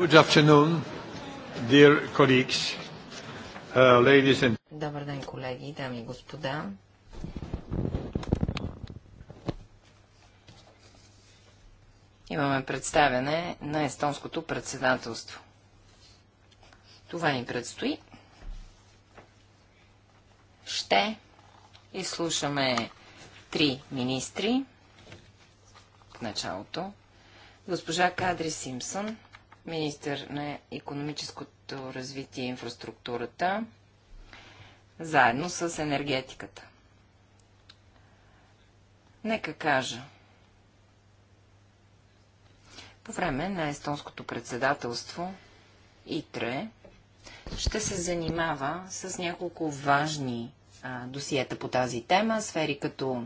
Good afternoon, dear colleagues, uh, ladies and... Добър ден, колеги, дами и господа. Имаме представяне на естонското председателство. Това ни предстои. Ще изслушаме три министри в началото. Госпожа Кадри Симпсън, министър на економическото развитие и инфраструктурата, заедно с енергетиката. Нека кажа. По време на естонското председателство ИТРЕ ще се занимава с няколко важни а, досиета по тази тема, сфери като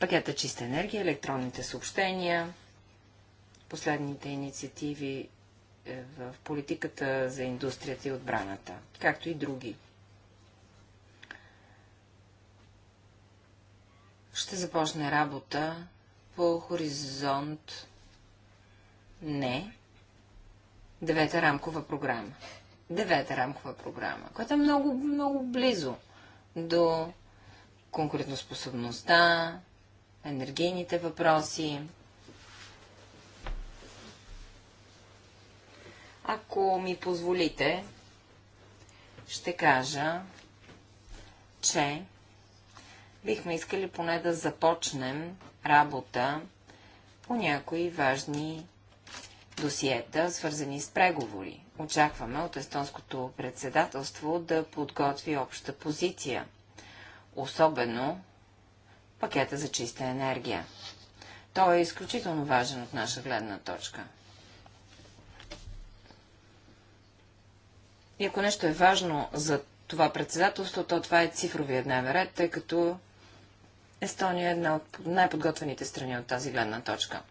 пакета чиста енергия, електронните съобщения, последните инициативи е, в политиката за индустрията и отбраната, както и други. Ще започне работа по хоризонт не девета рамкова програма. Девета рамкова програма, която е много, много близо до конкурентоспособността, енергийните въпроси, Ако ми позволите, ще кажа, че бихме искали поне да започнем работа по някои важни досиета, свързани с преговори. Очакваме от естонското председателство да подготви обща позиция, особено пакета за чиста енергия. Той е изключително важен от наша гледна точка. И ако нещо е важно за това председателство, то това е цифровия дневен ред, тъй като Естония е една от най-подготвените страни от тази гледна точка.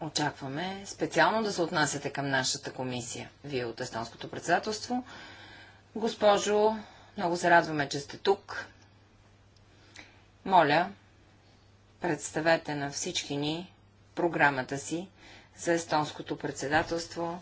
Очакваме специално да се отнасяте към нашата комисия, вие от Естонското председателство. Госпожо, много се радваме, че сте тук. Моля, представете на всички ни програмата си за Естонското председателство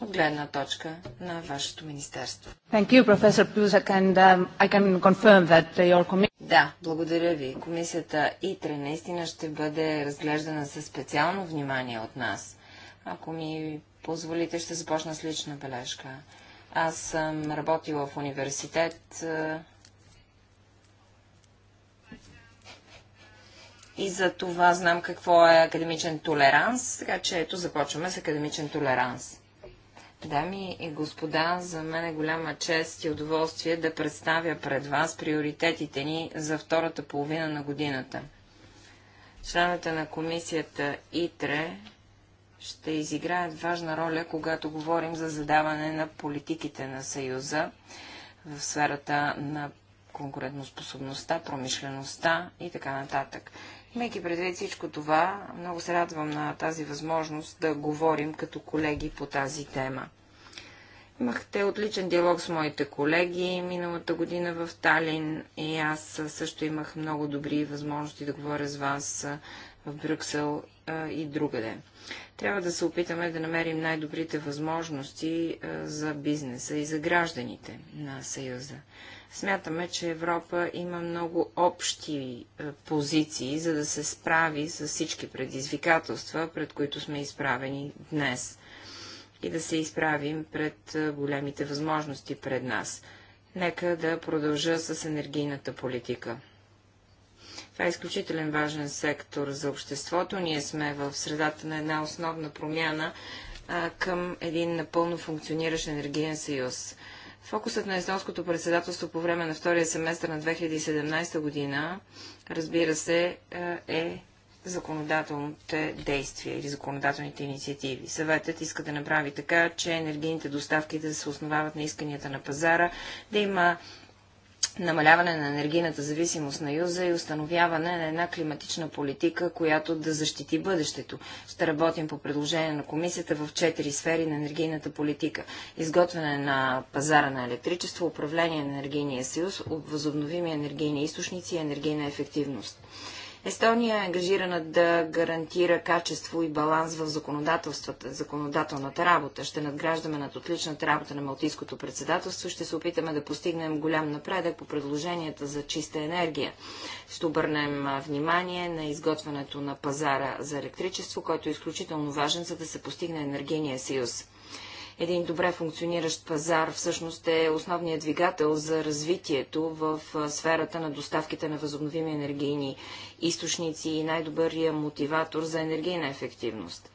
от гледна точка на вашето министерство. Thank you, and um, I can confirm that your Да, благодаря ви. Комисията ИТРЕ наистина ще бъде разглеждана със специално внимание от нас. Ако ми позволите, ще започна с лична бележка. Аз съм работила в университет и за това знам какво е академичен толеранс, така че ето започваме с академичен толеранс. Дами и господа, за мен е голяма чест и удоволствие да представя пред вас приоритетите ни за втората половина на годината. Членовете на комисията ИТРЕ ще изиграят важна роля, когато говорим за задаване на политиките на Съюза в сферата на конкурентоспособността, промишлеността и така нататък. Имайки предвид всичко това, много се радвам на тази възможност да говорим като колеги по тази тема. Имахте отличен диалог с моите колеги миналата година в Талин и аз също имах много добри възможности да говоря с вас в Брюксел и другаде. Трябва да се опитаме да намерим най-добрите възможности за бизнеса и за гражданите на Съюза. Смятаме, че Европа има много общи е, позиции, за да се справи с всички предизвикателства, пред които сме изправени днес и да се изправим пред е, големите възможности пред нас. Нека да продължа с енергийната политика. Това е изключителен важен сектор за обществото. Ние сме в средата на една основна промяна към един напълно функциониращ енергиен съюз. Фокусът на естонското председателство по време на втория семестър на 2017 година, разбира се, е, е законодателните действия или законодателните инициативи. Съветът иска да направи така, че енергийните доставки да се основават на исканията на пазара, да има намаляване на енергийната зависимост на Юза и установяване на една климатична политика, която да защити бъдещето. Ще работим по предложение на комисията в четири сфери на енергийната политика. Изготвяне на пазара на електричество, управление на енергийния съюз, възобновими енергийни източници и енергийна ефективност. Естония е ангажирана да гарантира качество и баланс в законодателствата законодателната работа. Ще надграждаме над отличната работа на Малтийското председателство. Ще се опитаме да постигнем голям напредък по предложенията за чиста енергия. Ще обърнем внимание на изготвянето на пазара за електричество, който е изключително важен, за да се постигне енергийния съюз един добре функциониращ пазар всъщност е основният двигател за развитието в сферата на доставките на възобновими енергийни източници и най-добрия мотиватор за енергийна ефективност.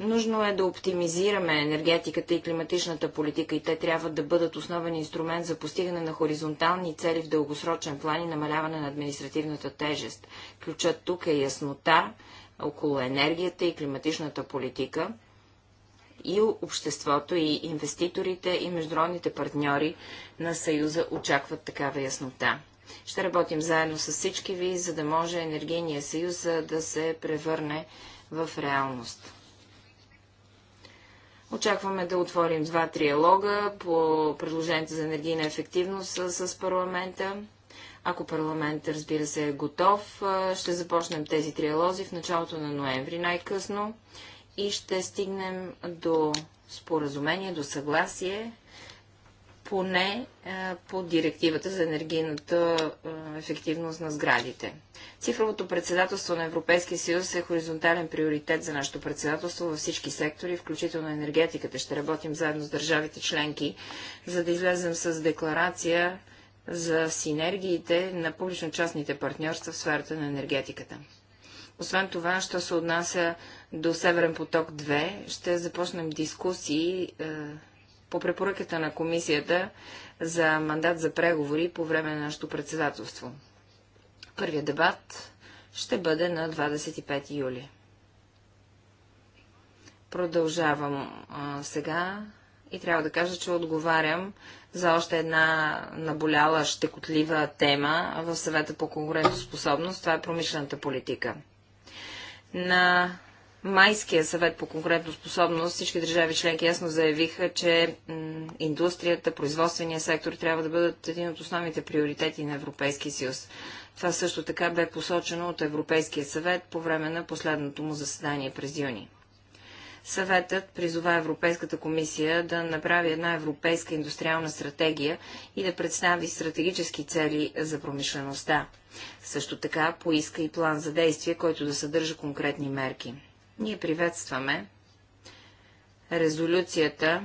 Нужно е да оптимизираме енергетиката и климатичната политика и те трябва да бъдат основен инструмент за постигане на хоризонтални цели в дългосрочен план и намаляване на административната тежест. Ключът тук е яснота около енергията и климатичната политика, и обществото, и инвеститорите, и международните партньори на Съюза очакват такава яснота. Ще работим заедно с всички ви, за да може енергийния съюз да се превърне в реалност. Очакваме да отворим два триалога по предложението за енергийна ефективност с, парламента. Ако парламент, разбира се, е готов, ще започнем тези триалози в началото на ноември най-късно и ще стигнем до споразумение, до съгласие, поне е, по директивата за енергийната е, ефективност на сградите. Цифровото председателство на Европейския съюз е хоризонтален приоритет за нашето председателство във всички сектори, включително енергетиката. Ще работим заедно с държавите членки, за да излезем с декларация за синергиите на публично-частните партньорства в сферата на енергетиката. Освен това, що се отнася до Северен поток 2 ще започнем дискусии е, по препоръката на комисията за мандат за преговори по време на нашето председателство. Първият дебат ще бъде на 25 юли. Продължавам сега и трябва да кажа, че отговарям за още една наболяла, щекотлива тема в съвета по конкурентоспособност. Това е промишлената политика. На майския съвет по конкретно способност всички държави членки ясно заявиха, че индустрията, производствения сектор трябва да бъдат един от основните приоритети на Европейския съюз. Това също така бе посочено от Европейския съвет по време на последното му заседание през юни. Съветът призова Европейската комисия да направи една европейска индустриална стратегия и да представи стратегически цели за промишлеността. Също така поиска и план за действие, който да съдържа конкретни мерки. Ние приветстваме резолюцията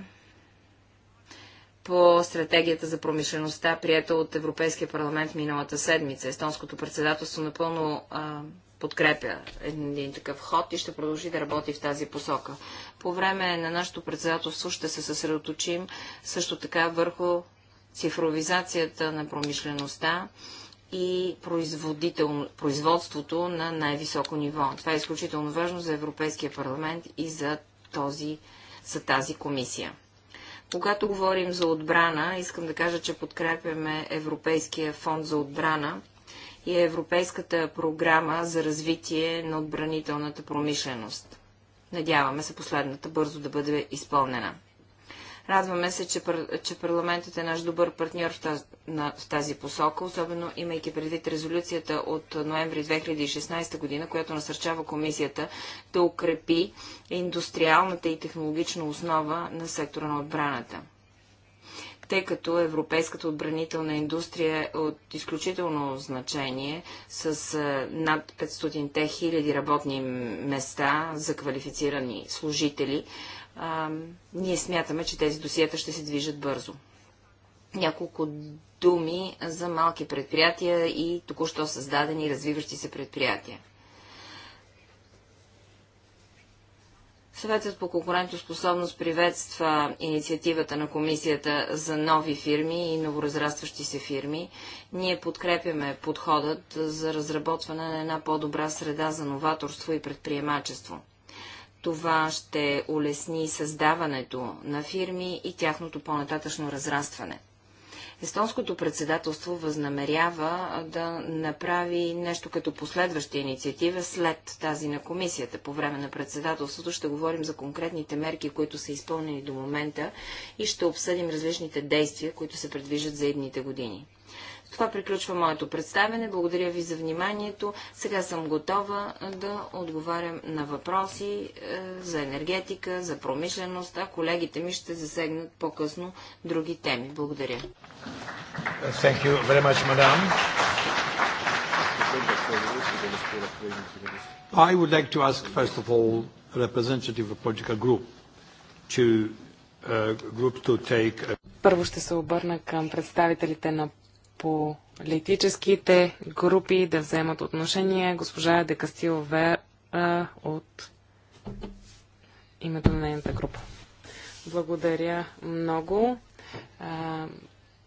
по стратегията за промишлеността, прията от Европейския парламент миналата седмица. Естонското председателство напълно а, подкрепя един такъв ход и ще продължи да работи в тази посока. По време на нашето председателство ще се съсредоточим също така върху цифровизацията на промишлеността и производител... производството на най-високо ниво. Това е изключително важно за Европейския парламент и за, този, за тази комисия. Когато говорим за отбрана, искам да кажа, че подкрепяме Европейския фонд за отбрана и Европейската програма за развитие на отбранителната промишленост. Надяваме се последната бързо да бъде изпълнена. Радваме се, че, че парламентът е наш добър партньор в тази, на, в тази посока, особено имайки предвид резолюцията от ноември 2016 година, която насърчава комисията да укрепи индустриалната и технологична основа на сектора на отбраната тъй като европейската отбранителна индустрия е от изключително значение, с е, над 500 хиляди работни места за квалифицирани служители, а, ние смятаме, че тези досиета ще се движат бързо. Няколко думи за малки предприятия и току-що създадени и развиващи се предприятия. Съветът по конкурентоспособност приветства инициативата на комисията за нови фирми и новоразрастващи се фирми. Ние подкрепяме подходът за разработване на една по-добра среда за новаторство и предприемачество. Това ще улесни създаването на фирми и тяхното по-нататъчно разрастване. Естонското председателство възнамерява да направи нещо като последваща инициатива след тази на комисията. По време на председателството ще говорим за конкретните мерки, които са изпълнени до момента и ще обсъдим различните действия, които се предвижат за едните години. Това приключва моето представене. Благодаря ви за вниманието. Сега съм готова да отговарям на въпроси е, за енергетика, за промишленост, а колегите ми ще засегнат по-късно други теми. Благодаря. Thank you very much, madam. I would like to ask, first of all, a representative of political group to, uh, group to take... Първо ще се обърна към представителите на политическите групи да вземат отношение. Госпожа Декастил Вера от името на нейната група. Благодаря много.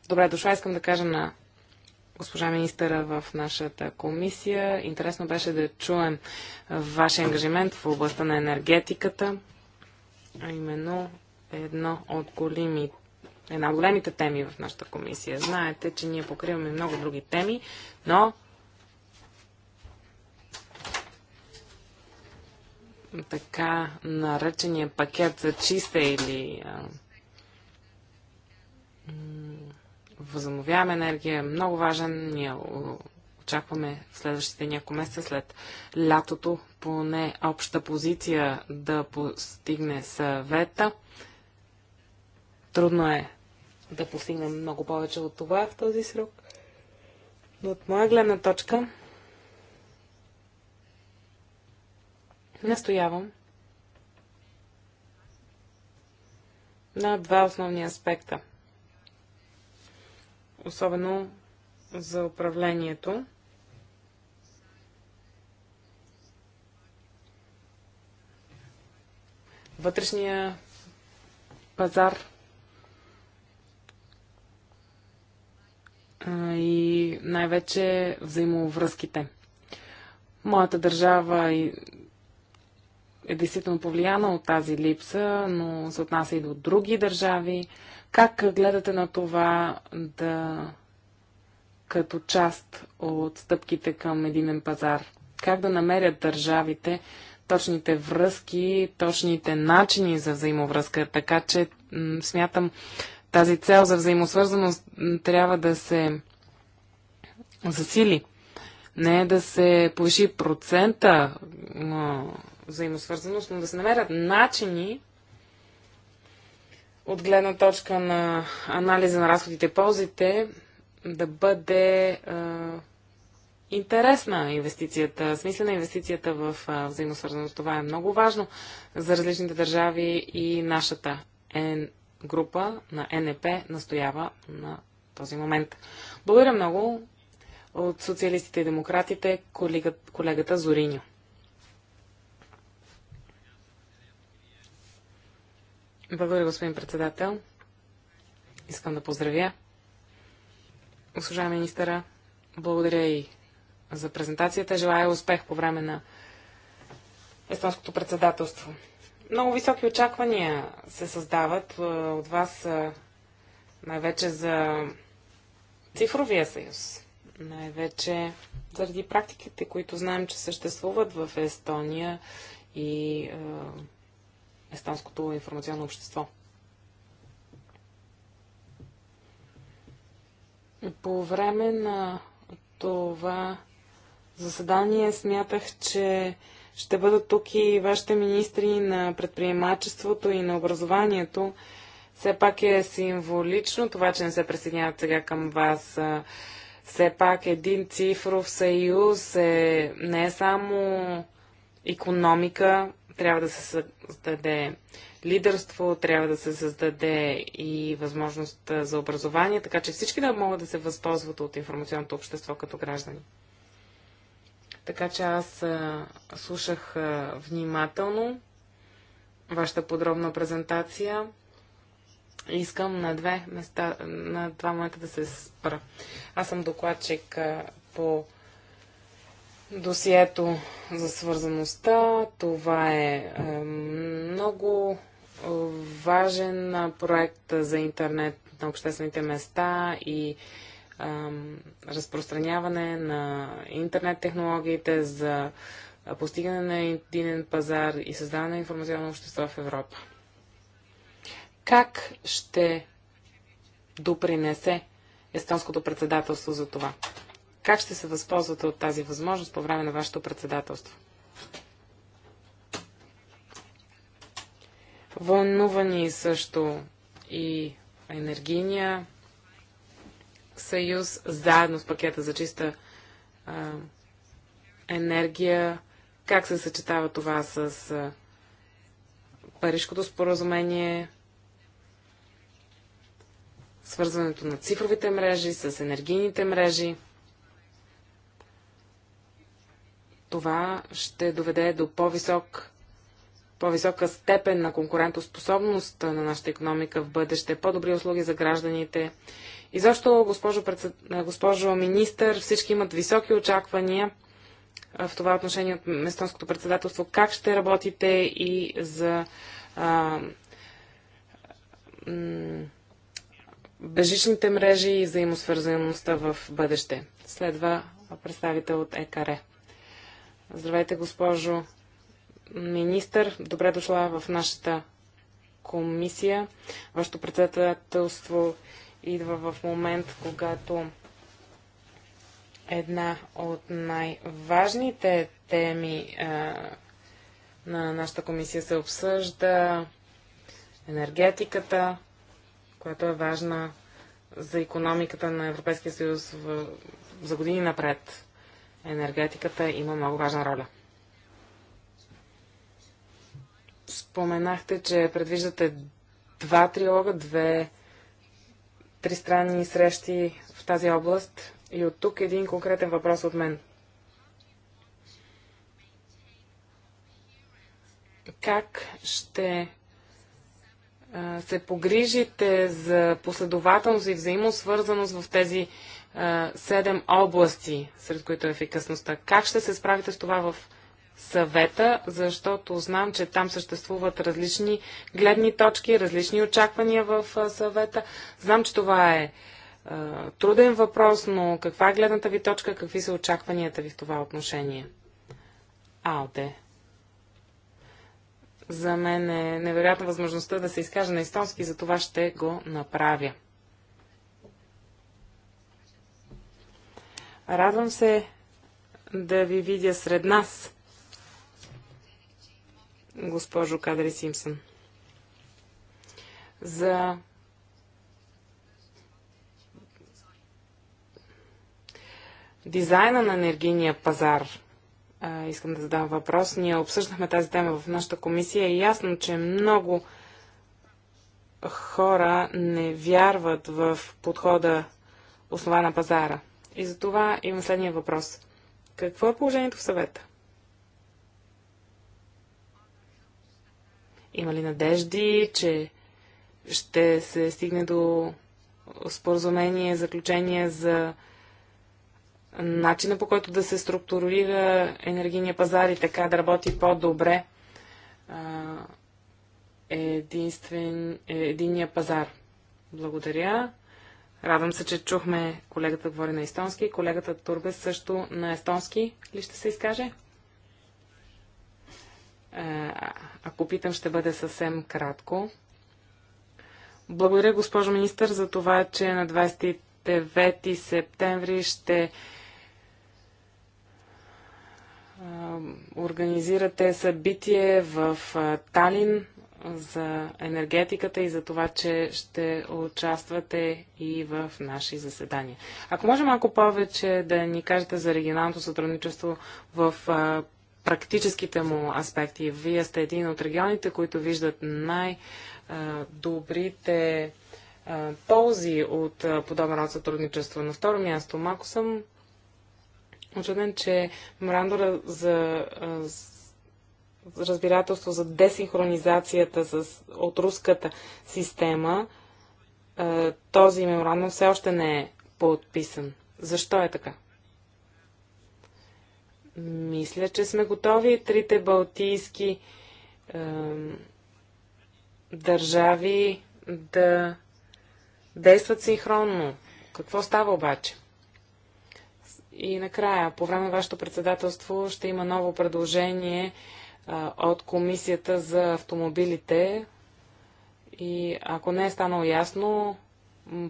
Добре дошла. Искам да кажа на госпожа министъра в нашата комисия. Интересно беше да чуем вашия ангажимент в областта на енергетиката, а именно едно от големите една от големите теми в нашата комисия. Знаете, че ние покриваме много други теми, но така наречения пакет за чиста или а, енергия е много важен. Ние очакваме в следващите няколко месеца след лятото поне обща позиция да постигне съвета. Трудно е да постигнем много повече от това в този срок. Но от моя гледна точка настоявам на два основни аспекта. Особено за управлението. Вътрешния пазар и най-вече взаимовръзките. Моята държава е действително повлияна от тази липса, но се отнася и до други държави. Как гледате на това да като част от стъпките към единен пазар? Как да намерят държавите точните връзки, точните начини за взаимовръзка? Така че смятам тази цел за взаимосвързаност трябва да се засили. Не е да се повиши процента на взаимосвързаност, но да се намерят начини от гледна точка на анализа на разходите и ползите да бъде е, интересна инвестицията, смислена инвестицията в е, взаимосвързаност. Това е много важно за различните държави и нашата е група на НП настоява на този момент. Благодаря много от социалистите и демократите колегата, колегата Зориньо. Благодаря, господин председател. Искам да поздравя госпожа министъра. Благодаря и за презентацията. Желая успех по време на естонското председателство. Много високи очаквания се създават е, от вас е, най-вече за цифровия съюз. Най-вече заради практиките, които знаем, че съществуват в Естония и е, естонското информационно общество. По време на това заседание смятах, че ще бъдат тук и вашите министри на предприемачеството и на образованието. Все пак е символично това, че не се присъединяват сега към вас. Все пак един цифров съюз е не е само економика, трябва да се създаде лидерство, трябва да се създаде и възможност за образование, така че всички да могат да се възползват от информационното общество като граждани. Така че аз слушах внимателно вашата подробна презентация. Искам на две места, на два момента да се спра. Аз съм докладчик по досието за свързаността. Това е много важен проект за интернет на обществените места и разпространяване на интернет технологиите, за постигане на единен пазар и създаване на информационно общество в Европа. Как ще допринесе естонското председателство за това? Как ще се възползвате от тази възможност по време на вашето председателство? Вълнувани също и енергийния съюз, заедно с пакета за чиста а, енергия, как се съчетава това с а, Парижкото споразумение, свързването на цифровите мрежи с енергийните мрежи. Това ще доведе до по-висок по-висока степен на конкурентоспособност на нашата економика в бъдеще, по-добри услуги за гражданите. И защо, госпожо, председ... госпожо министър, всички имат високи очаквания в това отношение от Местонското председателство. Как ще работите и за а, бежичните мрежи и взаимосвързаността в бъдеще? Следва представител от ЕКАРЕ. Здравейте, госпожо министър, добре дошла в нашата комисия. Вашето председателство идва в момент, когато една от най-важните теми на нашата комисия се обсъжда енергетиката, която е важна за економиката на Европейския съюз в, за години напред. Енергетиката има много важна роля. споменахте, че предвиждате два трилога, две тристранни срещи в тази област. И от тук един конкретен въпрос от мен. Как ще се погрижите за последователност и взаимосвързаност в тези седем области, сред които е ефикасността? Как ще се справите с това в съвета, защото знам, че там съществуват различни гледни точки, различни очаквания в съвета. Знам, че това е труден въпрос, но каква е гледната ви точка, какви са очакванията ви в това отношение? Алте. За мен е невероятна възможността да се изкажа на естонски, за това ще го направя. Радвам се да ви видя сред нас госпожо Кадри Симпсън. За дизайна на енергийния пазар. А, искам да задам въпрос. Ние обсъждахме тази тема в нашата комисия и ясно, че много хора не вярват в подхода основа на пазара. И за това имам следния въпрос. Какво е положението в съвета? Има ли надежди, че ще се стигне до споразумение, заключение за начина по който да се структурира енергийния пазар и така да работи по-добре единствен, е, единия пазар. Благодаря. Радвам се, че чухме колегата говори на естонски. Колегата Турбес също на естонски ли ще се изкаже? Е, ако питам, ще бъде съвсем кратко. Благодаря, госпожо министър, за това, че на 29 септември ще е, организирате събитие в е, Талин за енергетиката и за това, че ще участвате и в наши заседания. Ако може малко повече да ни кажете за регионалното сътрудничество в практическите му аспекти. Вие сте един от регионите, които виждат най-добрите ползи от подобен род сътрудничество. На второ място, малко съм очуден, че меморандура за разбирателство за десинхронизацията с, от руската система, този меморандум все още не е подписан. Защо е така? Мисля, че сме готови. Трите балтийски е, държави да действат синхронно. Какво става обаче? И накрая, по време на вашето председателство ще има ново предложение е, от Комисията за автомобилите. И ако не е станало ясно,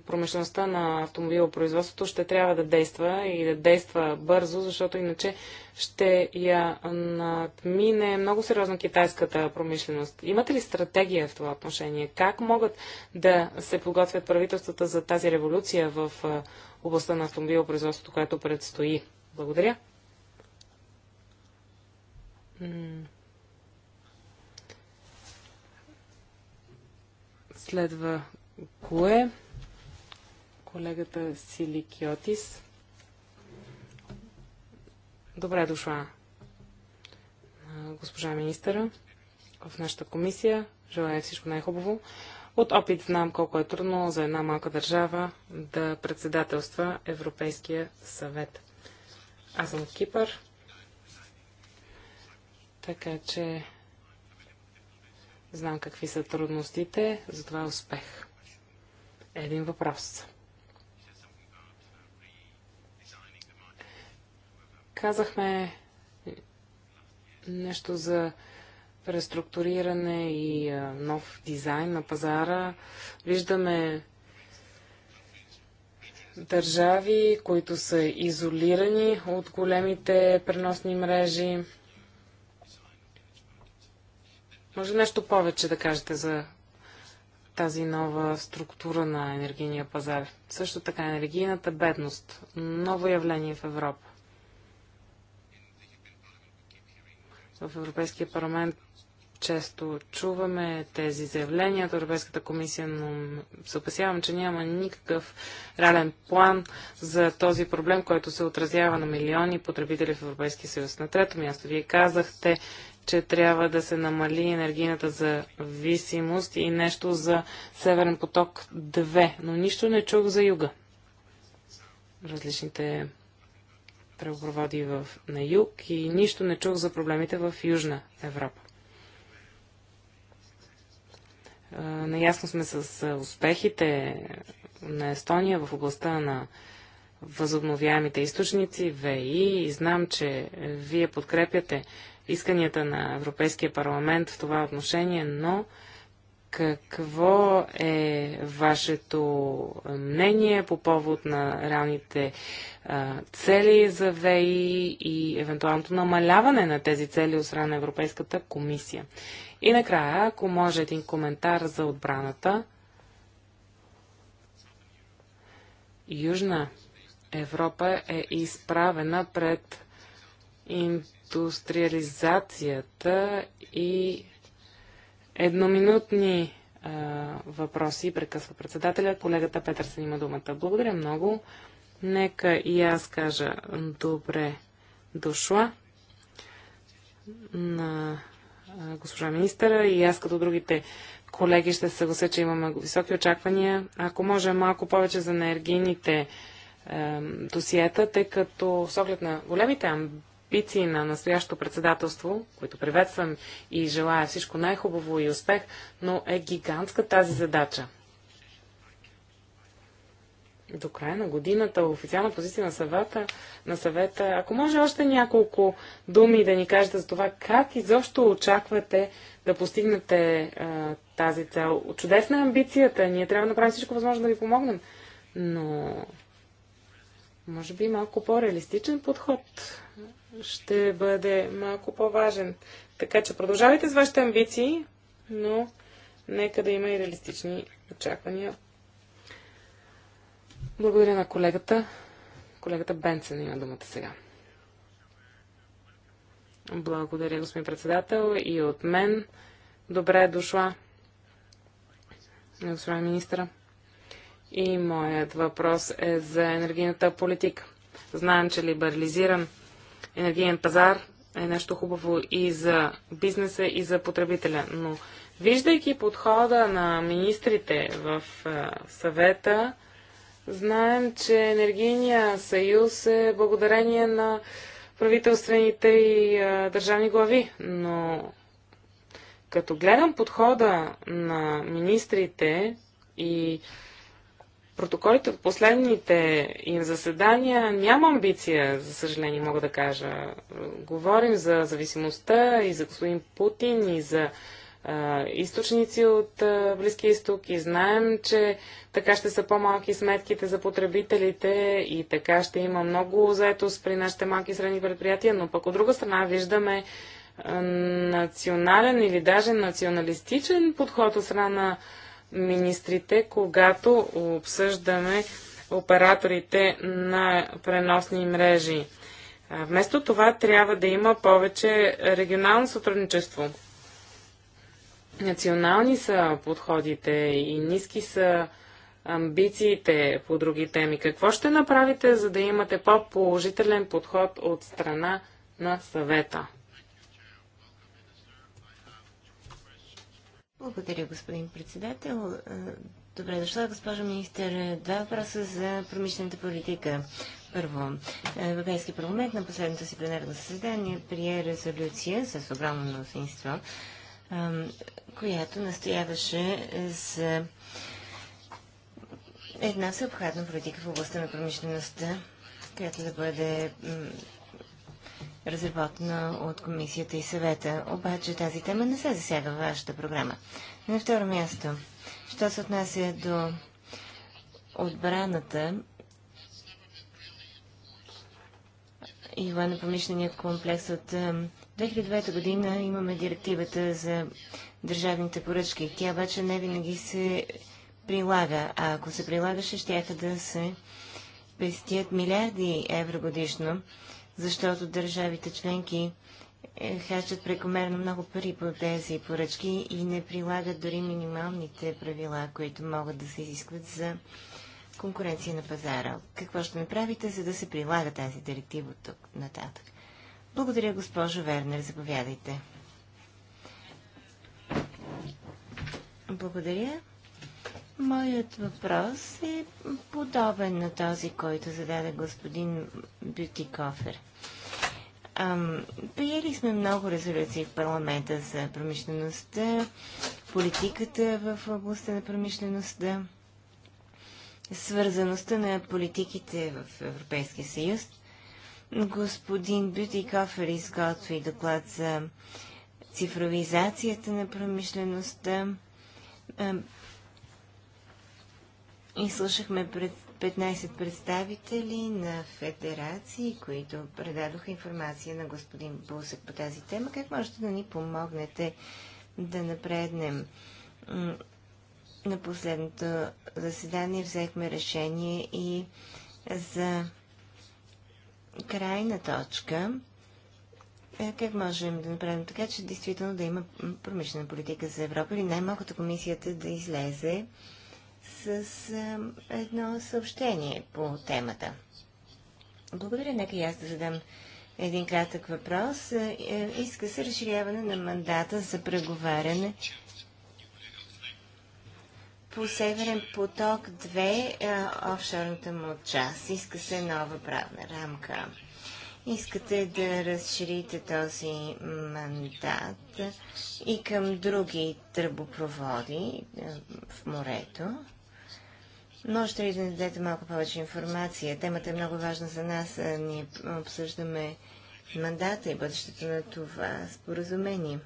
промишлеността на автомобилопроизводството ще трябва да действа и да действа бързо, защото иначе ще я надмине много сериозно китайската промишленост. Имате ли стратегия в това отношение? Как могат да се подготвят правителствата за тази революция в областта на автомобилопроизводството, която предстои? Благодаря. Следва кое? колегата Силикиотис. Добре дошла госпожа министъра в нашата комисия. Желая всичко най-хубаво. От опит знам колко е трудно за една малка държава да председателства Европейския съвет. Аз съм от Кипър, така че знам какви са трудностите, затова е успех. Един въпрос. Казахме нещо за преструктуриране и нов дизайн на пазара. Виждаме държави, които са изолирани от големите преносни мрежи. Може нещо повече да кажете за тази нова структура на енергийния пазар. Също така енергийната бедност. Ново явление в Европа. в Европейския парламент често чуваме тези заявления от Европейската комисия, но се опасявам, че няма никакъв реален план за този проблем, който се отразява на милиони потребители в Европейския съюз. На трето място, вие казахте, че трябва да се намали енергийната зависимост и нещо за Северен поток 2, но нищо не чух за юга. Различните тръбопроводи в, на юг и нищо не чух за проблемите в Южна Европа. А, наясно сме с успехите на Естония в областта на възобновяемите източници, ВИ, и знам, че вие подкрепяте исканията на Европейския парламент в това отношение, но какво е вашето мнение по повод на реалните цели за ВЕИ и евентуалното намаляване на тези цели от страна на Европейската комисия? И накрая, ако може един коментар за отбраната. Южна Европа е изправена пред индустриализацията и едноминутни а, въпроси, прекъсва председателя. Колегата Петърсен има думата. Благодаря много. Нека и аз кажа добре дошла на госпожа министъра и аз като другите колеги ще се гласа, че имаме високи очаквания. Ако може малко повече за енергийните е, досиета, тъй като с оглед на големите амбиции на настоящото председателство, които приветствам и желая всичко най-хубаво и успех, но е гигантска тази задача. До края на годината официална позиция на съвета, на съвета. Ако може още няколко думи да ни кажете за това, как изобщо очаквате да постигнете а, тази цел. Чудесна е амбицията. Ние трябва да направим всичко възможно да ви помогнем. Но може би малко по-реалистичен подход ще бъде малко по-важен. Така че продължавайте с вашите амбиции, но нека да има и реалистични очаквания. Благодаря на колегата. Колегата Бенсен има думата сега. Благодаря, господин председател, и от мен. Добре е дошла, господин министра. И моят въпрос е за енергийната политика. Знаем, че либерализиран енергиен пазар е нещо хубаво и за бизнеса, и за потребителя. Но виждайки подхода на министрите в съвета, знаем, че енергийния съюз е благодарение на правителствените и държавни глави. Но като гледам подхода на министрите и протоколите от последните им заседания няма амбиция, за съжаление мога да кажа. Говорим за зависимостта и за господин Путин и за а, източници от а, Близкия изток и знаем, че така ще са по-малки сметките за потребителите и така ще има много заетост при нашите малки и средни предприятия, но пък от друга страна виждаме а, национален или даже националистичен подход от страна на министрите, когато обсъждаме операторите на преносни мрежи. Вместо това трябва да има повече регионално сътрудничество. Национални са подходите и ниски са амбициите по други теми. Какво ще направите, за да имате по-положителен подход от страна на съвета? Благодаря, господин председател. Е, добре дошла, госпожо министър. Два въпроса за промишлената политика. Първо, е, Европейски парламент на последното си пленарно заседание прие резолюция с огромно мнозинство, е, която настояваше за една съобхватна политика в областта на промишлеността, която да бъде разработена от комисията и съвета. Обаче тази тема не се засяга в вашата програма. На второ място, що се отнася до отбраната и военно помишления комплекс от 2009 година имаме директивата за държавните поръчки. Тя обаче не винаги се прилага. А ако се прилагаше, щяха да се пестият милиарди евро годишно защото държавите членки е, хащат прекомерно много пари по тези поръчки и не прилагат дори минималните правила, които могат да се изискват за конкуренция на пазара. Какво ще направите, за да се прилага тази директива тук нататък? Благодаря, госпожо Вернер. Заповядайте. Благодаря. Моят въпрос е подобен на този, който зададе господин Бютикофер. Кофер. приели сме много резолюции в парламента за промишлеността, политиката в областта на промишлеността, свързаността на политиките в Европейския съюз. Господин Бютикофер изготви доклад за цифровизацията на промишлеността. Изслушахме пред 15 представители на федерации, които предадоха информация на господин Булсък по тази тема. Как можете да ни помогнете да напреднем? На последното заседание взехме решение и за крайна точка. Е, как можем да направим така, че действително да има промишлена политика за Европа или най-малкото комисията да излезе с едно съобщение по темата. Благодаря, нека и аз да задам един кратък въпрос. Е, е, иска се разширяване на мандата за преговаряне по Северен поток 2, е, офшорната му част. Иска се нова правна рамка. Искате да разширите този мандат и към други тръбопроводи в морето. Но да ви дадете малко повече информация. Темата е много важна за нас. Е, Ние обсъждаме мандата и бъдещето на това споразумение.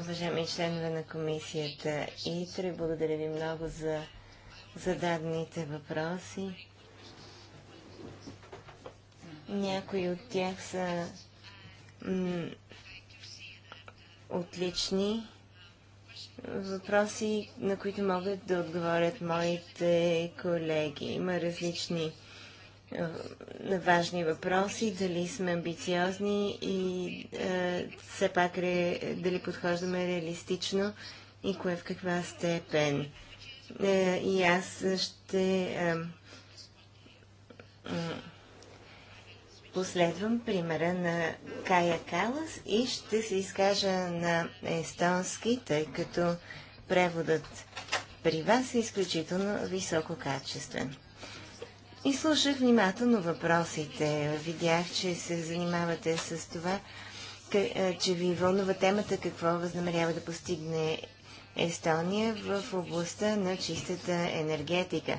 Уважаеми членове на комисията ИТРЕ, благодаря ви много за зададените въпроси. Някои от тях са отлични въпроси, на които могат да отговорят моите колеги. Има различни важни въпроси, дали сме амбициозни и е, все пак ре, дали подхождаме реалистично и кое в каква степен. Е, и аз ще последвам примера на Кая Калас и ще се изкажа на естонски, тъй като преводът при вас е изключително високо качествен. И слушах внимателно въпросите. Видях, че се занимавате с това, е, че ви вълнува темата какво възнамерява да постигне Естония в областта на чистата енергетика.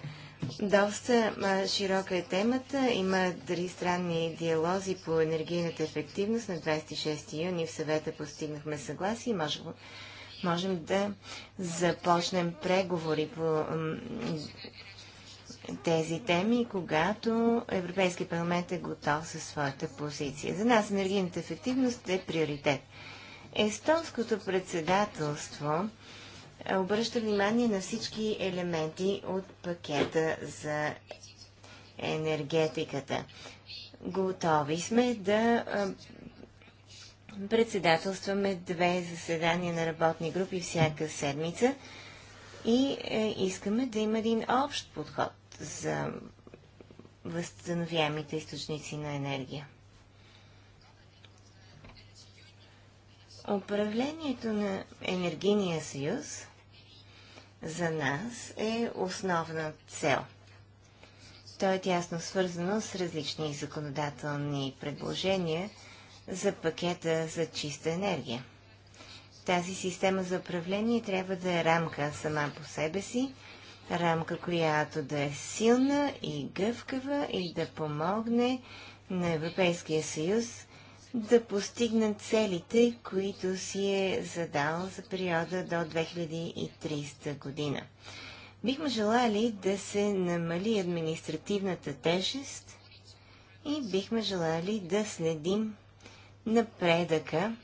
Доста широка е темата. Има три странни диалози по енергийната ефективност. На 26 юни в съвета постигнахме съгласие. Можем, можем да започнем преговори по тези теми, когато Европейски парламент е готов със своята позиция. За нас енергийната ефективност е приоритет. Естонското председателство е, обръща внимание на всички елементи от пакета за енергетиката. Готови сме да председателстваме две заседания на работни групи всяка седмица и е, искаме да има един общ подход за възстановяемите източници на енергия. Управлението на Енергийния съюз за нас е основна цел. То е тясно свързано с различни законодателни предложения за пакета за чиста енергия. Тази система за управление трябва да е рамка сама по себе си, рамка, която да е силна и гъвкава и да помогне на Европейския съюз да постигнат целите, които си е задал за периода до 2030 година. Бихме желали да се намали административната тежест и бихме желали да следим напредъка,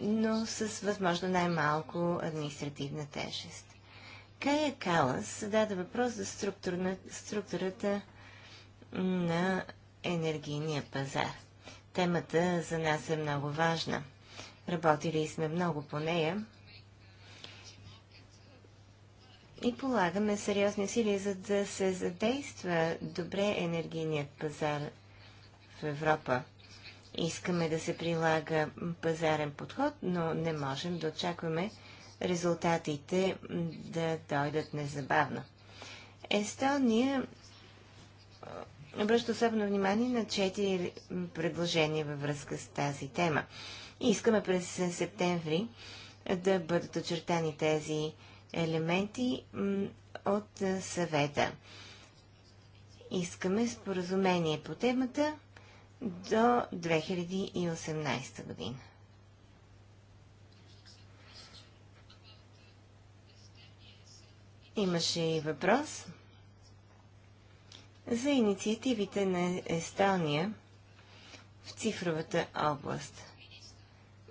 но с възможно най-малко административна тежест. Кая Калас зададе въпрос за структурата на енергийния пазар. Темата за нас е много важна. Работили сме много по нея и полагаме сериозни сили, за да се задейства добре енергийният пазар в Европа. Искаме да се прилага пазарен подход, но не можем да очакваме резултатите да дойдат незабавно. Естония обръща особено внимание на четири предложения във връзка с тази тема. И искаме през септември да бъдат очертани тези елементи от съвета. Искаме споразумение по темата до 2018 година. Имаше и въпрос за инициативите на Естония в цифровата област.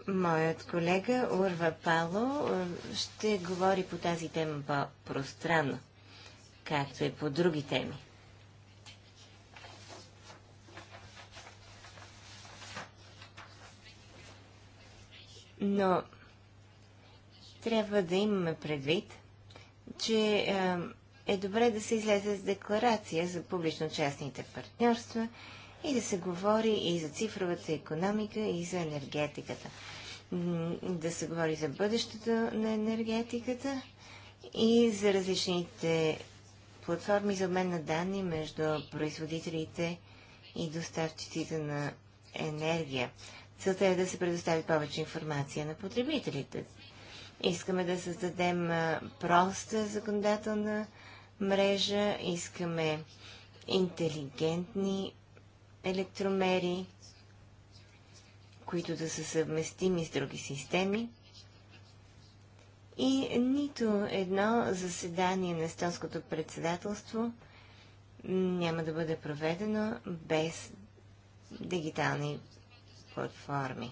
Моят колега Урва Пало е, ще говори по тази тема по-пространно, както и по други теми. Но трябва да имаме предвид, че а, е, е добре да се излезе с декларация за публично-частните партньорства и да се говори и за цифровата економика, и за енергетиката. Да се говори за бъдещето на енергетиката и за различните платформи за обмен на данни между производителите и доставчиците на енергия. Целта е да се предостави повече информация на потребителите. Искаме да създадем проста законодателна мрежа, искаме интелигентни електромери, които да са съвместими с други системи. И нито едно заседание на естонското председателство няма да бъде проведено без дигитални платформи.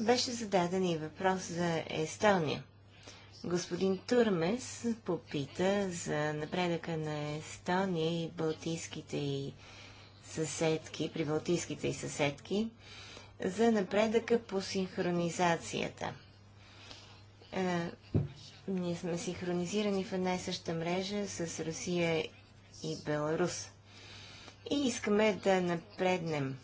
Беше зададен и въпрос за Естония – Господин Турмес попита за напредъка на Естония и балтийските и съседки, при балтийските и съседки, за напредъка по синхронизацията. Е, ние сме синхронизирани в една и съща мрежа с Русия и Беларус. И искаме да напреднем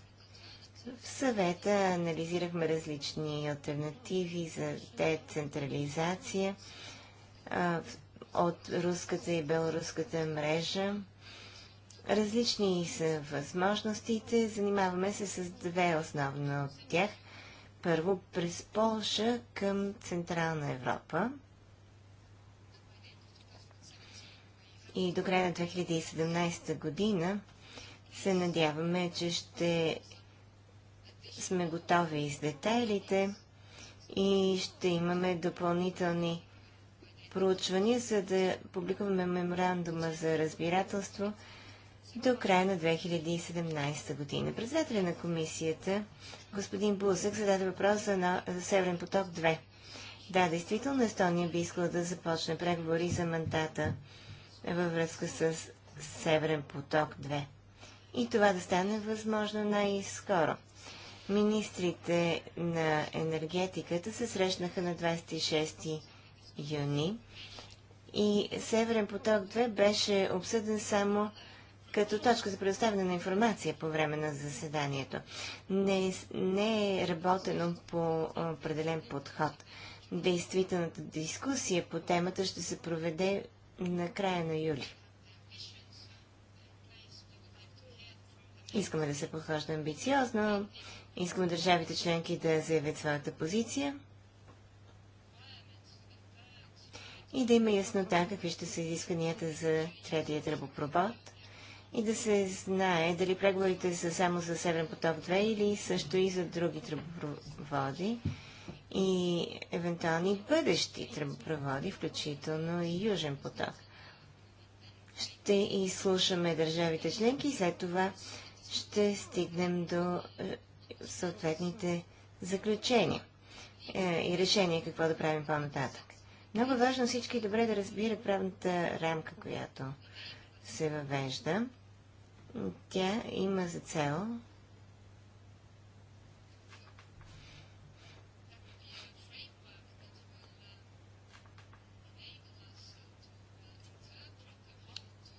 в съвета анализирахме различни альтернативи за децентрализация от руската и белоруската мрежа. Различни са възможностите. Занимаваме се с две основни от тях. Първо, през Полша към Централна Европа. И до края на 2017 година се надяваме, че ще сме готови и с детайлите и ще имаме допълнителни проучвания, за да публикуваме меморандума за разбирателство до края на 2017 година. Председателя на комисията, господин Бузък, зададе въпрос за, на, за Северен поток 2. Да, действително Естония би искала да започне преговори за мандата във връзка с Северен поток 2. И това да стане възможно най-скоро. Министрите на енергетиката се срещнаха на 26 юни и Северен поток 2 беше обсъден само като точка за предоставяне на информация по време на заседанието. Не, не е работено по определен подход. Действителната дискусия по темата ще се проведе на края на юли. Искаме да се подхожда амбициозно Искам държавите членки да заявят своята позиция и да има яснота какви ще са изискванията за третия тръбопровод и да се знае дали преговорите са само за Северен поток 2 или също и за други тръбопроводи и евентуални бъдещи тръбопроводи, включително и Южен поток. Ще изслушаме държавите членки и след това ще стигнем до е, съответните заключения е, и решения какво да правим по-нататък. Много важно всички добре да разбират правната рамка, която се въвежда. Тя има за цел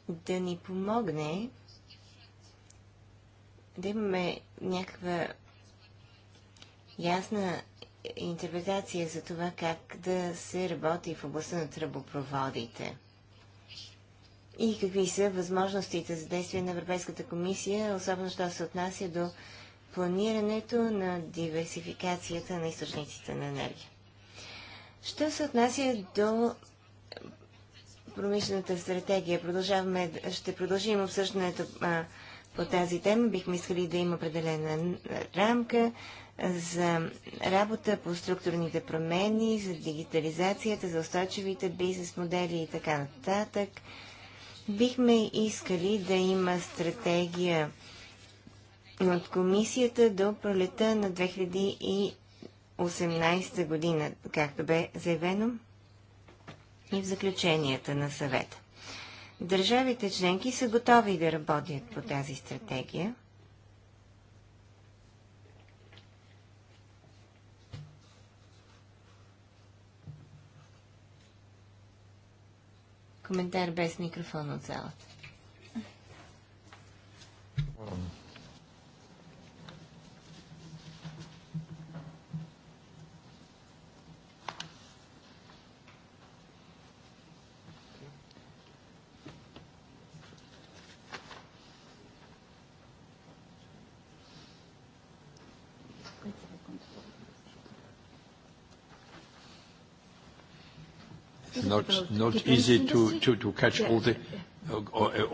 да ни помогне да имаме някаква ясна интерпретация за това как да се работи в областта на тръбопроводите. И какви са възможностите за действие на Европейската комисия, особено що се отнася до планирането на диверсификацията на източниците на енергия. Що се отнася до промишлената стратегия, продължаваме, ще продължим обсъждането по тази тема. Бихме искали да има определена рамка, за работа по структурните промени, за дигитализацията, за устойчивите бизнес модели и така нататък. Бихме искали да има стратегия от комисията до пролета на 2018 година, както бе заявено и в заключенията на съвета. Държавите членки са готови да работят по тази стратегия коментар без микрофон от залата. not not easy to to to catch all the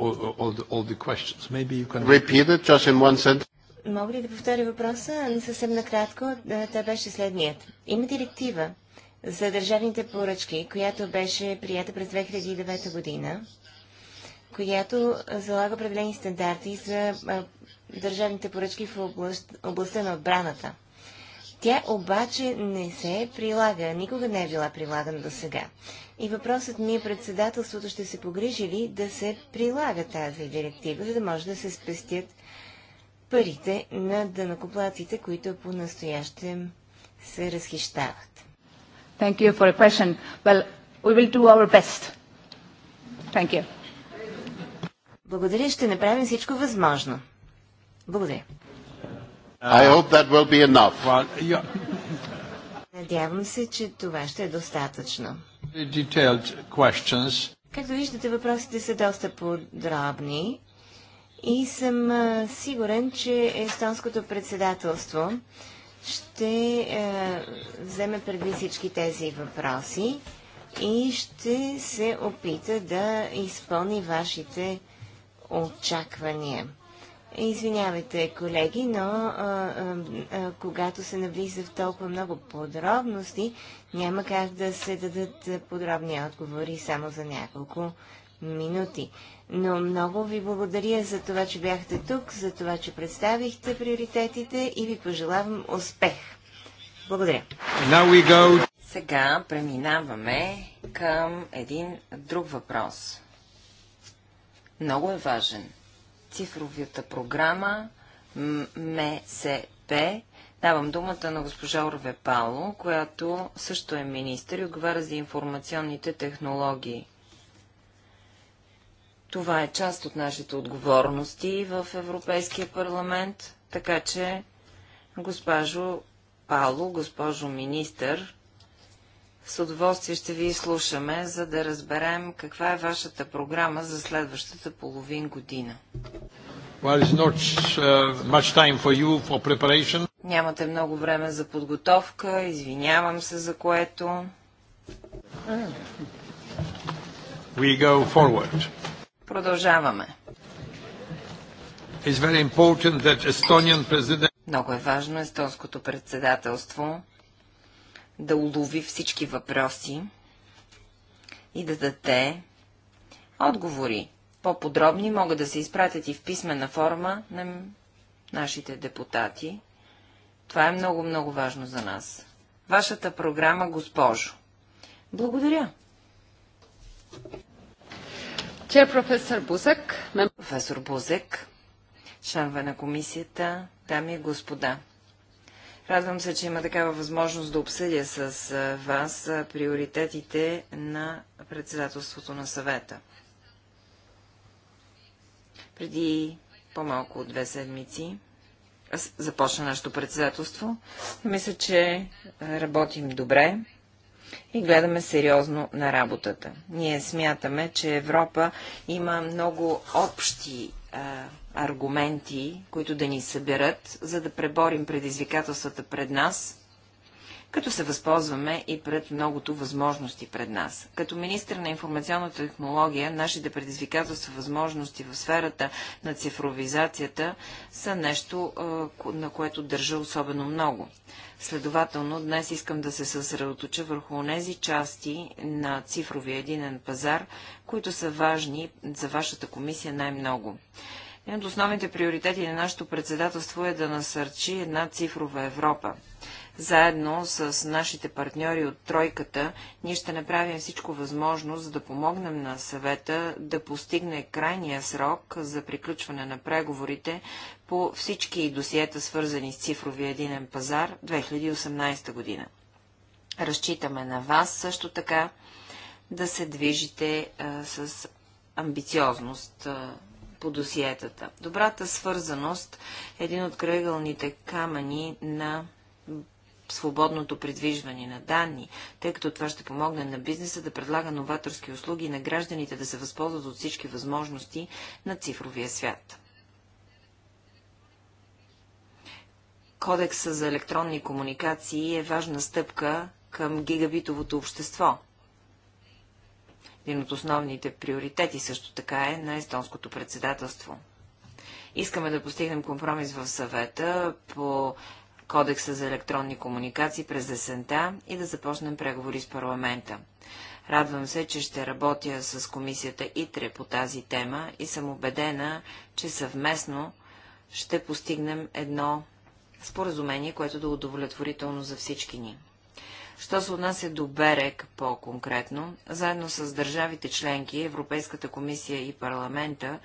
all the all the questions. Maybe you can repeat it just in one sentence. Мога ли да повторя въпроса ами, съвсем накратко? това беше следният. Има директива за държавните поръчки, която беше прията през 2009 година, която залага определени стандарти за държавните поръчки в област, областта на отбраната. Тя обаче не се прилага, никога не е била прилагана до сега. И въпросът ми е председателството ще се погрижи ли да се прилага тази директива, за да може да се спестят парите на данакоплаците, които по-настоящем се разхищават. Thank you for question. Well, we will do our best. Thank you. Благодаря, ще направим всичко възможно. Благодаря. I hope that will be enough. Well, yeah. Надявам се, че това ще е достатъчно. Както виждате, въпросите са доста подробни и съм сигурен, че естонското председателство ще е, вземе преди всички тези въпроси и ще се опита да изпълни вашите очаквания. Извинявайте, колеги, но а, а, а, когато се навлиза в толкова много подробности, няма как да се дадат подробни отговори само за няколко минути. Но много ви благодаря за това, че бяхте тук, за това, че представихте приоритетите и ви пожелавам успех. Благодаря. Сега преминаваме към един друг въпрос. Много е важен – цифровията програма МСП. Давам думата на госпожа Орве Пало, която също е министър и отговаря за информационните технологии. Това е част от нашите отговорности в Европейския парламент, така че, госпожо Пало, госпожо министър, с удоволствие ще ви слушаме, за да разберем каква е вашата програма за следващата половин година. Well, not, uh, for you, for Нямате много време за подготовка, извинявам се за което. We go forward. Продължаваме. President... Много е важно естонското председателство да улови всички въпроси и да даде отговори. По-подробни могат да се изпратят и в писмена форма на нашите депутати. Това е много-много важно за нас. Вашата програма, госпожо. Благодаря. Че професор Бузък. Професор Бузък, членове на комисията, дами и господа. Радвам се, че има такава възможност да обсъдя с вас приоритетите на председателството на съвета. Преди по-малко от две седмици започна нашето председателство. Мисля, че работим добре и гледаме сериозно на работата. Ние смятаме, че Европа има много общи а, аргументи, които да ни съберат, за да преборим предизвикателствата пред нас, като се възползваме и пред многото възможности пред нас. Като министр на информационната технология, нашите предизвикателства, възможности в сферата на цифровизацията са нещо, на което държа особено много. Следователно, днес искам да се съсредоточа върху тези части на цифровия единен пазар, които са важни за вашата комисия най-много. Един от основните приоритети на нашето председателство е да насърчи една цифрова Европа. Заедно с нашите партньори от Тройката, ние ще направим всичко възможно, за да помогнем на съвета да постигне крайния срок за приключване на преговорите по всички досиета, свързани с цифровия единен пазар 2018 година. Разчитаме на вас също така да се движите а, с амбициозност а, по досиетата. Добрата свързаност е един от кръгълните камъни на свободното придвижване на данни, тъй като това ще помогне на бизнеса да предлага новаторски услуги и на гражданите да се възползват от всички възможности на цифровия свят. Кодекса за електронни комуникации е важна стъпка към гигабитовото общество – един от основните приоритети също така е на естонското председателство. Искаме да постигнем компромис в съвета по Кодекса за електронни комуникации през есента и да започнем преговори с парламента. Радвам се, че ще работя с комисията ИТРЕ по тази тема и съм убедена, че съвместно ще постигнем едно споразумение, което да е удовлетворително за всички ни. Що се отнася до БЕРЕК по-конкретно, заедно с държавите членки, Европейската комисия и парламента,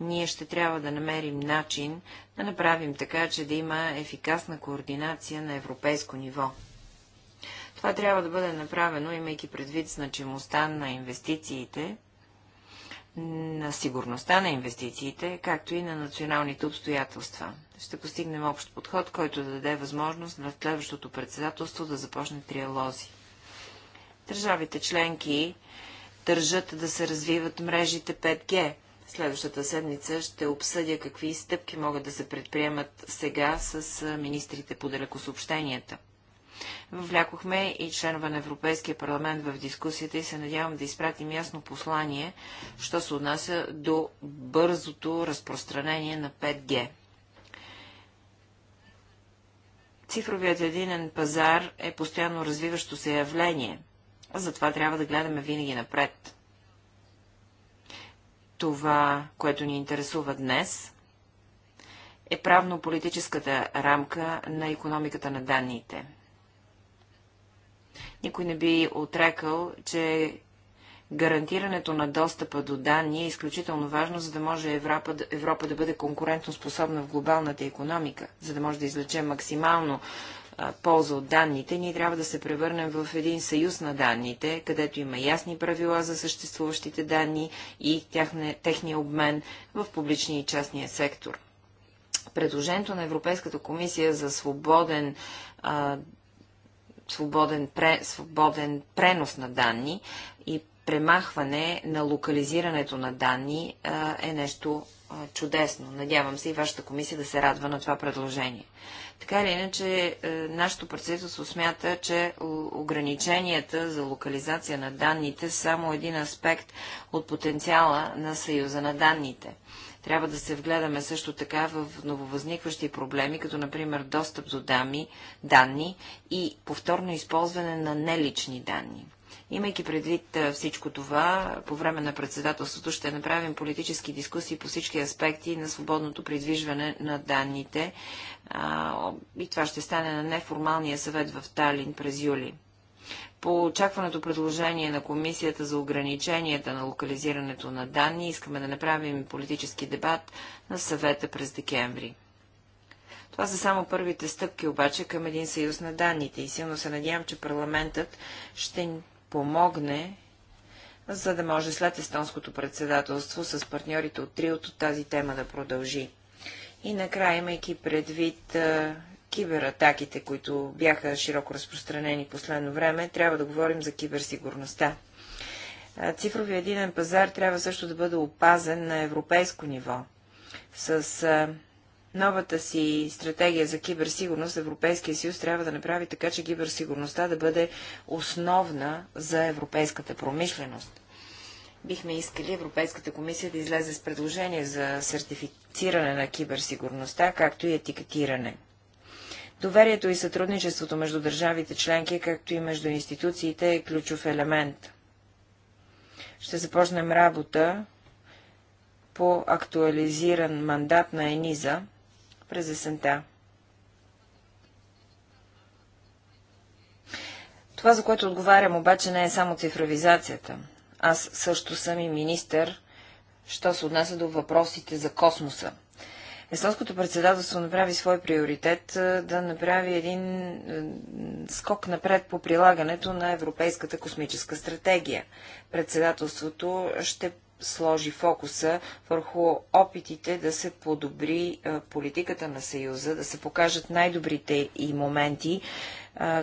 ние ще трябва да намерим начин да направим така, че да има ефикасна координация на европейско ниво. Това трябва да бъде направено, имайки предвид значимостта на инвестициите на сигурността на инвестициите, както и на националните обстоятелства. Ще постигнем общ подход, който да даде възможност на следващото председателство да започне триалози. Държавите членки държат да се развиват мрежите 5G. Следващата седмица ще обсъдя какви стъпки могат да се предприемат сега с министрите по далекосъобщенията. Влякохме и членове на Европейския парламент в дискусията и се надявам да изпратим ясно послание, що се отнася до бързото разпространение на 5G. Цифровият единен пазар е постоянно развиващо се явление, затова трябва да гледаме винаги напред. Това, което ни интересува днес, е правно-политическата рамка на економиката на данните. Никой не би отрекал, че гарантирането на достъпа до данни е изключително важно, за да може Европа, Европа да бъде конкурентоспособна в глобалната економика, за да може да излече максимално полза от данните, ние трябва да се превърнем в един съюз на данните, където има ясни правила за съществуващите данни и тяхне, техния обмен в публичния и частния сектор. Предложението на Европейската комисия за свободен а, свободен, пре, свободен пренос на данни и премахване на локализирането на данни а, е нещо а, чудесно. Надявам се и вашата комисия да се радва на това предложение. Така или иначе, е, нашето председателство смята, че ограниченията за локализация на данните са само един аспект от потенциала на Съюза на данните. Трябва да се вгледаме също така в нововъзникващи проблеми, като например достъп до дами, данни и повторно използване на нелични данни. Имайки предвид всичко това, по време на председателството ще направим политически дискусии по всички аспекти на свободното придвижване на данните. и това ще стане на неформалния съвет в Талин през юли. По очакваното предложение на Комисията за ограниченията на локализирането на данни искаме да направим политически дебат на съвета през декември. Това са само първите стъпки обаче към един съюз на данните и силно се надявам, че парламентът ще помогне, за да може след естонското председателство с партньорите от триото тази тема да продължи. И накрая, имайки предвид кибератаките, които бяха широко разпространени последно време, трябва да говорим за киберсигурността. Цифровия единен пазар трябва също да бъде опазен на европейско ниво. С новата си стратегия за киберсигурност Европейския съюз трябва да направи така, че киберсигурността да бъде основна за европейската промишленост. Бихме искали Европейската комисия да излезе с предложение за сертифициране на киберсигурността, както и етикетиране. Доверието и сътрудничеството между държавите членки, както и между институциите, е ключов елемент. Ще започнем работа по актуализиран мандат на ЕНИЗА през есента. Това, за което отговарям обаче, не е само цифровизацията. Аз също съм и министър, що се отнася до въпросите за космоса. Естонското председателство направи свой приоритет да направи един скок напред по прилагането на Европейската космическа стратегия. Председателството ще сложи фокуса върху опитите да се подобри политиката на Съюза, да се покажат най-добрите и моменти,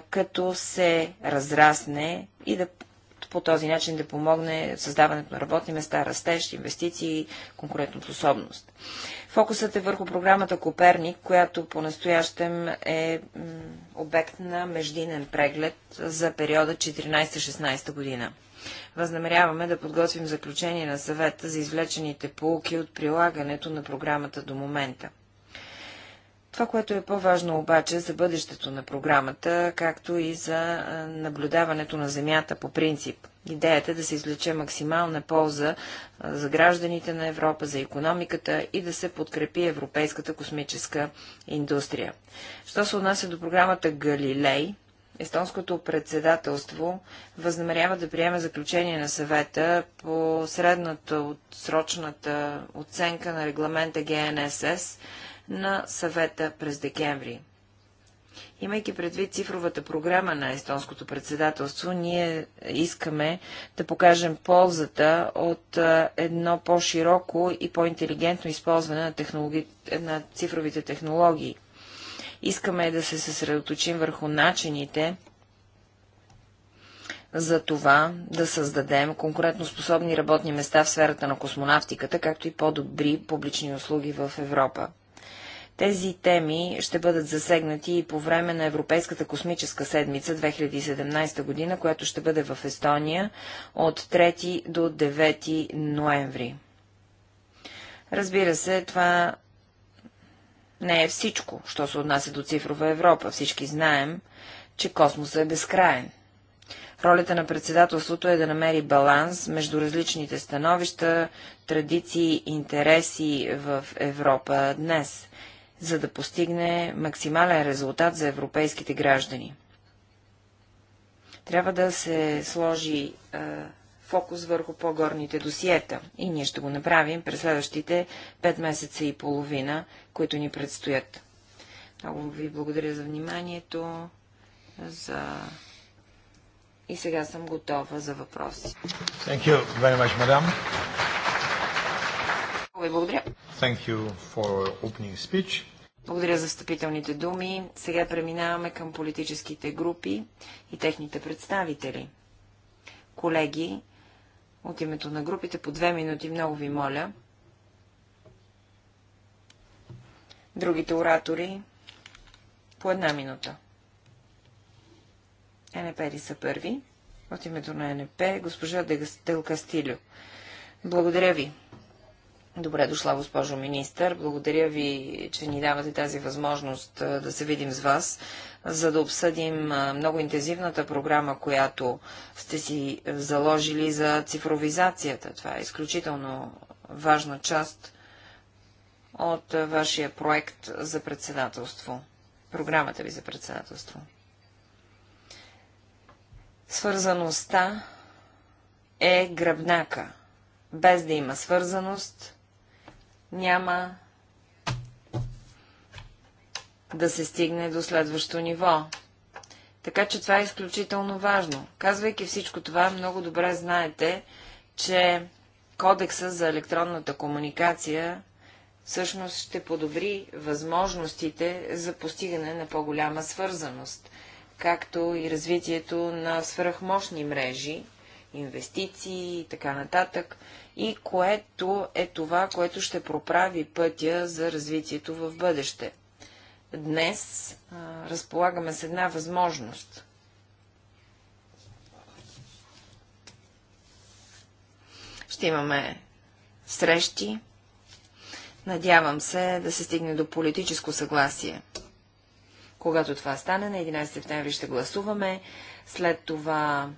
като се разрасне и да по този начин да помогне създаването на работни места, растеж, инвестиции, и конкурентоспособност. Фокусът е върху програмата Коперник, която по-настоящем е обект на междинен преглед за периода 14-16 година. Възнамеряваме да подготвим заключение на съвета за извлечените полуки от прилагането на програмата до момента. Това, което е по-важно обаче за бъдещето на програмата, както и за наблюдаването на Земята по принцип. Идеята е да се извлече максимална полза за гражданите на Европа, за економиката и да се подкрепи европейската космическа индустрия. Що се отнася до програмата Галилей, Естонското председателство възнамерява да приеме заключение на съвета по средната от срочната оценка на регламента ГНСС – на съвета през декември. Имайки предвид цифровата програма на естонското председателство, ние искаме да покажем ползата от едно по-широко и по-интелигентно използване на, технологи... на цифровите технологии. Искаме да се съсредоточим върху начините за това да създадем конкурентоспособни работни места в сферата на космонавтиката, както и по-добри публични услуги в Европа. Тези теми ще бъдат засегнати и по време на Европейската космическа седмица 2017 година, която ще бъде в Естония от 3 до 9 ноември. Разбира се, това не е всичко, що се отнася до цифрова Европа. Всички знаем, че космосът е безкраен. Ролята на председателството е да намери баланс между различните становища, традиции, интереси в Европа днес за да постигне максимален резултат за европейските граждани. Трябва да се сложи е, фокус върху по-горните досиета и ние ще го направим през следващите 5 месеца и половина, които ни предстоят. Много ви благодаря за вниманието. За... И сега съм готова за въпроси. Thank you very much, madam ви благодаря. Thank you for opening speech. Благодаря за встъпителните думи. Сега преминаваме към политическите групи и техните представители. Колеги, от името на групите по две минути много ви моля. Другите оратори по една минута. НП ли са първи? От името на НП госпожа Дел Кастилю. Благодаря ви. Добре дошла, госпожо министър. Благодаря ви, че ни давате тази възможност да се видим с вас, за да обсъдим много интензивната програма, която сте си заложили за цифровизацията. Това е изключително важна част от вашия проект за председателство, програмата ви за председателство. Свързаността е гръбнака. Без да има свързаност, няма да се стигне до следващото ниво. Така че това е изключително важно. Казвайки всичко това, много добре знаете, че Кодекса за електронната комуникация всъщност ще подобри възможностите за постигане на по-голяма свързаност, както и развитието на свръхмощни мрежи, инвестиции и така нататък, и което е това, което ще проправи пътя за развитието в бъдеще. Днес а, разполагаме с една възможност. Ще имаме срещи. Надявам се да се стигне до политическо съгласие. Когато това стане, на 11 септември ще гласуваме. След това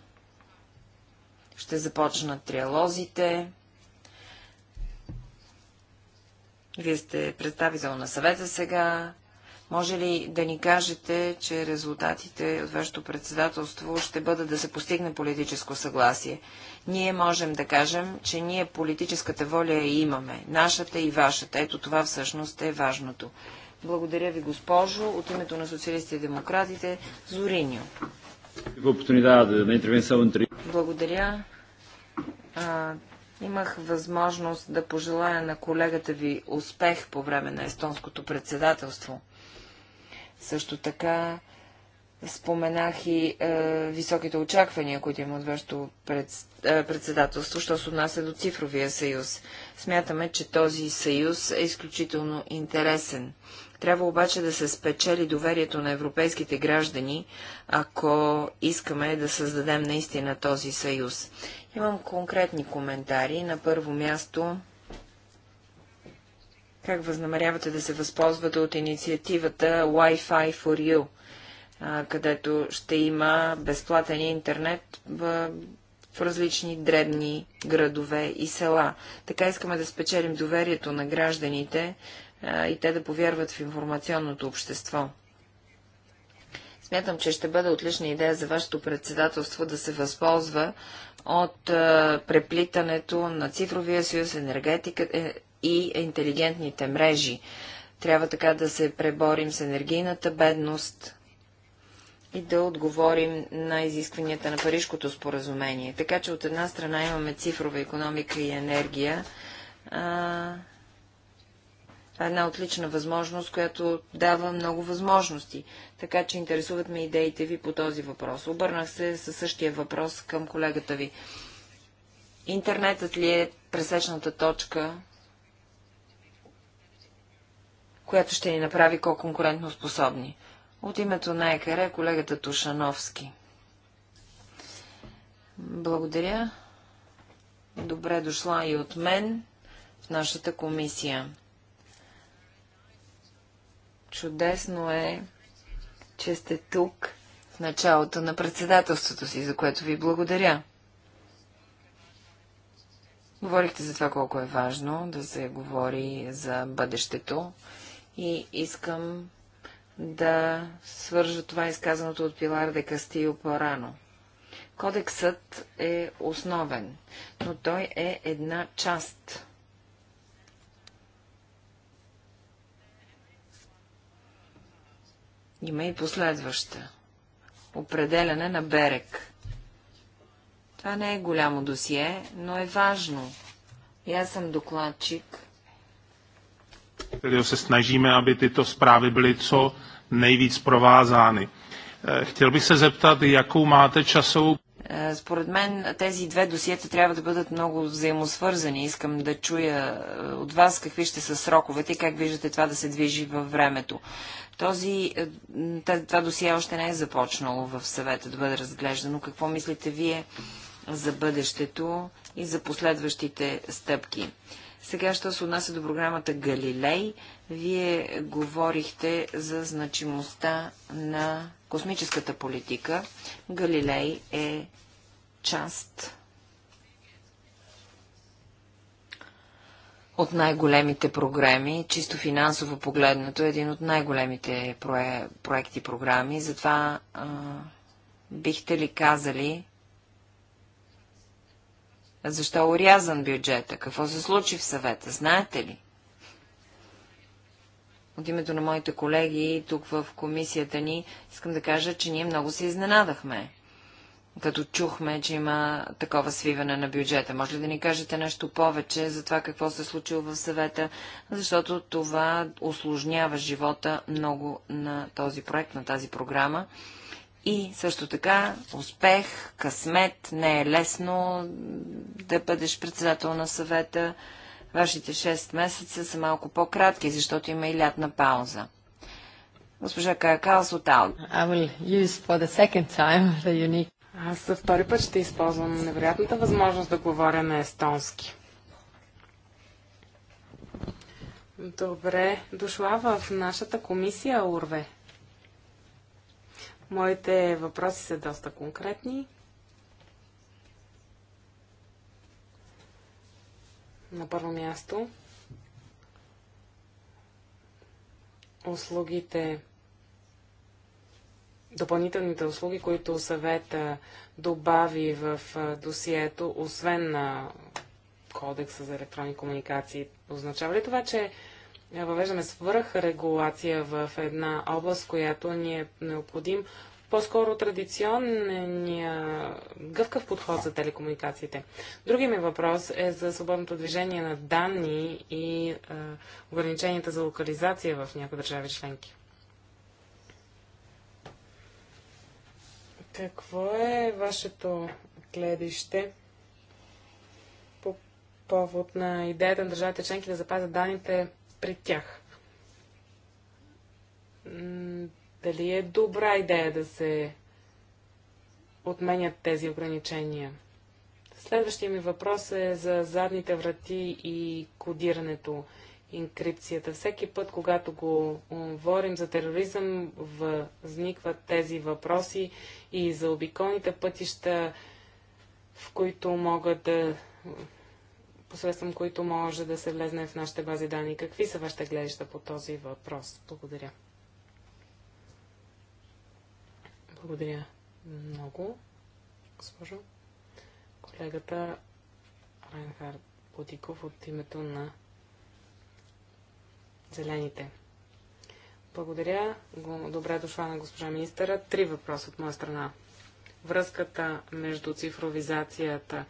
ще започнат триалозите. Вие сте представител на съвета сега. Може ли да ни кажете, че резултатите от вашето председателство ще бъдат да се постигне политическо съгласие? Ние можем да кажем, че ние политическата воля я имаме, нашата и вашата. Ето това всъщност е важното. Благодаря ви, госпожо. От името на социалистите и демократите, Зориньо. Е Благодаря. Имах възможност да пожелая на колегата ви успех по време на естонското председателство. Също така споменах и е, високите очаквания, които има от вашето пред, е, председателство, що се отнася до цифровия съюз. Смятаме, че този съюз е изключително интересен. Трябва обаче да се спечели доверието на европейските граждани, ако искаме да създадем наистина този съюз. Имам конкретни коментари. На първо място, как възнамерявате да се възползвате от инициативата Wi-Fi for You, където ще има безплатен интернет в в различни дребни градове и села. Така искаме да спечелим доверието на гражданите а, и те да повярват в информационното общество. Смятам, че ще бъде отлична идея за вашето председателство да се възползва от е, преплитането на цифровия съюз, енергетиката е, и интелигентните мрежи. Трябва така да се преборим с енергийната бедност и да отговорим на изискванията на Парижкото споразумение. Така че от една страна имаме цифрова економика и енергия, а, това е една отлична възможност, която дава много възможности. Така че интересуват ме идеите ви по този въпрос. Обърнах се със същия въпрос към колегата ви. Интернетът ли е пресечната точка, която ще ни направи по-конкурентно способни? От името на ЕКР колегата Тушановски. Благодаря. Добре дошла и от мен в нашата комисия. Чудесно е, че сте тук в началото на председателството си, за което ви благодаря. Говорихте за това колко е важно да се говори за бъдещето и искам да свържа това изказаното от Пилар де Кастио по-рано. Кодексът е основен, но той е една част Има и последваща. Определяне на берег. Това не е голямо досие, но е важно. И аз съм докладчик. Tedy se snažíme, aby tyto zprávy byly co nejvíc provázány. Chtěl bych se zeptat, jakou máte časovou... Е, според мен тези две досиета трябва да бъдат много взаимосвързани. Искам да чуя е, от вас какви ще са сроковете и как виждате това да се движи във времето. Този, е, това досие още не е започнало в съвета да бъде разглеждано. Какво мислите вие за бъдещето и за последващите стъпки? Сега, що се отнася до програмата Галилей, вие говорихте за значимостта на космическата политика. Галилей е част от най-големите програми, чисто финансово погледнато, е един от най-големите проекти програми. Затова а, бихте ли казали защо е урязан бюджета? Какво се случи в съвета? Знаете ли? От името на моите колеги тук в комисията ни искам да кажа, че ние много се изненадахме, като чухме, че има такова свиване на бюджета. Може ли да ни кажете нещо повече за това какво се е случило в съвета? Защото това осложнява живота много на този проект, на тази програма и също така успех, късмет, не е лесно да бъдеш председател на съвета. Вашите 6 месеца са малко по-кратки, защото има и лятна пауза. Госпожа Каякалс от Ал. Unique... Аз за втори път ще използвам невероятната възможност да говоря на естонски. Добре, дошла в нашата комисия, Урве. Моите въпроси са доста конкретни. На първо място услугите, допълнителните услуги, които съвета добави в досието, освен на кодекса за електронни комуникации. Означава ли това, че въвеждаме свръхрегулация в една област, която ни е необходим по-скоро традиционния гъвкав подход за телекомуникациите. Други ми въпрос е за свободното движение на данни и е, ограниченията за локализация в някои държави членки. Какво е вашето гледище по повод на идеята на държавите членки да запазят данните пред тях. Дали е добра идея да се отменят тези ограничения? Следващия ми въпрос е за задните врати и кодирането, инкрипцията. Всеки път, когато го говорим за тероризъм, възникват тези въпроси и за обиколните пътища, в които могат да посредством които може да се влезне в нашите бази данни. Какви са вашите гледаща по този въпрос? Благодаря. Благодаря много, госпожо. Колегата Райнхард Бодиков от името на Зелените. Благодаря. Добре дошла на госпожа министъра. Три въпроса от моя страна. Връзката между цифровизацията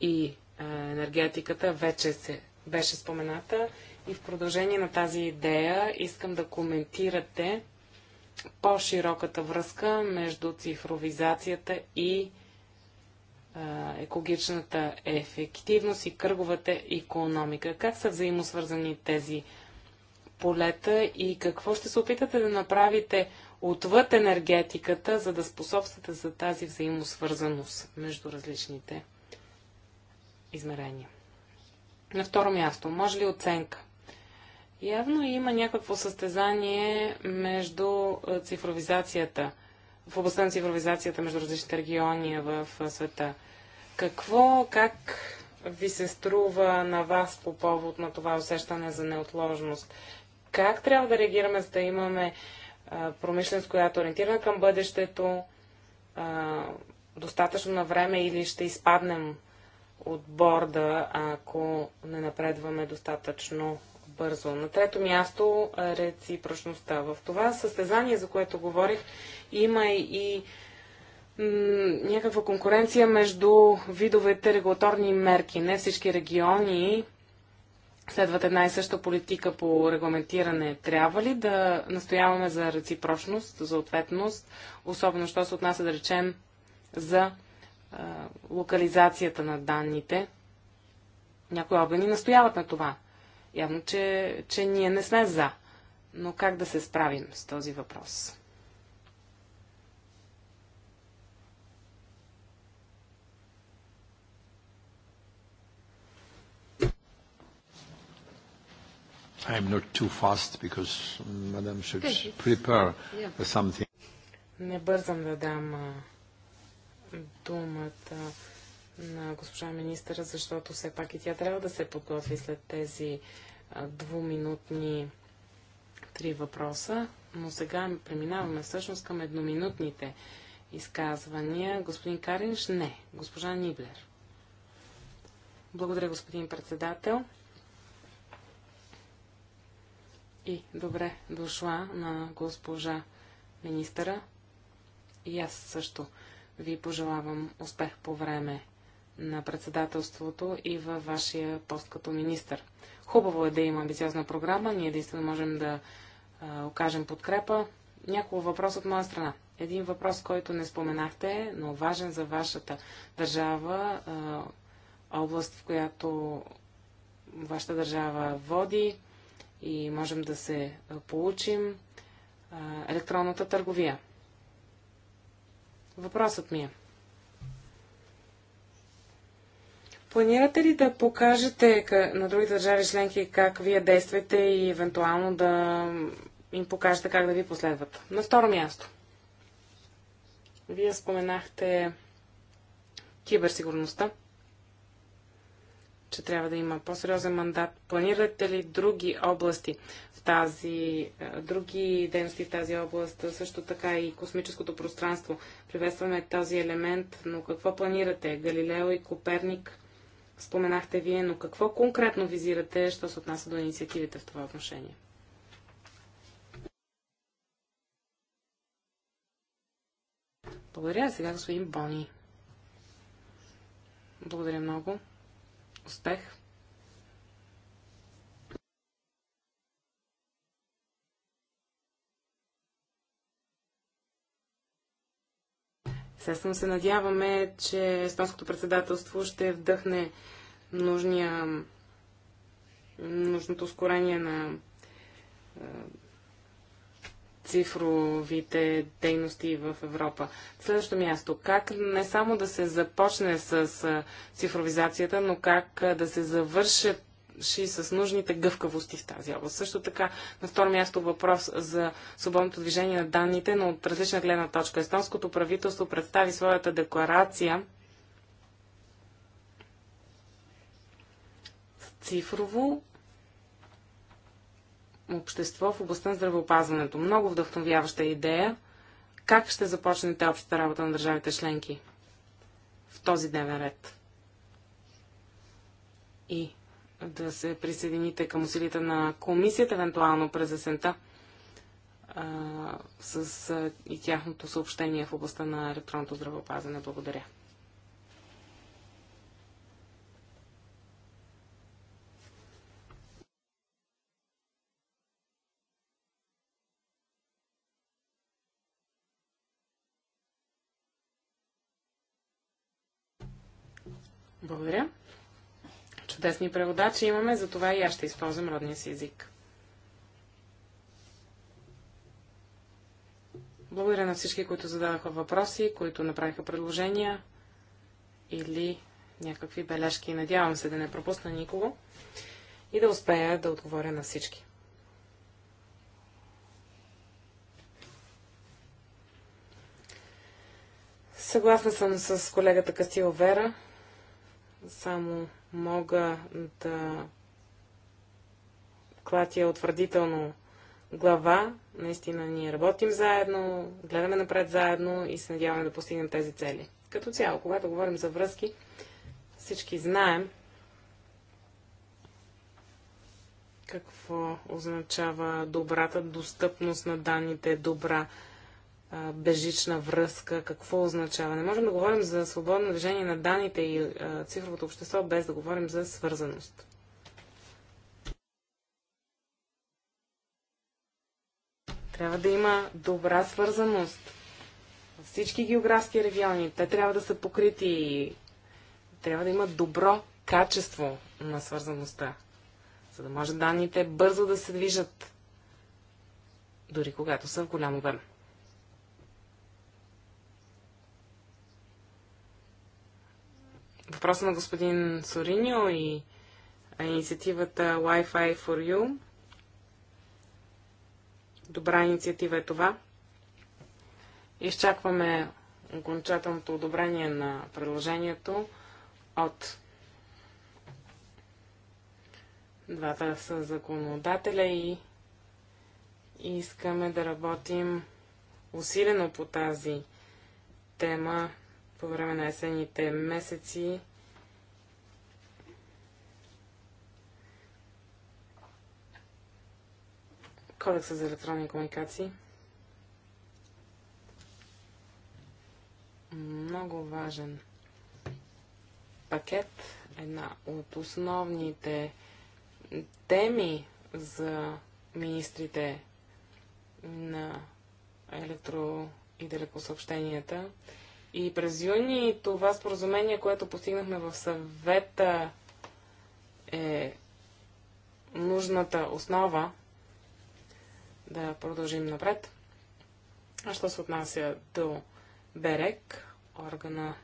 и е, енергетиката вече се, беше спомената и в продължение на тази идея искам да коментирате по-широката връзка между цифровизацията и е, екологичната ефективност и кръговата економика. Как са взаимосвързани тези полета и какво ще се опитате да направите отвъд енергетиката, за да способствате за тази взаимосвързаност между различните измерение. На второ място, може ли оценка? Явно има някакво състезание между е, цифровизацията, в областта на цифровизацията между различните региони в е, света. Какво, как ви се струва на вас по повод на това усещане за неотложност? Как трябва да реагираме, за да имаме е, промишленост, която ориентирана към бъдещето, достатъчно на време или ще изпаднем от борда, ако не напредваме достатъчно бързо. На трето място реципрочността. В това състезание, за което говорих, има и някаква конкуренция между видовете регулаторни мерки. Не всички региони следват една и съща политика по регламентиране. Трябва ли да настояваме за реципрочност, за ответност, особено що се отнася, да речем, за локализацията на данните. Някои органи настояват на това. Явно, че, че ние не сме за. Но как да се справим с този въпрос? I'm not too fast because Madame should prepare something. Не бързам да дам думата на госпожа министъра, защото все пак и тя трябва да се подготви след тези двуминутни три въпроса. Но сега преминаваме всъщност към едноминутните изказвания. Господин Каринш? Не. Госпожа Ниблер. Благодаря, господин председател. И добре дошла на госпожа министъра. И аз също ви пожелавам успех по време на председателството и във вашия пост като министър. Хубаво е да има амбициозна програма, ние действително можем да а, окажем подкрепа. Няколко въпрос от моя страна. Един въпрос, който не споменахте, но важен за вашата държава, а, област, в която вашата държава води и можем да се получим, а, електронната търговия. Въпросът ми е. Планирате ли да покажете на другите държави членки как вие действате и евентуално да им покажете как да ви последват? На второ място. Вие споменахте киберсигурността че трябва да има по-сериозен мандат. Планирате ли други области в тази, е, други дейности в тази област, също така и космическото пространство? Приветстваме този елемент, но какво планирате? Галилео и Коперник споменахте вие, но какво конкретно визирате, що се отнася до инициативите в това отношение? Благодаря. Сега господин Бони. Благодаря много успех. Естествено се надяваме, че естонското председателство ще вдъхне нужния, нужното ускорение на цифровите дейности в Европа. Следващо място. Как не само да се започне с цифровизацията, но как да се завършат и с нужните гъвкавости в тази област. Също така, на второ място въпрос за свободното движение на данните, но от различна гледна точка. Естонското правителство представи своята декларация цифрово общество в областта на здравеопазването. Много вдъхновяваща идея. Как ще започнете общата работа на държавите членки в този дневен ред? И да се присъедините към усилията на комисията, евентуално през есента, с и тяхното съобщение в областта на електронното здравеопазване. Благодаря. Благодаря. Чудесни преводачи имаме, затова и аз ще използвам родния си език. Благодаря на всички, които задаваха въпроси, които направиха предложения или някакви бележки. Надявам се да не пропусна никого и да успея да отговоря на всички. Съгласна съм с колегата Кастил Вера само мога да клатя утвърдително глава. Наистина ние работим заедно, гледаме напред заедно и се надяваме да постигнем тези цели. Като цяло, когато говорим за връзки, всички знаем какво означава добрата достъпност на данните, добра бежична връзка, какво означава. Не можем да говорим за свободно движение на данните и цифровото общество, без да говорим за свързаност. Трябва да има добра свързаност. Всички географски региони, те трябва да са покрити и трябва да има добро качество на свързаността, за да може данните бързо да се движат, дори когато са в голям обем. въпроса на господин Сориньо и инициативата Wi-Fi for You. Добра инициатива е това. Изчакваме окончателното одобрение на предложението от двата са законодателя и искаме да работим усилено по тази тема по време на есенните месеци. Кодекса за електронни комуникации. Много важен пакет. Една от основните теми за министрите на електро и далекосъобщенията и през юни това споразумение, което постигнахме в съвета е нужната основа да продължим напред. А що се отнася до БЕРЕК, органа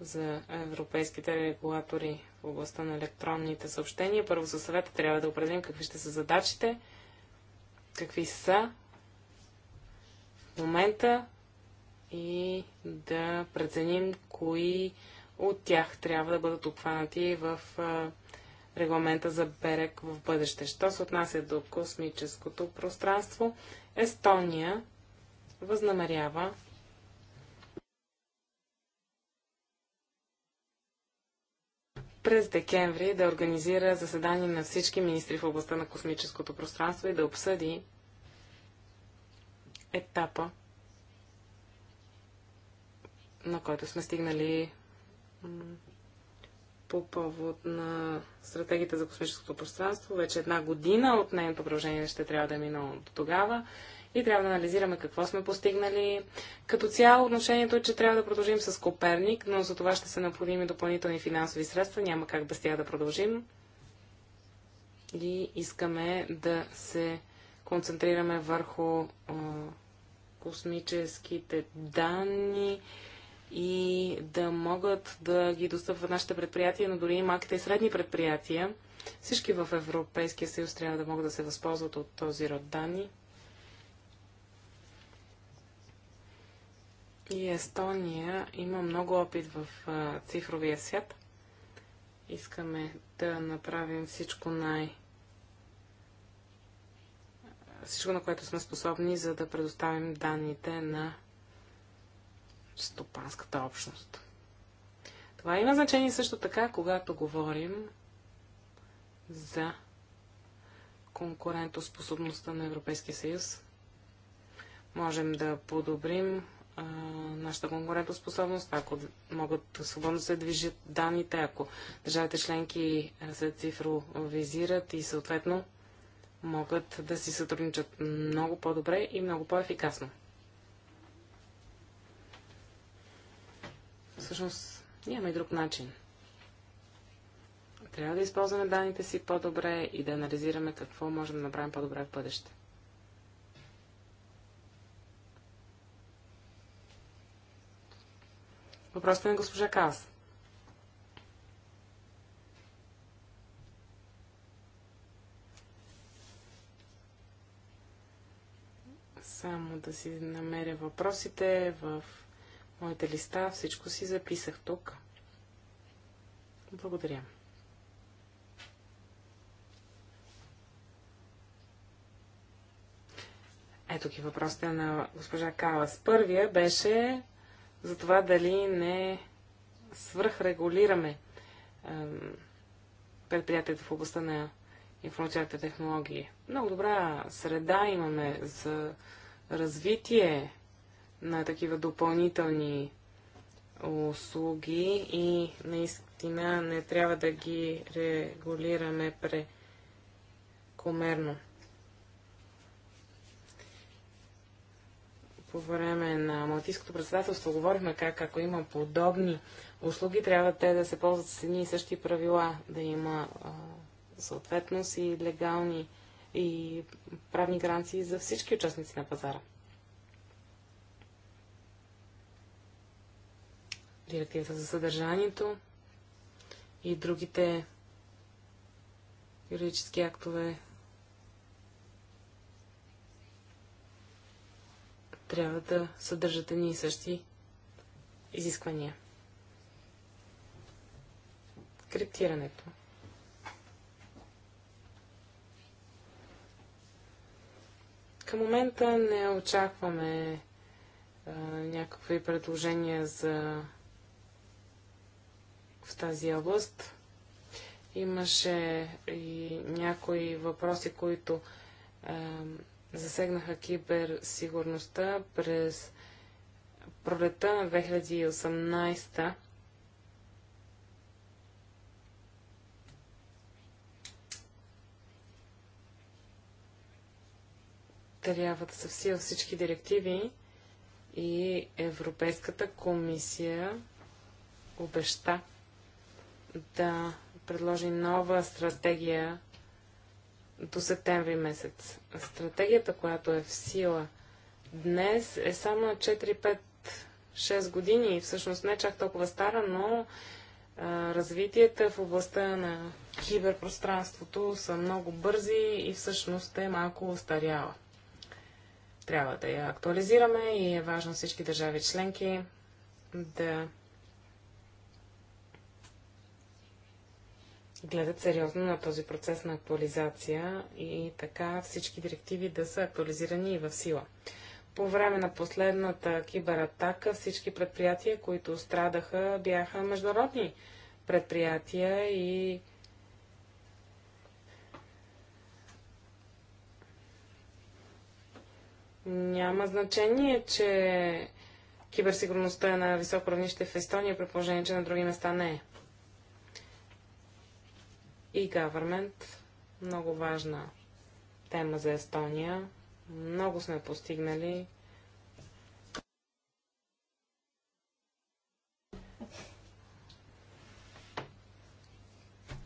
за европейските регулатори в областта на електронните съобщения, първо със съвета трябва да определим какви ще са задачите, какви са в момента и да преценим кои от тях трябва да бъдат обхванати в регламента за Берек в бъдеще. Що се отнася до космическото пространство, Естония възнамерява през декември да организира заседание на всички министри в областта на космическото пространство и да обсъди етапа на който сме стигнали по повод на стратегията за космическото пространство. Вече една година от нейното продължение ще трябва да е минало до тогава и трябва да анализираме какво сме постигнали. Като цяло отношението е, че трябва да продължим с Коперник, но за това ще са необходими допълнителни финансови средства. Няма как без тях да продължим. И искаме да се концентрираме върху космическите данни и да могат да ги достъпват нашите предприятия, но дори и малките и средни предприятия. Всички в Европейския съюз трябва да могат да се възползват от този род данни. И Естония има много опит в цифровия свят. Искаме да направим всичко най- всичко, на което сме способни, за да предоставим данните на стопанската общност. Това има значение също така, когато говорим за конкурентоспособността на Европейския съюз. Можем да подобрим а, нашата конкурентоспособност, ако могат свободно се движат данните, ако държавите членки се цифровизират и съответно могат да си сътрудничат много по-добре и много по-ефикасно. всъщност имаме и друг начин. Трябва да използваме данните си по-добре и да анализираме какво можем да направим по-добре в бъдеще. Въпросът е на госпожа Калас. Само да си намеря въпросите в моите листа, всичко си записах тук. Благодаря. Ето ги въпросите на госпожа Калас. Първия беше за това дали не свръхрегулираме предприятията в областта на информационните технологии. Много добра среда имаме за развитие на такива допълнителни услуги и наистина не трябва да ги регулираме прекомерно. По време на Малтийското председателство говорихме как ако има подобни услуги, трябва те да се ползват с едни и същи правила, да има съответност и легални и правни гаранции за всички участници на пазара. директивата за съдържанието и другите юридически актове трябва да съдържат едни и същи изисквания. Криптирането. Към момента не очакваме а, някакви предложения за в тази област. Имаше и някои въпроси, които е, засегнаха киберсигурността през пролета на 2018 трябва да са в сила всички директиви и Европейската комисия обеща да предложи нова стратегия до септември месец. Стратегията, която е в сила днес, е само на 4-5 6 години, всъщност не е чак толкова стара, но а, развитията в областта на киберпространството са много бързи и всъщност е малко остаряла. Трябва да я актуализираме и е важно всички държави членки да гледат сериозно на този процес на актуализация и така всички директиви да са актуализирани и в сила. По време на последната кибератака всички предприятия, които страдаха, бяха международни предприятия и няма значение, че киберсигурността е на високо равнище в Естония, при положение, че на други места не е и government. Много важна тема за Естония. Много сме постигнали.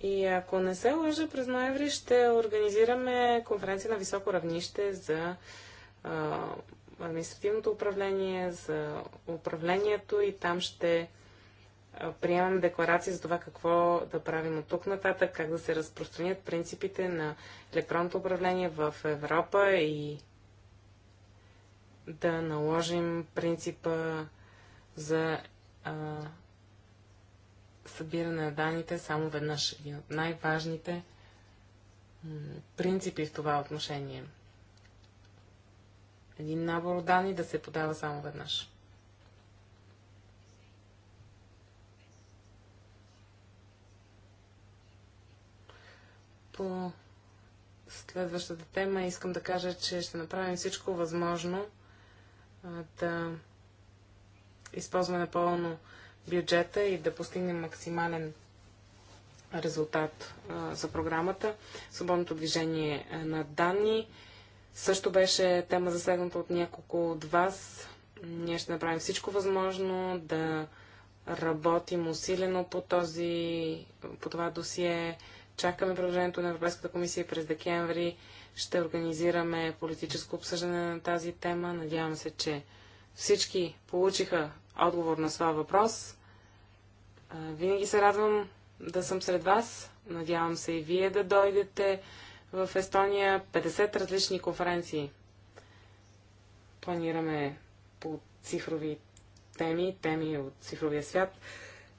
И ако не се лъжа, през ноември ще организираме конференция на високо равнище за а, административното управление, за управлението и там ще приемам декларация за това какво да правим от тук нататък, как да се разпространят принципите на електронното управление в Европа и да наложим принципа за а, събиране на данните само веднъж. Един от най-важните принципи в това отношение. Един набор от данни да се подава само веднъж. По следващата тема искам да кажа, че ще направим всичко възможно да използваме напълно бюджета и да постигнем максимален резултат за програмата. Свободното движение на данни също беше тема засегната от няколко от вас. Ние ще направим всичко възможно да работим усилено по, този, по това досие, чакаме предложението на Европейската комисия през декември. Ще организираме политическо обсъждане на тази тема. Надявам се, че всички получиха отговор на своя въпрос. Винаги се радвам да съм сред вас. Надявам се и вие да дойдете в Естония. 50 различни конференции. Планираме по цифрови теми, теми от цифровия свят.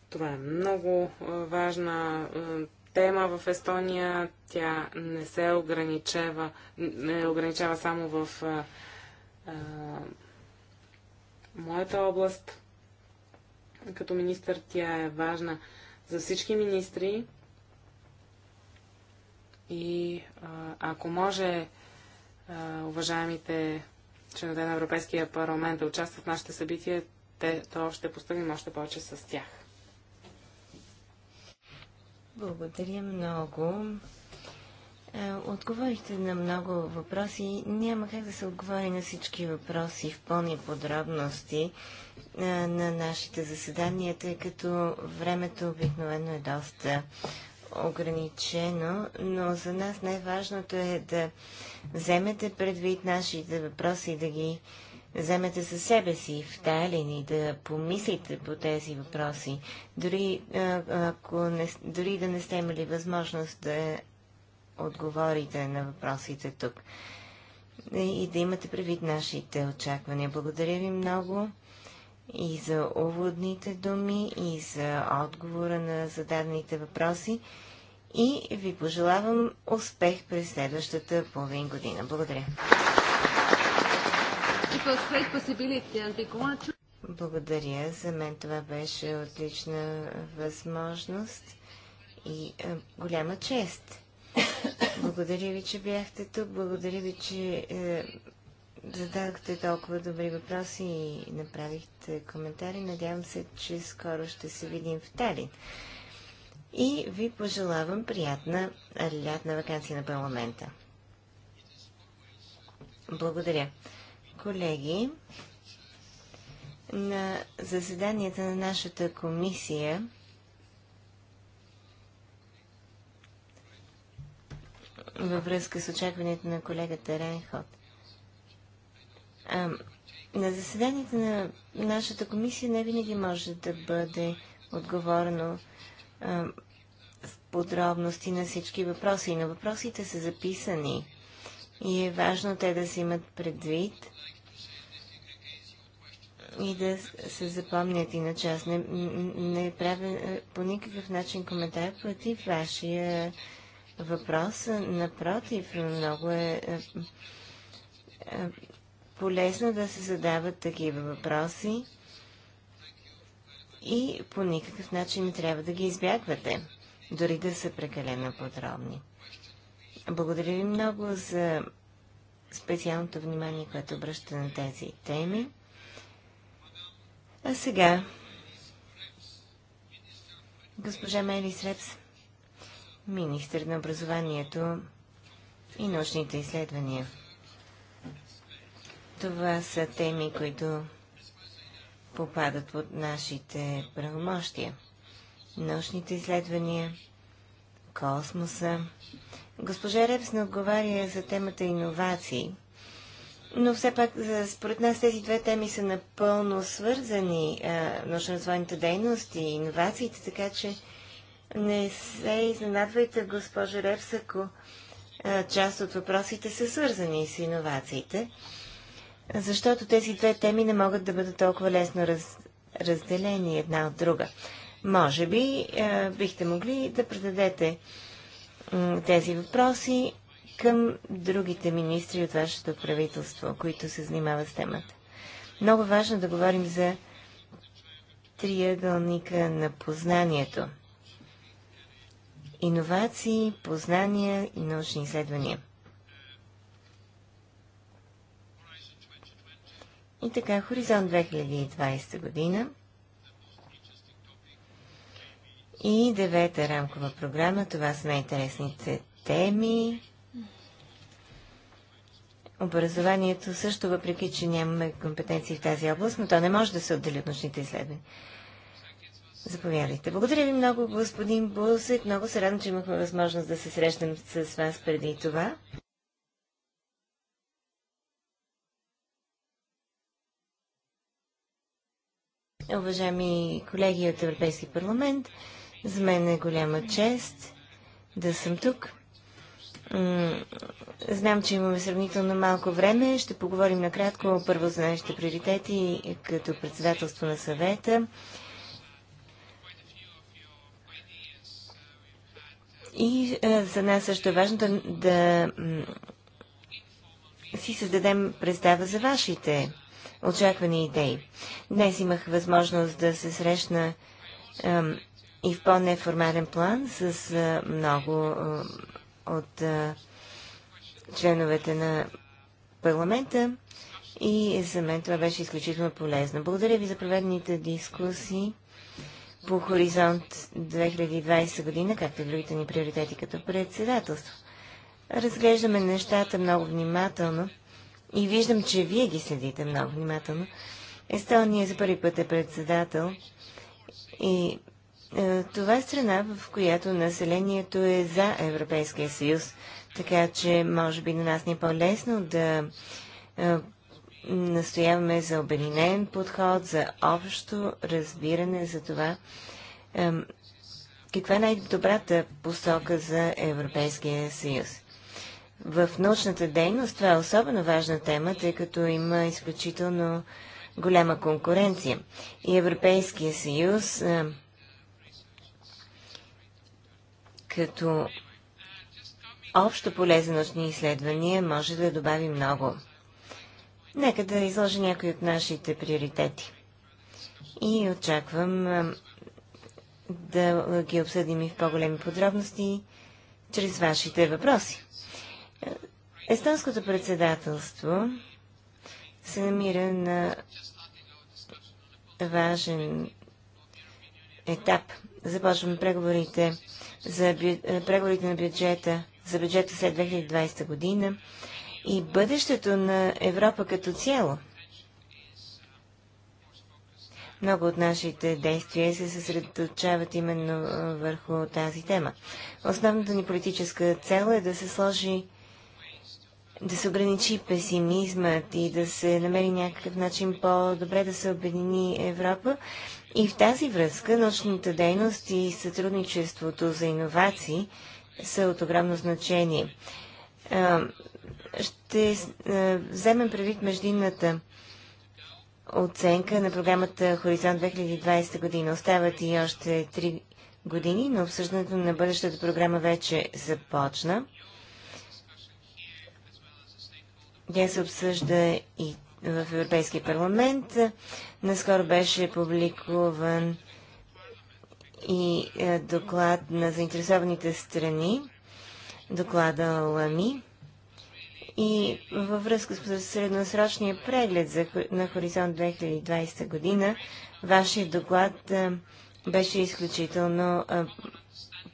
Това е много важна тема в Естония. Тя не се ограничава, не ограничава само в а, а, моята област. Като министър тя е важна за всички министри. И а, ако може а, уважаемите членове на Европейския парламент да участват в нашите събития, те, то ще постигнем още повече с тях. Благодаря много. Е, отговорихте на много въпроси. Няма как да се отговори на всички въпроси в пълни подробности е, на нашите заседания, тъй като времето обикновено е доста ограничено, но за нас най-важното е да вземете предвид нашите въпроси и да ги вземете със себе си в Талин и да помислите по тези въпроси, дори, ако не, дори да не сте имали възможност да отговорите на въпросите тук и да имате предвид нашите очаквания. Благодаря ви много и за уводните думи, и за отговора на зададените въпроси. И ви пожелавам успех през следващата половин година. Благодаря. Благодаря. За мен това беше отлична възможност и а, голяма чест. Благодаря ви, че бяхте тук. Благодаря ви, че е, зададохте толкова добри въпроси и направихте коментари. Надявам се, че скоро ще се видим в Талин. И ви пожелавам приятна лятна вакансия на парламента. Благодаря. Колеги, на заседанията на нашата комисия във връзка с очакването на колегата Ренхот. на заседанията на нашата комисия не винаги може да бъде отговорено в подробности на всички въпроси, но въпросите са записани и е важно те да се имат предвид и да се запомнят иначе аз. Не, не правя е, по никакъв начин коментар против вашия въпрос. Напротив, много е, е, е полезно да се задават такива въпроси и по никакъв начин не трябва да ги избягвате, дори да са прекалено подробни. Благодаря ви много за специалното внимание, което обръща на тези теми. А сега, госпожа Мелис Репс, министр на образованието и научните изследвания. Това са теми, които попадат под нашите правомощия. Научните изследвания, космоса. Госпожа Репс не отговаря за темата иновации, но все пак, според нас тези две теми са напълно свързани, научно-развойната дейности и иновациите, така че не се изненадвайте, госпожа Ревс, ако част от въпросите са свързани с иновациите, защото тези две теми не могат да бъдат толкова лесно раз, разделени една от друга. Може би бихте могли да предадете тези въпроси към другите министри от вашето правителство, които се занимават с темата. Много важно да говорим за триъгълника на познанието. Иновации, познания и научни изследвания. И така, Хоризонт 2020 година и девета рамкова програма. Това са най-интересните теми образованието също, въпреки че нямаме компетенции в тази област, но то не може да се отдели от научните изследвания. Заповядайте. Благодаря ви много, господин Бузик. Много се радвам, че имахме възможност да се срещнем с вас преди това. Уважаеми колеги от Европейски парламент, за мен е голяма чест да съм тук. Знам, че имаме сравнително малко време. Ще поговорим накратко първо за нашите приоритети като председателство на съвета. И а, за нас също е важно да, да си създадем представа за вашите очаквани идеи. Днес имах възможност да се срещна а, и в по-неформален план с а, много от членовете на парламента и за мен това беше изключително полезно. Благодаря ви за проведените дискусии по Хоризонт 2020 година, както и другите ни приоритети като председателство. Разглеждаме нещата много внимателно и виждам, че вие ги следите много внимателно. Естония за първи път е председател и е, това е страна, в която населението е за Европейския съюз, така че може би на нас не е по-лесно да е, настояваме за обединен подход, за общо разбиране за това е, каква е най-добрата посока за Европейския съюз. В научната дейност това е особено важна тема, тъй като има изключително голяма конкуренция. И Европейския съюз като общо полезностни научни изследвания може да добави много. Нека да изложа някои от нашите приоритети. И очаквам да ги обсъдим и в по-големи подробности чрез вашите въпроси. Естонското председателство се намира на важен етап. Започваме преговорите за е, преговорите на бюджета, за бюджета след 2020 година и бъдещето на Европа като цяло. Много от нашите действия се съсредоточават именно е, върху тази тема. Основната ни политическа цел е да се сложи да се ограничи песимизмът и да се намери някакъв начин по-добре да се обедини Европа, и в тази връзка научната дейност и сътрудничеството за иновации са от огромно значение. Ще вземем предвид междинната оценка на програмата Хоризонт 2020 година. Остават и още три години, но обсъждането на бъдещата програма вече започна. Тя се обсъжда и в Европейския парламент. Наскоро беше публикуван и е, доклад на заинтересованите страни, доклада ЛАМИ. И във връзка с средносрочния преглед за, на Хоризонт 2020 година, вашия доклад е, беше изключително е,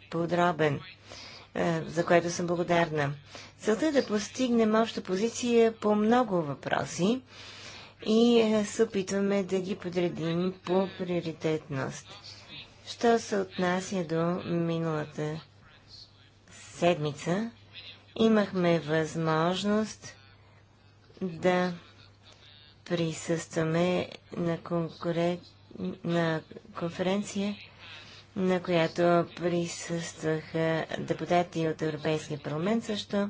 подробен, за което съм благодарна. Целта е да постигнем обща позиция по много въпроси и е, се опитваме да ги подредим по приоритетност. Що се отнася до миналата седмица, имахме възможност да присъстваме на, конкурен... на конференция на която присъстваха депутати от Европейския парламент също.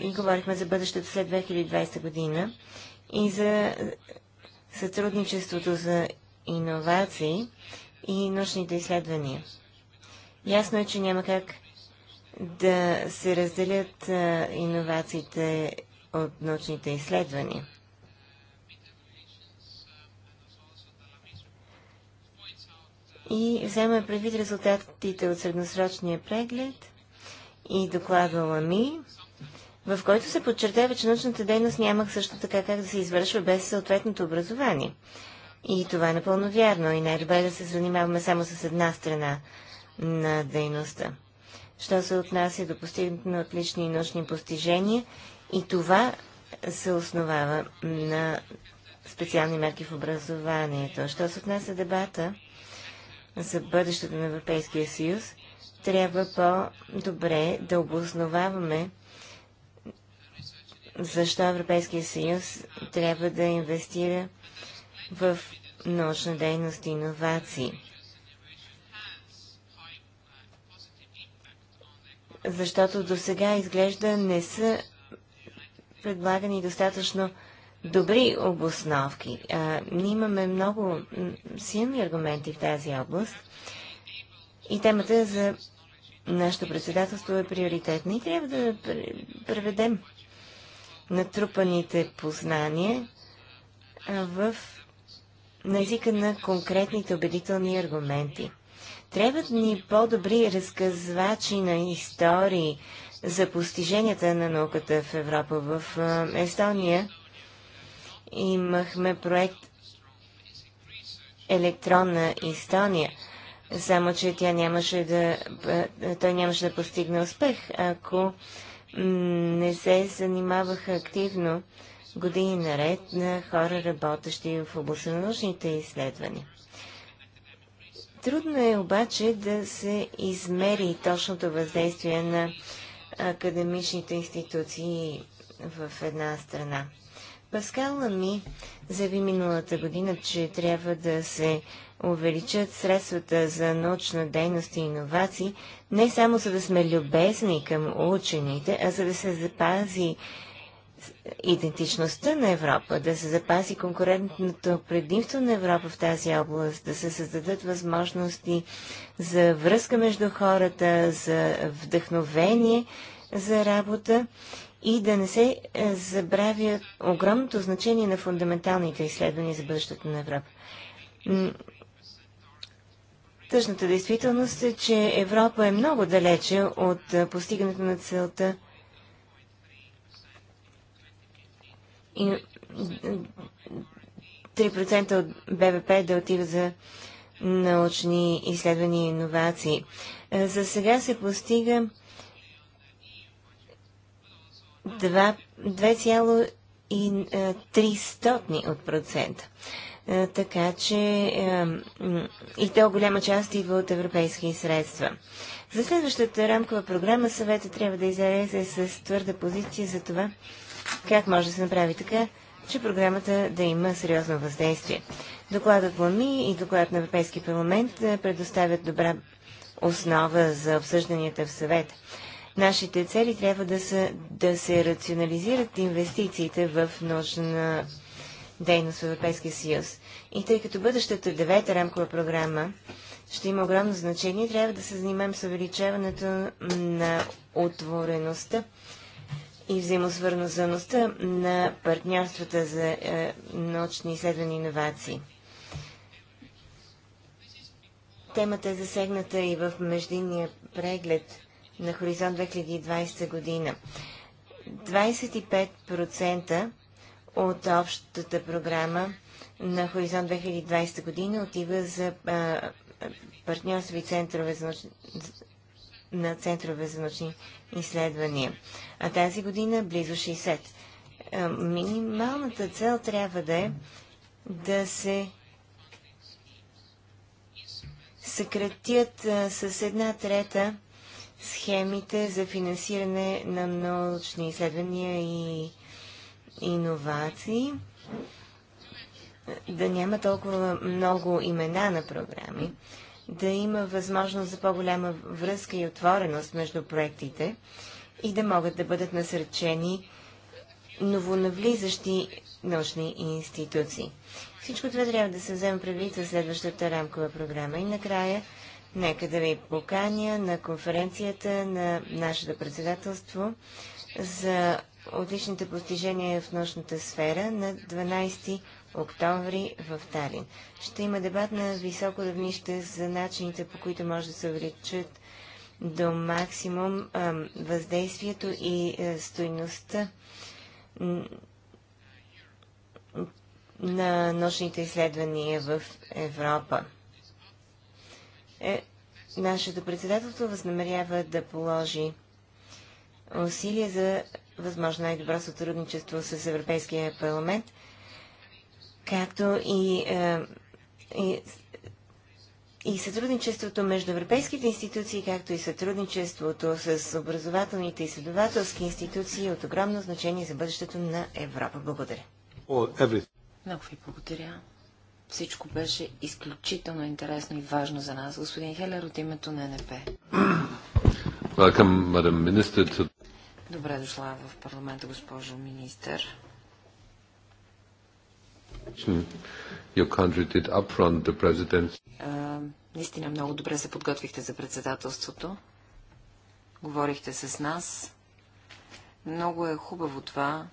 И говорихме за бъдещето след 2020 година и за сътрудничеството за иновации и научните изследвания. Ясно е, че няма как да се разделят иновациите от научните изследвания. и взема предвид резултатите от средносрочния преглед и доклада ЛАМИ, в който се подчертава, че научната дейност няма също така как да се извършва без съответното образование. И това е напълно вярно. И най-добре е да се занимаваме само с една страна на дейността. Що се отнася до постигането на отлични и научни постижения, и това се основава на специални мерки в образованието. Що се отнася дебата за бъдещето на Европейския съюз, трябва по-добре да обосноваваме защо Европейския съюз трябва да инвестира в научна дейност и иновации. Защото до сега изглежда не са предлагани достатъчно добри обосновки. А, ние имаме много силни аргументи в тази област и темата за нашето председателство е приоритетна и трябва да преведем натрупаните познания в, на езика на конкретните убедителни аргументи. Трябват ни по-добри разказвачи на истории за постиженията на науката в Европа. В Естония имахме проект Електронна Естония. Само, че тя нямаше да, той нямаше да постигне успех, ако не се занимаваха активно години наред на хора, работещи в областта на научните изследвания. Трудно е обаче да се измери точното въздействие на академичните институции в една страна. Паскал Лами заяви миналата година, че трябва да се увеличат средствата за научна дейност и иновации, не само за да сме любезни към учените, а за да се запази идентичността на Европа, да се запази конкурентното предимство на Европа в тази област, да се създадат възможности за връзка между хората, за вдъхновение за работа и да не се е, забравя огромното значение на фундаменталните изследвания за бъдещето на Европа. Тъжната действителност е, че Европа е много далече от е, постигането на целта и 3% от БВП да отива за научни изследвания и иновации. Е, за сега се постига 2,3 е, от процента. Е, така че е, и то голяма част идва от европейски средства. За следващата рамкова програма съвета трябва да излезе с твърда позиция за това как може да се направи така, че програмата да има сериозно въздействие. Докладът ЛАМИ и докладът на Европейски парламент предоставят добра основа за обсъжданията в съвета нашите цели трябва да, са, да се рационализират инвестициите в научна дейност в Европейския съюз. И тъй като бъдещата девета рамкова програма ще има огромно значение, трябва да се занимаем с увеличаването на отвореността и взаимосвързаността на партньорствата за е, научни изследвания и иновации. Темата е засегната и в междинния преглед на Хоризонт 2020 година. 25% от общата програма на Хоризонт 2020 година отива за партньорски партньорстви центрове за научни, на центрове за научни изследвания. А тази година близо 60. минималната цел трябва да е да се съкратят с една трета схемите за финансиране на научни изследвания и иновации, да няма толкова много имена на програми, да има възможност за по-голяма връзка и отвореност между проектите и да могат да бъдат насърчени новонавлизащи научни институции. Всичко това трябва да се вземе предвид за следващата рамкова програма. И накрая Нека да ви поканя на конференцията на нашето председателство за отличните постижения в научната сфера на 12 октомври в Талин. Ще има дебат на високо равнище за начините, по които може да се увеличат до максимум въздействието и е, стойността на научните изследвания в Европа е, нашето председателство възнамерява да положи усилия за възможно най-добро сътрудничество с Европейския парламент, както и, е, и, и сътрудничеството между европейските институции, както и сътрудничеството с образователните и следователски институции е от огромно значение за бъдещето на Европа. Благодаря. Много ви благодаря. Всичко беше изключително интересно и важно за нас. Господин Хелер от името на НП. Добре дошла в парламента, госпожо министър. А, наистина много добре се подготвихте за председателството. Говорихте с нас. Много е хубаво това,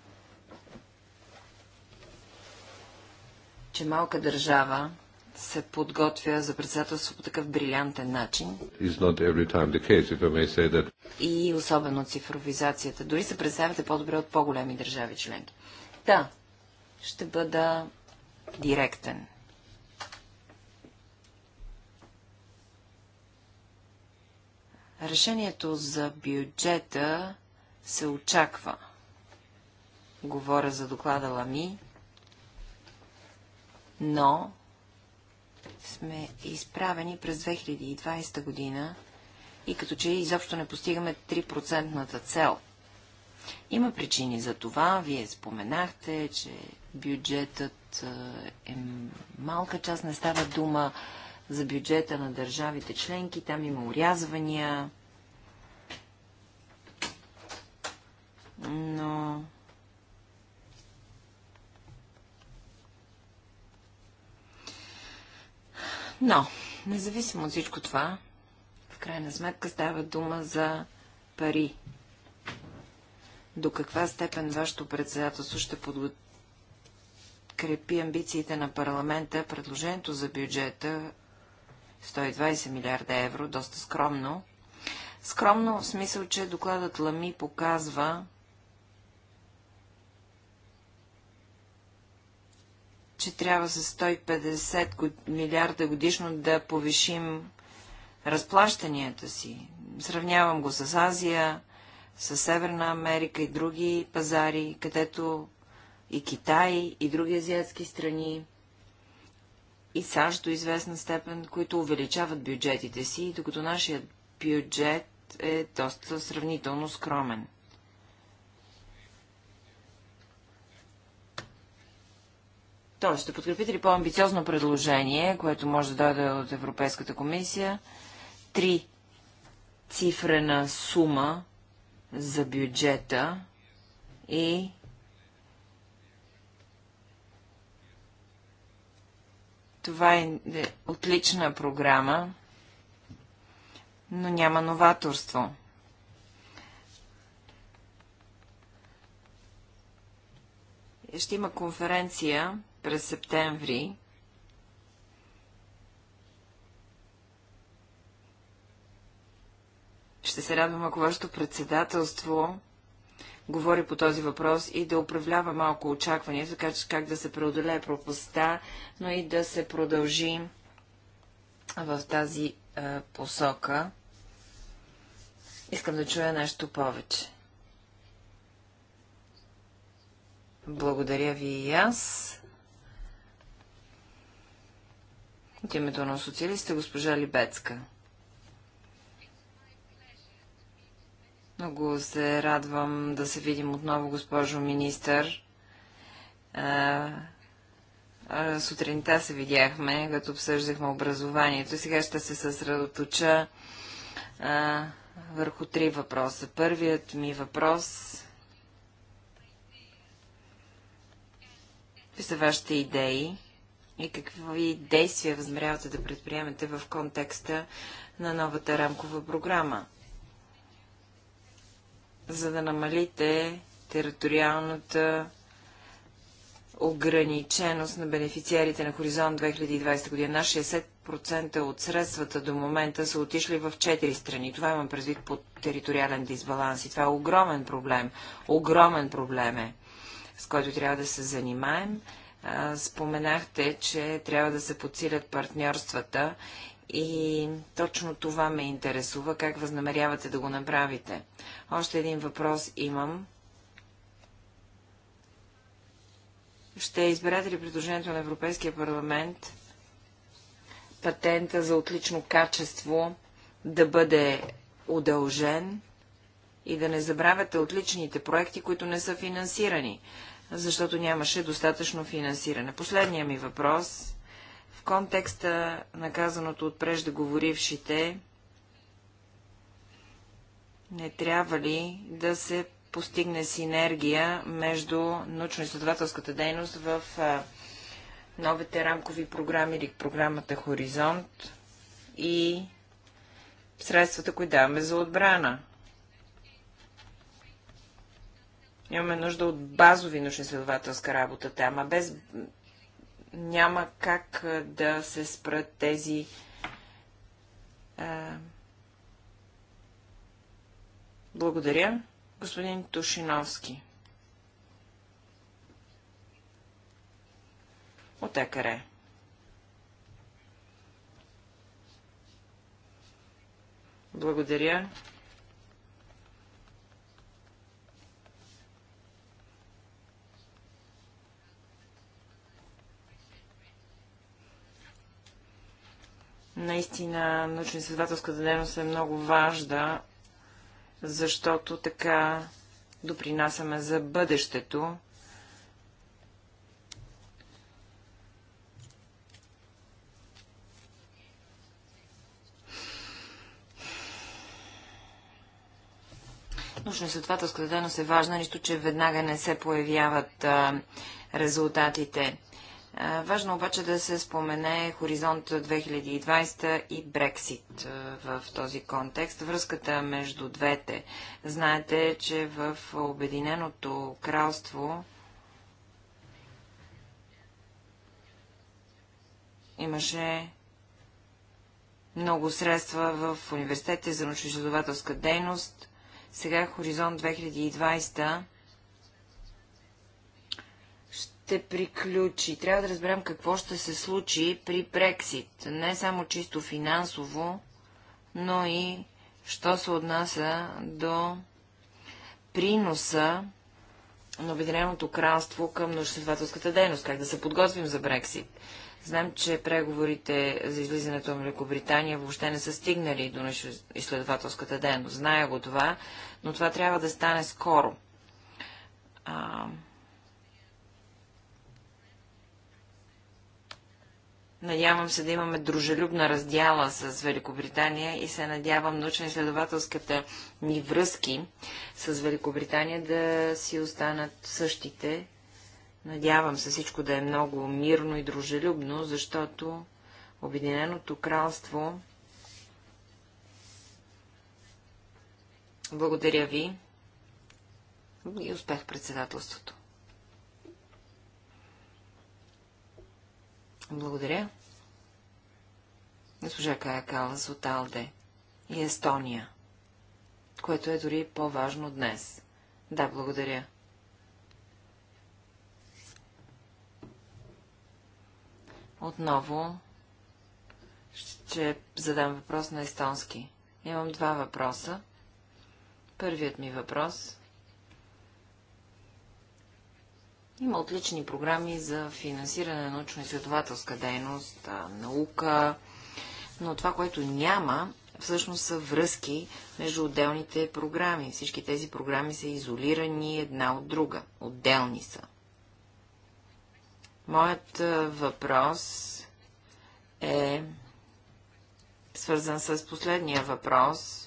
че малка държава се подготвя за председателство по такъв брилянтен начин. Case, И особено цифровизацията. Дори се представяте по-добре от по-големи държави членки. Да, ще бъда директен. Решението за бюджета се очаква. Говоря за доклада Лами но сме изправени през 2020 година и като че изобщо не постигаме 3 цел. Има причини за това. Вие споменахте, че бюджетът е малка част. Не става дума за бюджета на държавите членки. Там има урязвания. Но Но, независимо от всичко това, в крайна сметка става дума за пари. До каква степен вашето председателство ще подкрепи амбициите на парламента, предложението за бюджета 120 милиарда евро, доста скромно. Скромно в смисъл, че докладът Лами показва, че трябва с 150 милиарда годишно да повишим разплащанията си. Сравнявам го с Азия, с Северна Америка и други пазари, където и Китай, и други азиатски страни, и САЩ до известна степен, които увеличават бюджетите си, докато нашият бюджет е доста сравнително скромен. Тоест, ще подкрепите ли по-амбициозно предложение, което може да дойде от Европейската комисия? Три цифрена сума за бюджета и това е отлична програма, но няма новаторство. Ще има конференция през септември. Ще се радвам, ако вашето председателство говори по този въпрос и да управлява малко очаквания, така че как да се преодолее пропаста, но и да се продължи в тази е, посока. Искам да чуя нещо повече. Благодаря ви и аз. От името на социалиста госпожа Либецка. Много се радвам да се видим отново, госпожо министър. Сутринта се видяхме, като обсъждахме образованието. Сега ще се съсредоточа върху три въпроса. Първият ми въпрос е са вашите идеи и какви действия възмерявате да предприемете в контекста на новата рамкова програма, за да намалите териториалната ограниченост на бенефициарите на Хоризонт 2020 година. 60% от средствата до момента са отишли в 4 страни. Това имам предвид под териториален дисбаланс и това е огромен проблем. Огромен проблем е, с който трябва да се занимаем споменахте, че трябва да се подсилят партньорствата и точно това ме интересува, как възнамерявате да го направите. Още един въпрос имам. Ще изберете ли предложението на Европейския парламент патента за отлично качество да бъде удължен и да не забравяте отличните проекти, които не са финансирани защото нямаше достатъчно финансиране. Последния ми въпрос в контекста на казаното от преждеговорившите не трябва ли да се постигне синергия между научно-изследователската дейност в новите рамкови програми или програмата Хоризонт и средствата, които даваме за отбрана. Имаме нужда от базови научно-изследователска работа там, а без няма как да се спрат тези а... Благодаря, господин Тушиновски. От екаре. Благодаря. Наистина научно-изследователската дейност е много важна, защото така допринасяме за бъдещето. Научно-изследователската дейност е важна, нищо, че веднага не се появяват а, резултатите. Важно обаче да се спомене Хоризонт 2020 и Брексит в този контекст. Връзката между двете. Знаете, че в Обединеното кралство имаше много средства в университетите за научно-изследователска дейност. Сега Хоризонт 2020 ще приключи. Трябва да разберем какво ще се случи при Брексит. Не само чисто финансово, но и що се отнася до приноса на Обединеното кралство към научно дейност, как да се подготвим за Брексит. Знам, че преговорите за излизането на Великобритания въобще не са стигнали до изследователската дейност. Зная го това, но това трябва да стане скоро. А, Надявам се да имаме дружелюбна раздяла с Великобритания и се надявам научно-изследователската ни връзки с Великобритания да си останат същите. Надявам се всичко да е много мирно и дружелюбно, защото Обединеното кралство. Благодаря ви и успех председателството. Благодаря. Госпожа Кая Калас от Алде и Естония, което е дори по-важно днес. Да, благодаря. Отново ще задам въпрос на естонски. Имам два въпроса. Първият ми въпрос Има отлични програми за финансиране на научно-изследователска дейност, наука, но това, което няма, всъщност са връзки между отделните програми. Всички тези програми са изолирани една от друга, отделни са. Моят въпрос е свързан с последния въпрос,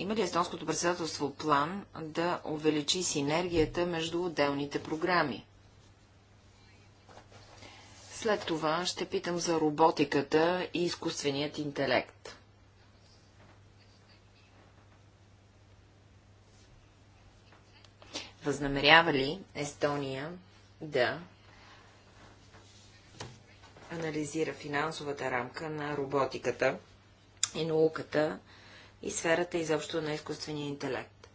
има ли естонското председателство план да увеличи синергията между отделните програми? След това ще питам за роботиката и изкуственият интелект. Възнамерява ли Естония да анализира финансовата рамка на роботиката и науката и сферата изобщо на изкуствения интелект.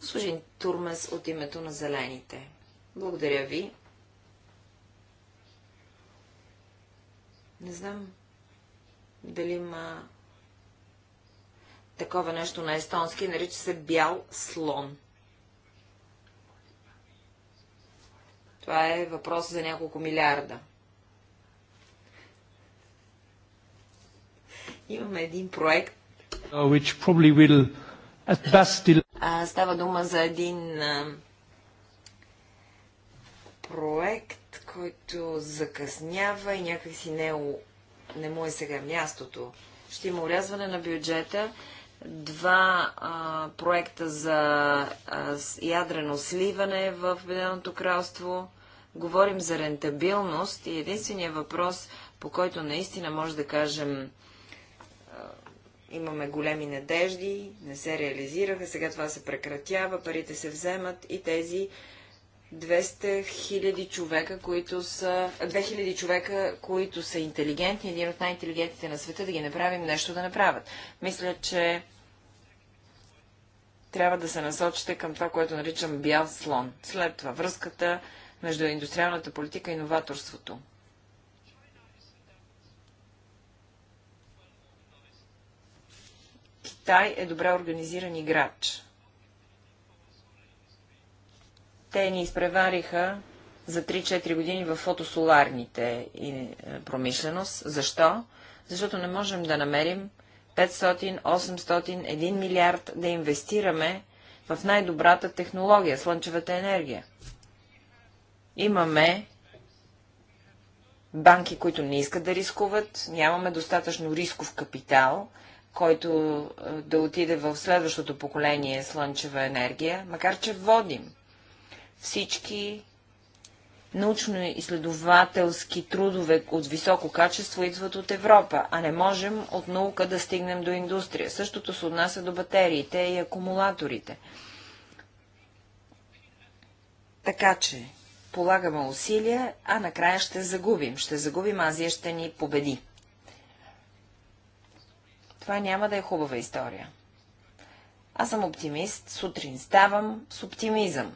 Служен Турмес от името на Зелените. Благодаря ви. Не знам дали има такова нещо на естонски, нарича се бял слон. Това е въпрос за няколко милиарда. Имаме един проект, Uh, става дума за един проект, който закъснява и някакси не, е не му е сега мястото. Ще има урязване на бюджета два а, проекта за а, ядрено сливане в Обединеното кралство. Говорим за рентабилност и единственият въпрос, по който наистина може да кажем Имаме големи надежди, не се реализираха, сега това се прекратява, парите се вземат и тези 200 хиляди човека, които са... 2000 човека, които са интелигентни, един от най-интелигентните на света, да ги направим нещо да направят. Мисля, че трябва да се насочите към това, което наричам бял слон. След това връзката между индустриалната политика и новаторството. Китай е добре организиран играч. Те ни изпревариха за 3-4 години в фотосоларните е, промишленост. Защо? Защото не можем да намерим 500, 800, 1 милиард да инвестираме в най-добрата технология, слънчевата енергия. Имаме банки, които не искат да рискуват, нямаме достатъчно рисков капитал който е, да отиде в следващото поколение слънчева енергия, макар че водим всички научно-изследователски трудове от високо качество идват от Европа, а не можем от наука да стигнем до индустрия. Същото се отнася до батериите и акумулаторите. Така че полагаме усилия, а накрая ще загубим. Ще загубим, Азия ще ни победи това няма да е хубава история. Аз съм оптимист, сутрин ставам с оптимизъм,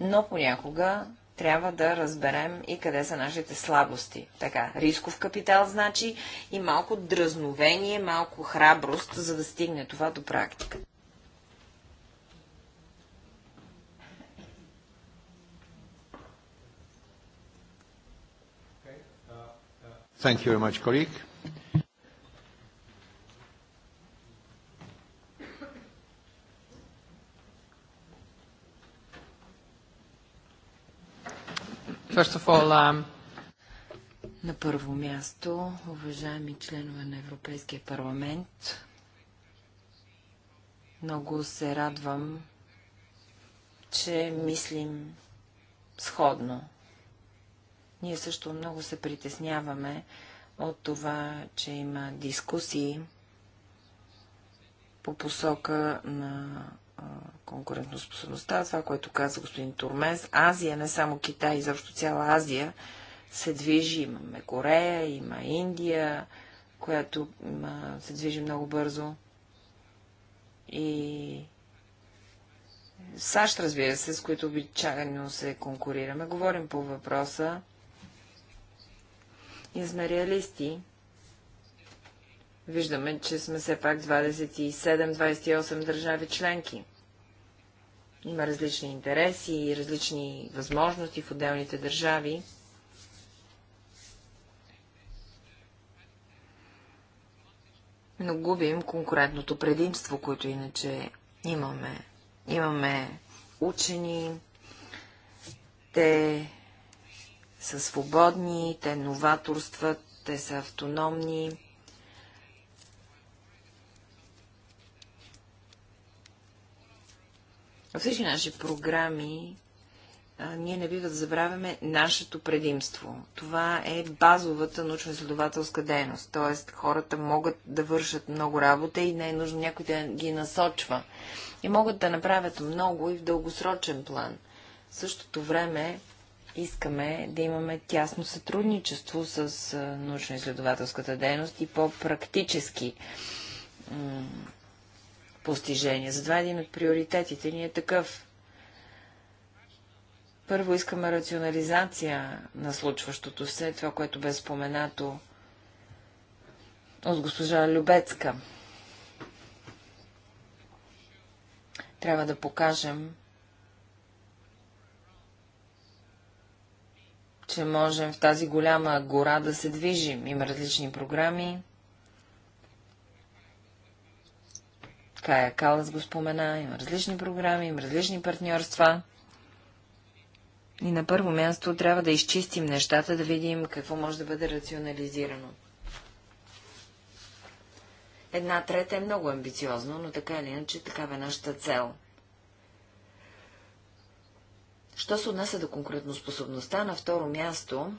но понякога трябва да разберем и къде са нашите слабости. Така, рисков капитал значи и малко дразновение, малко храброст, за да стигне това до практика. Thank you very much, colleague. all, um... На първо място, уважаеми членове на Европейския парламент, много се радвам, че мислим сходно. Ние също много се притесняваме от това, че има дискусии по посока на конкурентоспособността, това, което каза господин Турмес, Азия, не само Китай, изобщо цяла Азия се движи. Имаме Корея, има Индия, която има, се движи много бързо. И САЩ, разбира се, с които обичайно се конкурираме. Говорим по въпроса. И сме реалисти Виждаме, че сме все пак 27-28 държави членки. Има различни интереси и различни възможности в отделните държави. но губим конкурентното предимство, което иначе имаме. Имаме учени, те са свободни, те новаторстват, те са автономни. Във всички наши програми а, ние не бива да забравяме нашето предимство. Това е базовата научно-изследователска дейност. Тоест, хората могат да вършат много работа и не е нужно някой да ги насочва. И могат да направят много и в дългосрочен план. В същото време искаме да имаме тясно сътрудничество с научно-изследователската дейност и по-практически постижения. Затова един от приоритетите ни е такъв. Първо искаме рационализация на случващото се, това, което бе споменато от госпожа Любецка. Трябва да покажем, че можем в тази голяма гора да се движим. Има различни програми, Кая е, Калас го спомена, има различни програми, има различни партньорства. И на първо място трябва да изчистим нещата, да видим какво може да бъде рационализирано. Една трета е много амбициозно, но така или иначе такава е нашата цел. Що се отнася до способността на второ място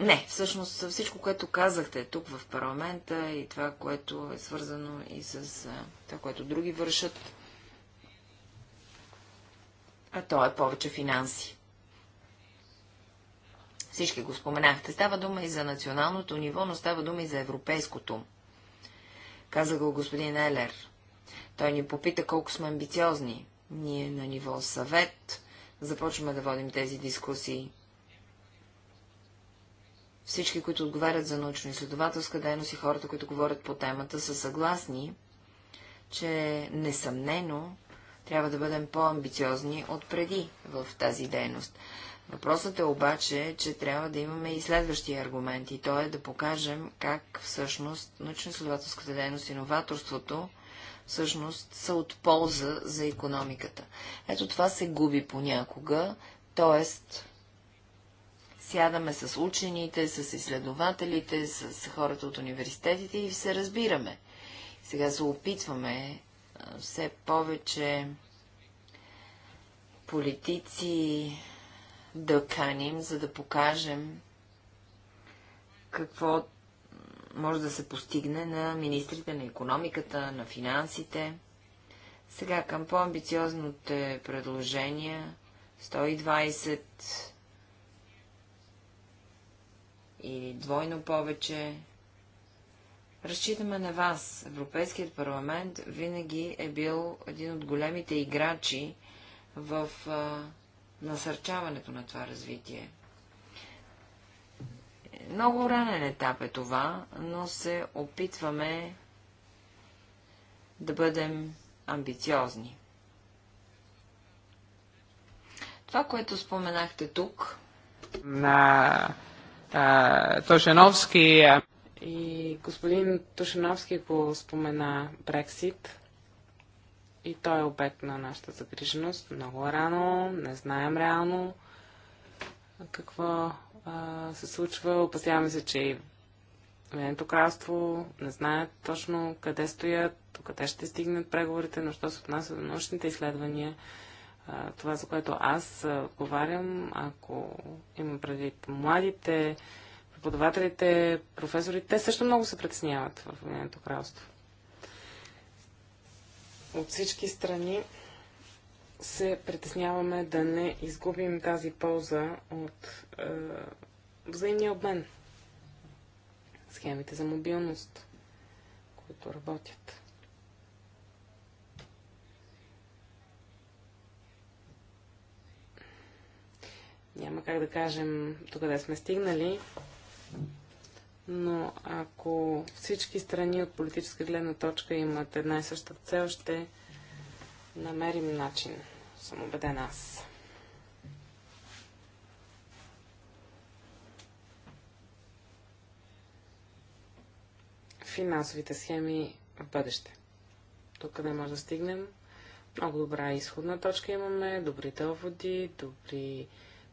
не, всъщност всичко, което казахте тук в парламента и това, което е свързано и с това, което други вършат, а то е повече финанси. Всички го споменахте. Става дума и за националното ниво, но става дума и за европейското. Каза го господин Елер. Той ни попита колко сме амбициозни. Ние на ниво съвет започваме да водим тези дискусии. Всички, които отговарят за научно-изследователска дейност и хората, които говорят по темата, са съгласни, че несъмнено трябва да бъдем по-амбициозни от преди в тази дейност. Въпросът е обаче, че трябва да имаме и следващия аргумент, и то е да покажем как всъщност научно-изследователската дейност и новаторството всъщност са от полза за економиката. Ето това се губи понякога, т.е сядаме с учените, с изследователите, с хората от университетите и се разбираме. Сега се опитваме все повече политици да каним, за да покажем какво може да се постигне на министрите на економиката, на финансите. Сега към по-амбициозните предложения 120 или двойно повече. Разчитаме на вас. Европейският парламент винаги е бил един от големите играчи в а, насърчаването на това развитие. Много ранен етап е това, но се опитваме да бъдем амбициозни. Това, което споменахте тук, на Тошеновски. И господин Тошеновски го спомена Брексит. И той е обект на нашата загриженост. Много рано, не знаем реално какво а, се случва. Опасяваме се, че и Венето кралство не знаят точно къде стоят, къде ще стигнат преговорите, но що се отнася до научните изследвания, това, за което аз говарям, ако имам предвид младите, преподавателите, професорите, те също много се притесняват в Обединеното кралство. От всички страни се притесняваме да не изгубим тази полза от е, взаимния обмен. Схемите за мобилност, които работят. Няма как да кажем тук да сме стигнали, но ако всички страни от политическа гледна точка имат една и съща цел, ще намерим начин. Съм убеден аз. финансовите схеми в бъдеще. Тук къде може да стигнем? Много добра изходна точка имаме, добри доводи, добри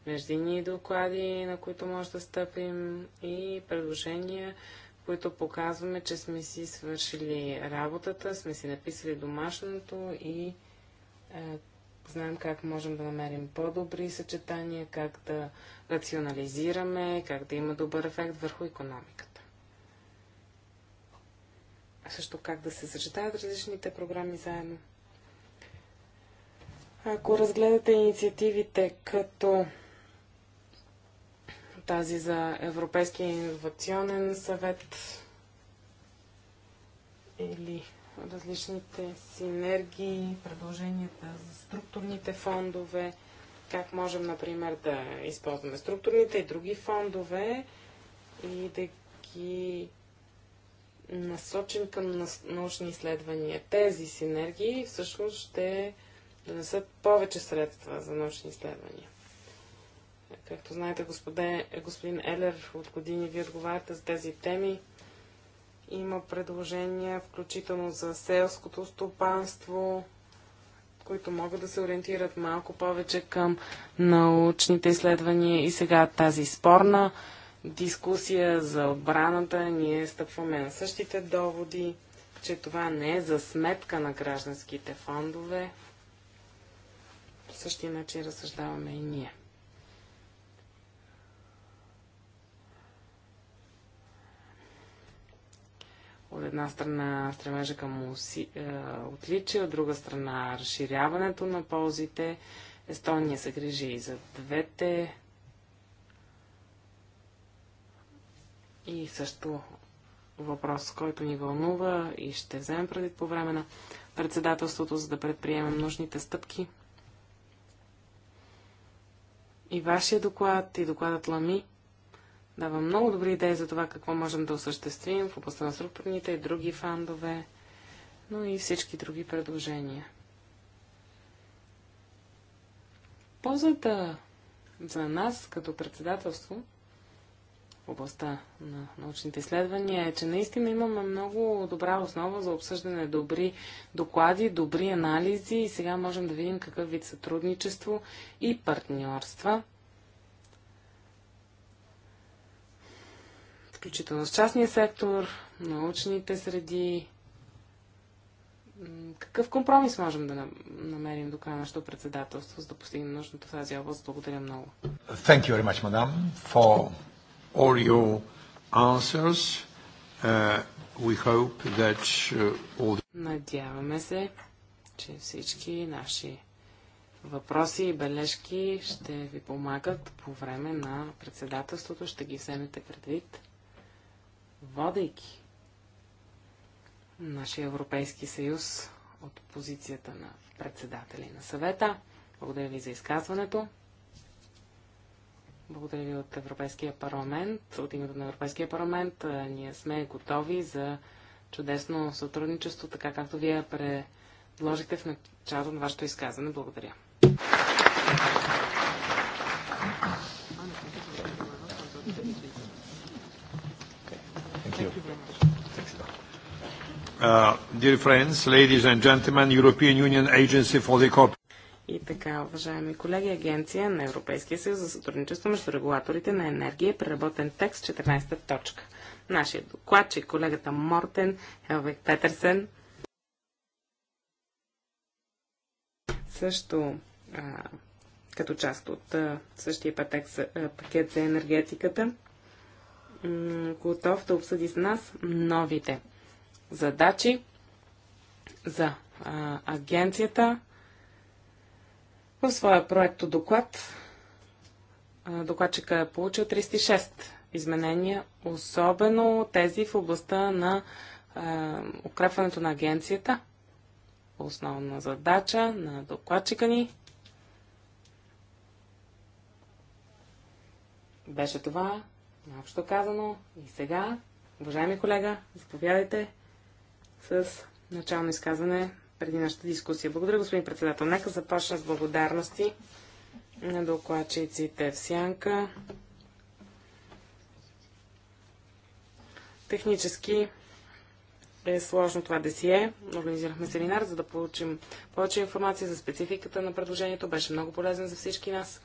междинни доклади, на които може да стъпим и предложения, които показваме, че сме си свършили работата, сме си написали домашното и е, знаем как можем да намерим по-добри съчетания, как да рационализираме, как да има добър ефект върху економиката. А също как да се съчетаят различните програми заедно. Ако разгледате инициативите като тази за Европейския инновационен съвет или различните синергии, предложенията за структурните фондове, как можем, например, да използваме структурните и други фондове и да ги насочим към научни изследвания. Тези синергии всъщност ще донесат повече средства за научни изследвания. Както знаете, господе, господин Елер, от години ви отговаряте за тези теми. Има предложения, включително за селското стопанство, които могат да се ориентират малко повече към научните изследвания. И сега тази спорна дискусия за отбраната, ние стъпваме на същите доводи, че това не е за сметка на гражданските фондове. По същия начин разсъждаваме и ние. От една страна стремежа към уси, е, отличие, от друга страна разширяването на ползите. Естония се грижи и за двете. И също въпрос, който ни вълнува и ще вземем преди по време на председателството, за да предприемем нужните стъпки. И вашия доклад, и докладът Лами дава много добри идеи за това какво можем да осъществим в областта на структурните и други фандове, но и всички други предложения. Позата за нас като председателство в областта на научните изследвания е, че наистина имаме много добра основа за обсъждане, добри доклади, добри анализи и сега можем да видим какъв вид сътрудничество и партньорства – включително с частния сектор, научните среди. Какъв компромис можем да намерим до края нашето председателство, за да постигнем нужното в тази област? Благодаря много. Thank you very much, madam, for all your answers. Uh, we hope that uh, all Надяваме се, че всички наши въпроси и бележки ще ви помагат по време на председателството. Ще ги вземете предвид водейки нашия Европейски съюз от позицията на председатели на съвета. Благодаря ви за изказването. Благодаря ви от Европейския парламент, от името на Европейския парламент. Ние сме готови за чудесно сътрудничество, така както вие предложихте в началото на вашето изказване. Благодаря. Uh, dear friends, ladies and gentlemen, European Union Agency for the И така, уважаеми колеги, Агенция на Европейския съюз за сътрудничество между регулаторите на енергия, е преработен текст, 14 та точка. Нашия докладчик, колегата Мортен Елвик Петерсен, също а, като част от а, същия пакет, а, пакет за енергетиката, готов да обсъди с нас новите задачи за а, агенцията. В своя проекто доклад докладчика е получил 36 изменения, особено тези в областта на а, укрепването на агенцията. Основна задача на докладчика ни беше това, общо казано. И сега, уважаеми колега, заповядайте с начално изказване преди нашата дискусия. Благодаря, господин председател. Нека започна с благодарности на докладчиците в Сянка. Технически е сложно това да си е. Организирахме семинар, за да получим повече информация за спецификата на предложението. Беше много полезен за всички нас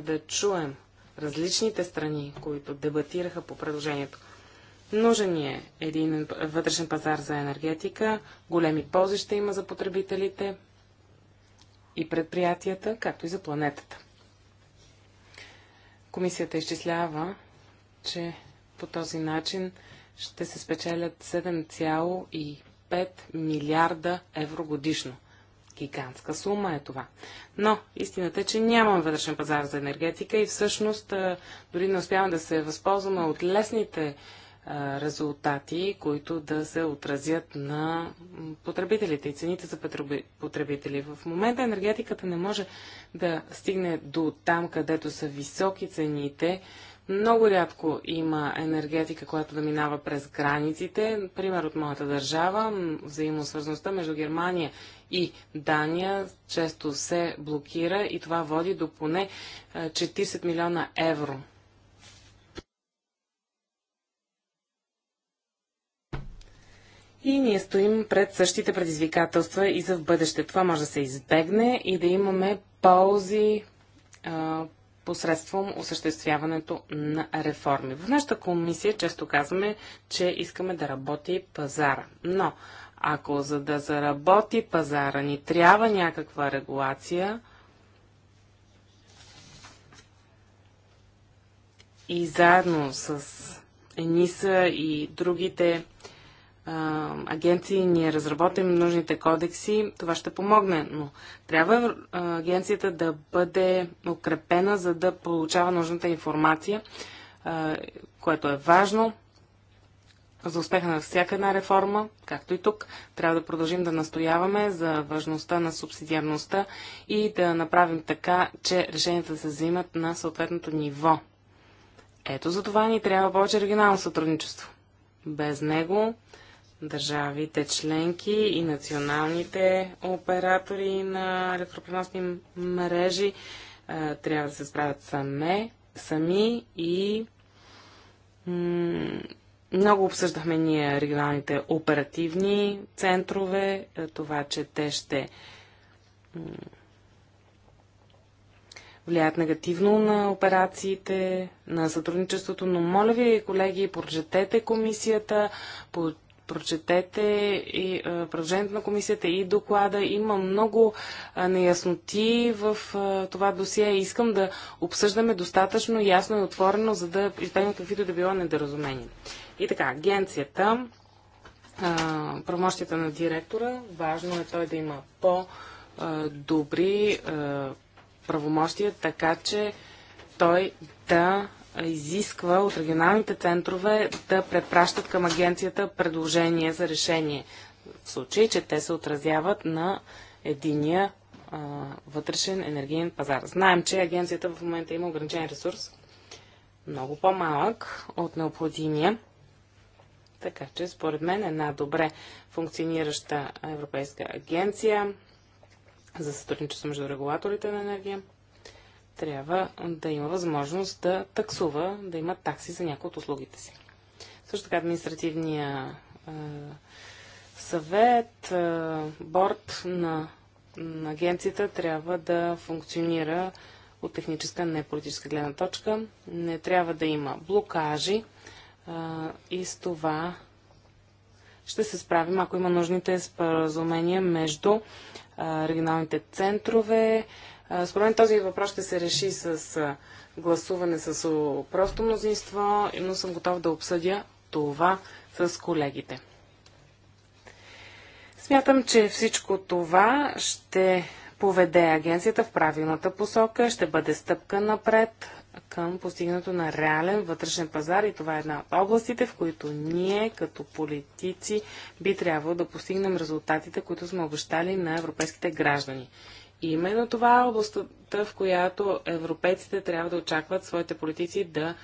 да чуем различните страни, които дебатираха по предложението. Нужен ни е един вътрешен пазар за енергетика, големи ползи ще има за потребителите и предприятията, както и за планетата. Комисията изчислява, че по този начин ще се спечелят 7,5 милиарда евро годишно. Гигантска сума е това. Но истината е, че нямаме вътрешен пазар за енергетика и всъщност дори не успяваме да се възползваме от лесните резултати, които да се отразят на потребителите и цените за потребители. В момента енергетиката не може да стигне до там, където са високи цените. Много рядко има енергетика, която да минава през границите. Пример от моята държава, взаимосвързаността между Германия и Дания често се блокира и това води до поне 40 милиона евро И ние стоим пред същите предизвикателства и за в бъдеще. Това може да се избегне и да имаме ползи а, посредством осъществяването на реформи. В нашата комисия често казваме, че искаме да работи пазара. Но ако за да заработи пазара ни трябва някаква регулация, и заедно с ЕНИСА и другите агенции ние разработим нужните кодекси, това ще помогне. Но трябва агенцията да бъде укрепена, за да получава нужната информация, което е важно за успеха на всяка една реформа, както и тук. Трябва да продължим да настояваме за важността на субсидиарността и да направим така, че решенията се взимат на съответното ниво. Ето за това ни трябва повече регионално сътрудничество. Без него държавите членки и националните оператори на електропреносни мрежи е, трябва да се справят саме, сами и много обсъждахме ние регионалните оперативни центрове, е, това, че те ще влияят негативно на операциите, на сътрудничеството, но моля ви, колеги, прочетете комисията, прочетете и предложението на комисията и доклада. Има много неясноти в това досие. Искам да обсъждаме достатъчно ясно и отворено, за да избегнем каквито да било недоразумения. И така, агенцията, правомощията на директора, важно е той да има по-добри правомощия, така че той да изисква от регионалните центрове да препращат към агенцията предложение за решение, в случай, че те се отразяват на единия а, вътрешен енергиен пазар. Знаем, че агенцията в момента има ограничен ресурс, много по-малък от необходимия. Така че, според мен, една добре функционираща Европейска агенция за сътрудничество между регулаторите на енергия трябва да има възможност да таксува, да има такси за някои от услугите си. Също така административния е, съвет, е, борт на, на агенцията трябва да функционира от техническа, не политическа гледна точка. Не трябва да има блокажи е, и с това ще се справим, ако има нужните споразумения между регионалните центрове, според мен този въпрос ще се реши с гласуване с просто мнозинство, но съм готов да обсъдя това с колегите. Смятам, че всичко това ще поведе агенцията в правилната посока, ще бъде стъпка напред към постигнато на реален вътрешен пазар и това е една от областите, в които ние като политици би трябвало да постигнем резултатите, които сме обещали на европейските граждани именно това е областта, в която европейците трябва да очакват своите политици да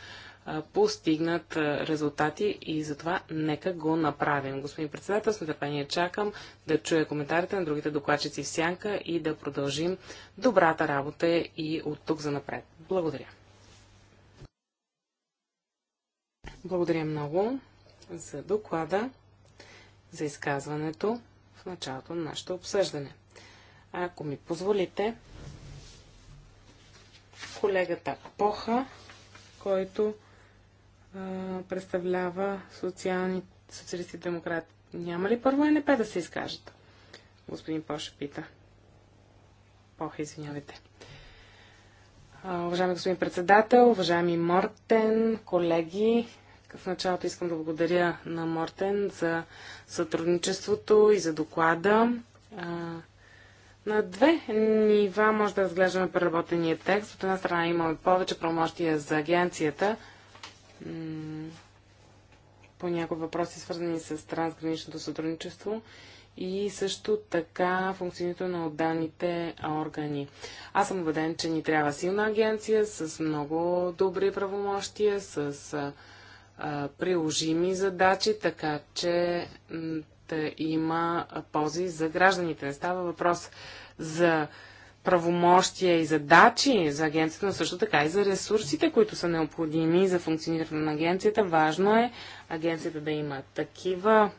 постигнат резултати и затова нека го направим. Господин председател, с нетърпение чакам да чуя коментарите на другите докладчици в сянка и да продължим добрата работа и от тук за напред. Благодаря. Благодаря много за доклада, за изказването в началото на нашето обсъждане. Ако ми позволите, колегата Поха, който а, представлява социални, социалисти демократи. Няма ли първо НП да се изкажат? Господин Поша пита. Поха, извинявайте. уважаеми господин председател, уважаеми Мортен, колеги, в началото искам да благодаря на Мортен за сътрудничеството и за доклада. А, на две нива може да разглеждаме преработения текст. От една страна имаме повече промощия за агенцията по някои въпроси, свързани с трансграничното сътрудничество и също така функционирането на отдалните органи. Аз съм убеден, че ни трябва силна агенция с много добри правомощия, с а, приложими задачи, така че да има ползи за гражданите. Не става въпрос за правомощия и задачи за агенцията, но също така и за ресурсите, които са необходими за функциониране на агенцията. Важно е агенцията да има такива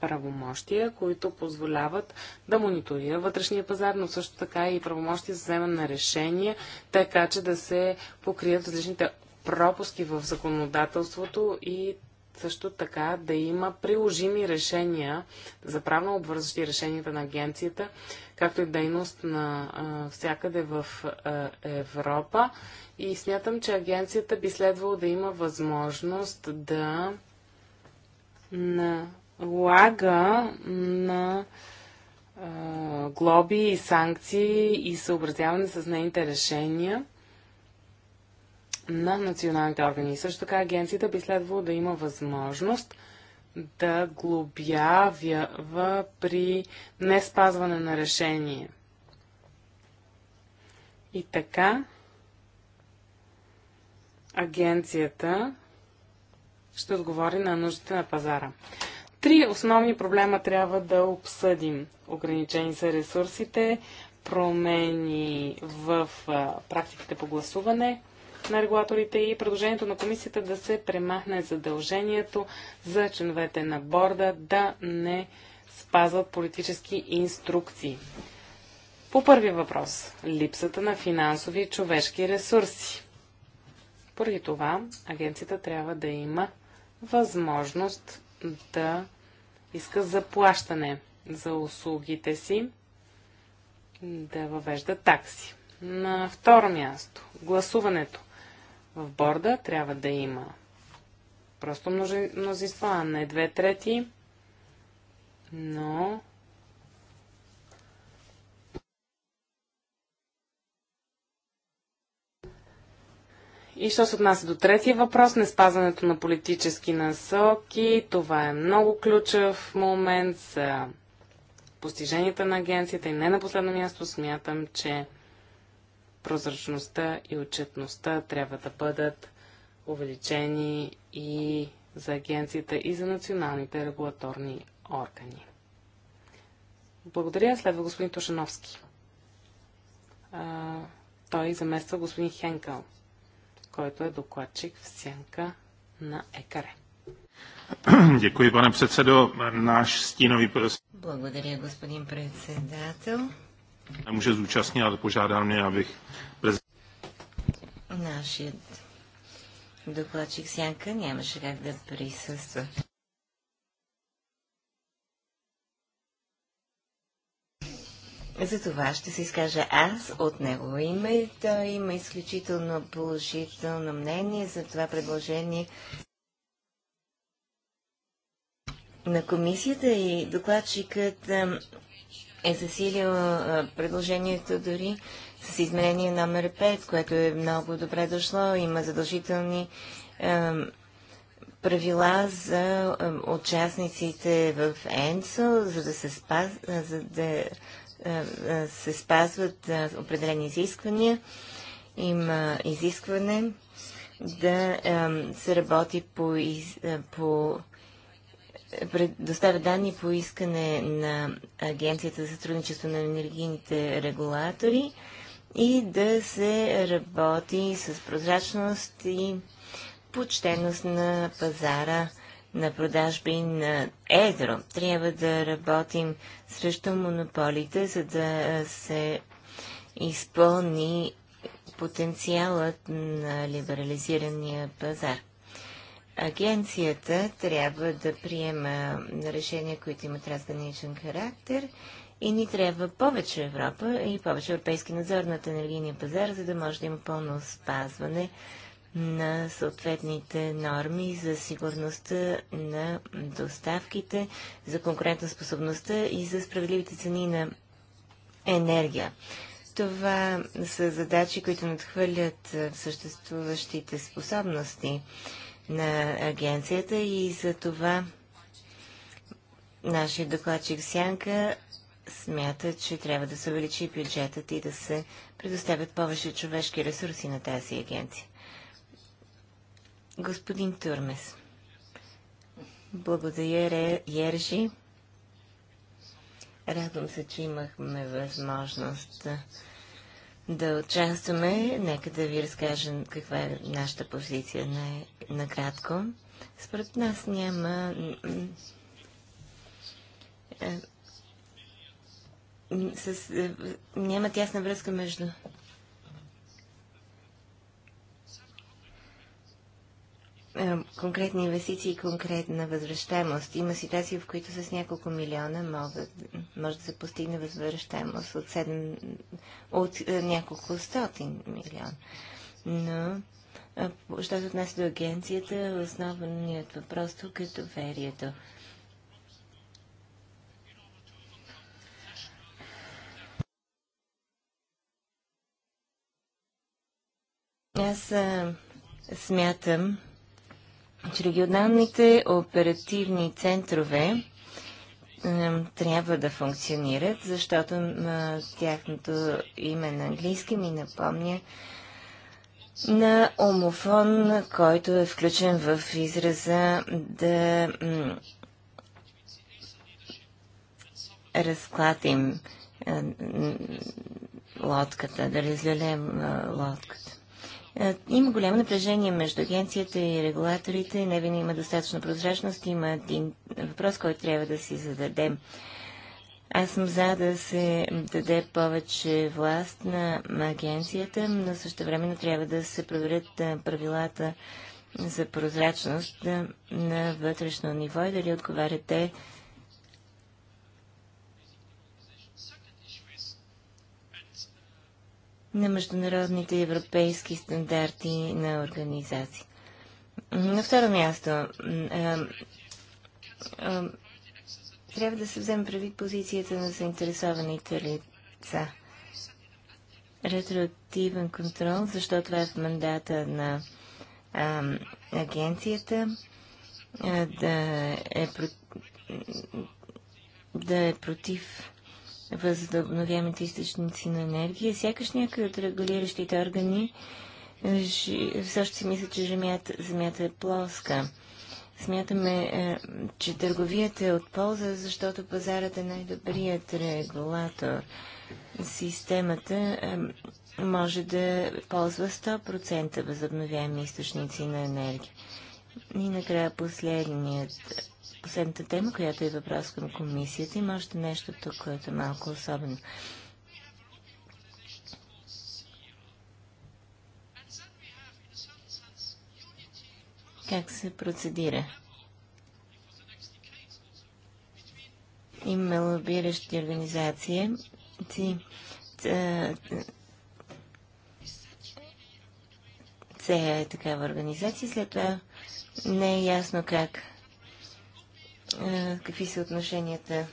правомощия, които позволяват да мониторира вътрешния пазар, но също така и правомощия за вземане на решения, така че да се покрият различните пропуски в законодателството и също така да има приложими решения за правно обвързващи решенията на агенцията, както и дейност на а, всякъде в а, Европа. И смятам, че агенцията би следвало да има възможност да налага на а, глоби и санкции и съобразяване с нейните решения на националните органи. също така агенцията би следвало да има възможност да глобявява при не спазване на решение. И така агенцията ще отговори на нуждите на пазара. Три основни проблема трябва да обсъдим. Ограничени са ресурсите, промени в практиките по гласуване, на регулаторите и предложението на комисията да се премахне задължението за членовете на борда да не спазват политически инструкции. По първи въпрос – липсата на финансови и човешки ресурси. Поради това агенцията трябва да има възможност да иска заплащане за услугите си, да въвежда такси. На второ място – гласуването в борда трябва да има просто а не две трети, но И що се отнася до третия въпрос, не спазването на политически насоки, това е много ключов момент за постиженията на агенцията и не на последно място смятам, че прозрачността и отчетността трябва да бъдат увеличени и за агенцията и за националните регулаторни органи. Благодаря. Следва господин Тушановски. А, той замества господин Хенкъл, който е докладчик в сянка на ЕКАРЕ. Děkuji, pane předsedo. Náš stínový Благодаря, господин председател. Nemůže zúčastnit, ale požádám mě, abych prezent... Нашият докладчик Сянка нямаше как да присъства. За това ще се изкажа аз от него име. Той има изключително положително мнение за това предложение на комисията и докладчикът е засилил предложението дори с изменение номер 5, което е много добре дошло. Има задължителни е, правила за е, участниците в ЕНСО, за да се, спаз, за да, е, се спазват определени изисквания. Има изискване да се работи по, из, по предоставя данни по искане на Агенцията за сътрудничество на енергийните регулатори и да се работи с прозрачност и почтеност на пазара на продажби на едро. Трябва да работим срещу монополите, за да се изпълни потенциалът на либерализирания пазар агенцията трябва да приема решения, които имат разграничен характер и ни трябва повече Европа и повече европейски надзор над енергийния пазар, за да може да има пълно спазване на съответните норми за сигурността на доставките, за конкурентоспособността и за справедливите цени на енергия. Това са задачи, които надхвърлят съществуващите способности на агенцията и за това нашия докладчик Сянка смята, че трябва да се увеличи бюджетът и да се предоставят повече човешки ресурси на тази агенция. Господин Турмес, благодаря, Ержи. Радвам се, че имахме възможност да участваме. Нека да ви разкажем каква е нашата позиция на, накратко. Според нас няма с, е, няма тясна връзка между Е, конкретни инвестиции и конкретна възвръщаемост. Има ситуации, в които с няколко милиона могат, може да се постигне възвръщаемост от, 7, от е, няколко стотин милион. Но, защото е, що се отнася до агенцията, основният въпрос тук е доверието. Аз а, смятам, че регионалните оперативни центрове трябва да функционират, защото тяхното име на английски ми напомня на омофон, който е включен в израза да разклатим лодката, да разлелем лодката. Е, има голямо напрежение между агенцията и регулаторите. Не винаги има достатъчно прозрачност. Има един въпрос, който трябва да си зададем. Аз съм за да се даде повече власт на агенцията, но също времено трябва да се проверят е, правилата за прозрачност е, на вътрешно ниво и дали отговаряте на международните европейски стандарти на организации. На второ място, а, а, трябва да се вземе прави позицията на заинтересованите лица. Ретроактивен контрол, защото това е в мандата на а, агенцията да е, да е против възобновяемите източници на енергия, сякаш някои от регулиращите органи е, все още си мисля, че земята, земята е плоска. Смятаме, е, че търговията е от полза, защото пазарът е най-добрият регулатор. Системата е, може да ползва 100% възобновяеми източници на енергия. И накрая последният последната тема, която е въпрос към комисията. Има още нещо тук, което е малко особено. Как се процедира? Има лобиращи организации. ЦЕА е такава организация. След това не е ясно как е, какви са отношенията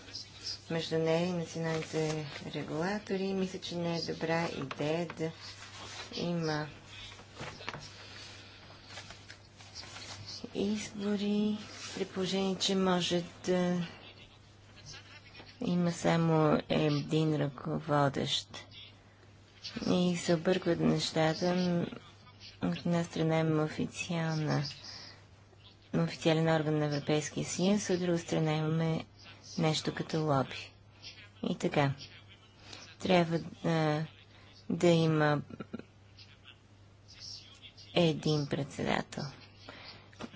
между нея и националните регулатори. Мисля, че не е добра идея да има избори, при положение, че може да има само един ръководещ. И се объркват нещата. От една страна има официална официален орган на Европейския съюз, от друга страна имаме нещо като лоби. И така. Трябва а, да има един председател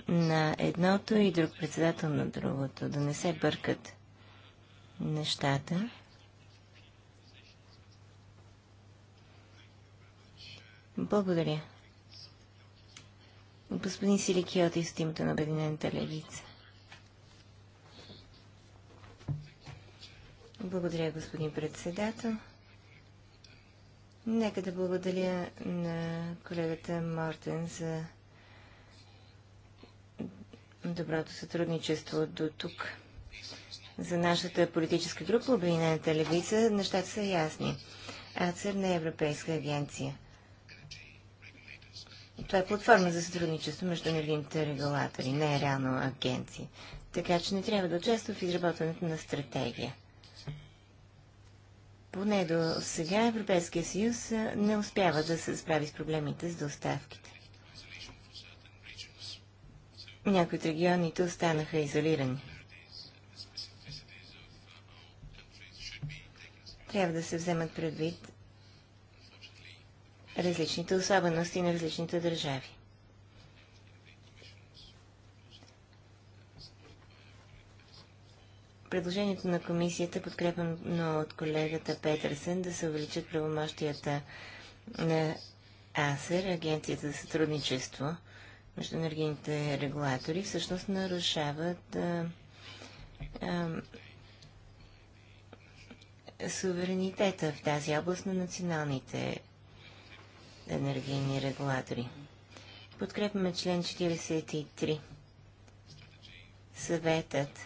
на едното и друг председател на другото. Да не се бъркат нещата. Благодаря. Господин Силикиоти от името на Обединената левица. Благодаря, господин председател. Нека да благодаря на колегата Мортен за доброто сътрудничество до тук. За нашата политическа група, Обединената левица, нещата са ясни. АЦЕР не е Европейска агенция – това е платформа за сътрудничество между енергийните регулатори, не е реално агенции. Така че не трябва да участва в изработването на стратегия. Поне до сега Европейския съюз не успява да се справи с проблемите с доставките. Някои от регионите останаха изолирани. Трябва да се вземат предвид различните особености на различните държави. Предложението на комисията, подкрепено от колегата Петърсен, да се увеличат правомощията на АСЕР, Агенцията за сътрудничество между енергийните регулатори, всъщност нарушават а, а, суверенитета в тази област на националните енергийни регулатори. Подкрепяме член 43. Съветът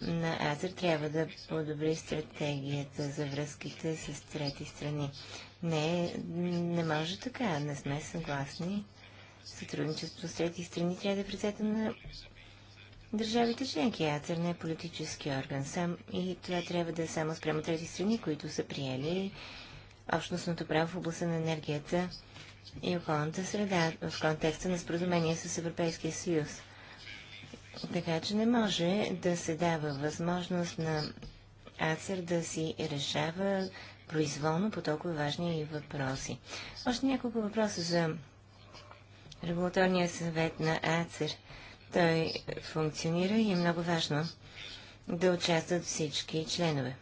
на Азер трябва да подобри стратегията за връзките с трети страни. Не, не може така. Не сме съгласни. Сътрудничество с трети страни трябва да е прецета на държавите членки. Азер, не е политически орган. Сам, и това трябва да е само спрямо трети страни, които са приели общностното право в областта на енергията и околната среда в контекста на споразумение с Европейския съюз. Така че не може да се дава възможност на АЦЕР да си решава произволно по толкова важни въпроси. Още няколко въпроса за регулаторния съвет на АЦЕР. Той функционира и е много важно да участват всички членове.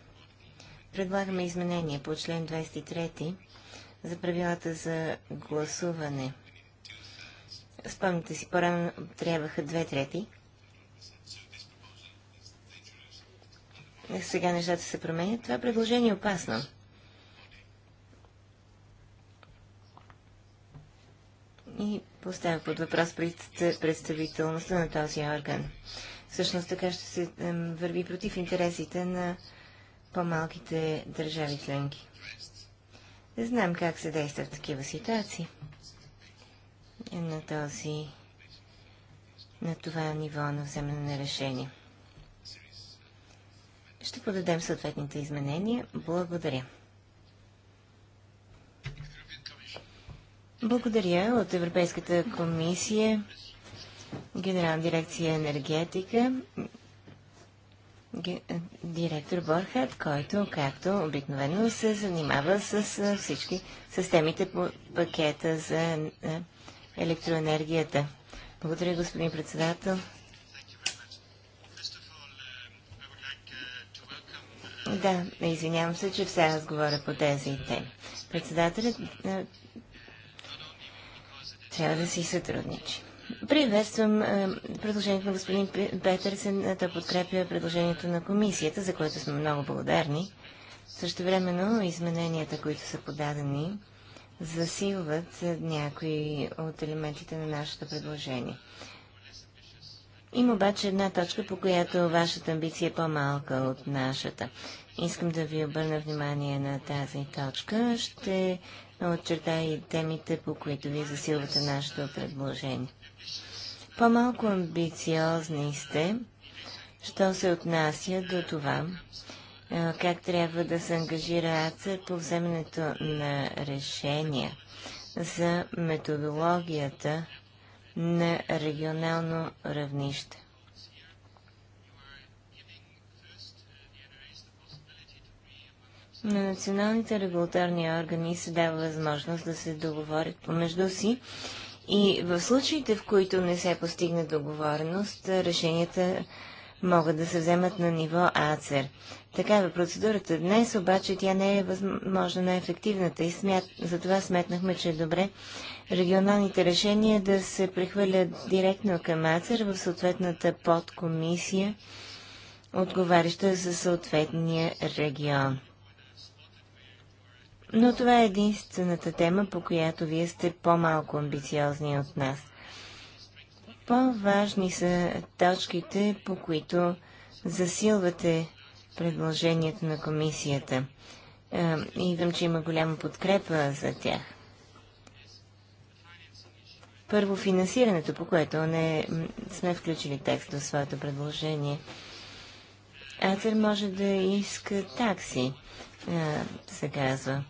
Предлагаме изменение по член 23 за правилата за гласуване. Спомните си, по-рано трябваха две трети. Сега нещата се променят. Това предложение е опасно. И поставя под въпрос представителността на този орган. Всъщност така ще се върви против интересите на по-малките държави членки. Знам как се действа в такива ситуации. На този на това ниво на вземане на решение. Ще подадем съответните изменения. Благодаря. Благодаря от Европейската комисия, Генерална дирекция енергетика. Е, директор Борхард, който, както обикновено, се занимава с е, всички системите по пакета за е, електроенергията. Благодаря, господин председател. Да, извинявам се, че все аз говоря по тези теми. Председателят трябва да си сътрудничи. Приветствам е, предложението на господин Петърсен е, да подкрепя предложението на комисията, за което сме много благодарни. Също времено измененията, които са подадени, засилват е, някои от елементите на нашето предложение. Има обаче една точка, по която вашата амбиция е по-малка от нашата. Искам да ви обърна внимание на тази точка. Ще отчертая и темите, по които ви засилвате нашето предложение по-малко амбициозни сте, що се отнася до това, как трябва да се ангажира АЦЕР по вземането на решения за методологията на регионално равнище. На националните регулаторни органи се дава възможност да се договорят помежду си и в случаите, в които не се постигне договореност, решенията могат да се вземат на ниво АЦЕР. Такава е процедурата днес, обаче тя не е възможно най-ефективната и смят... затова сметнахме, че е добре регионалните решения да се прехвърлят директно към АЦЕР в съответната подкомисия, отговаряща за съответния регион. Но това е единствената тема, по която вие сте по-малко амбициозни от нас. По-важни са точките, по които засилвате предложението на комисията. И виждам, че има голяма подкрепа за тях. Първо финансирането, по което не сме включили текст в своето предложение. Атер може да иска такси, се казва.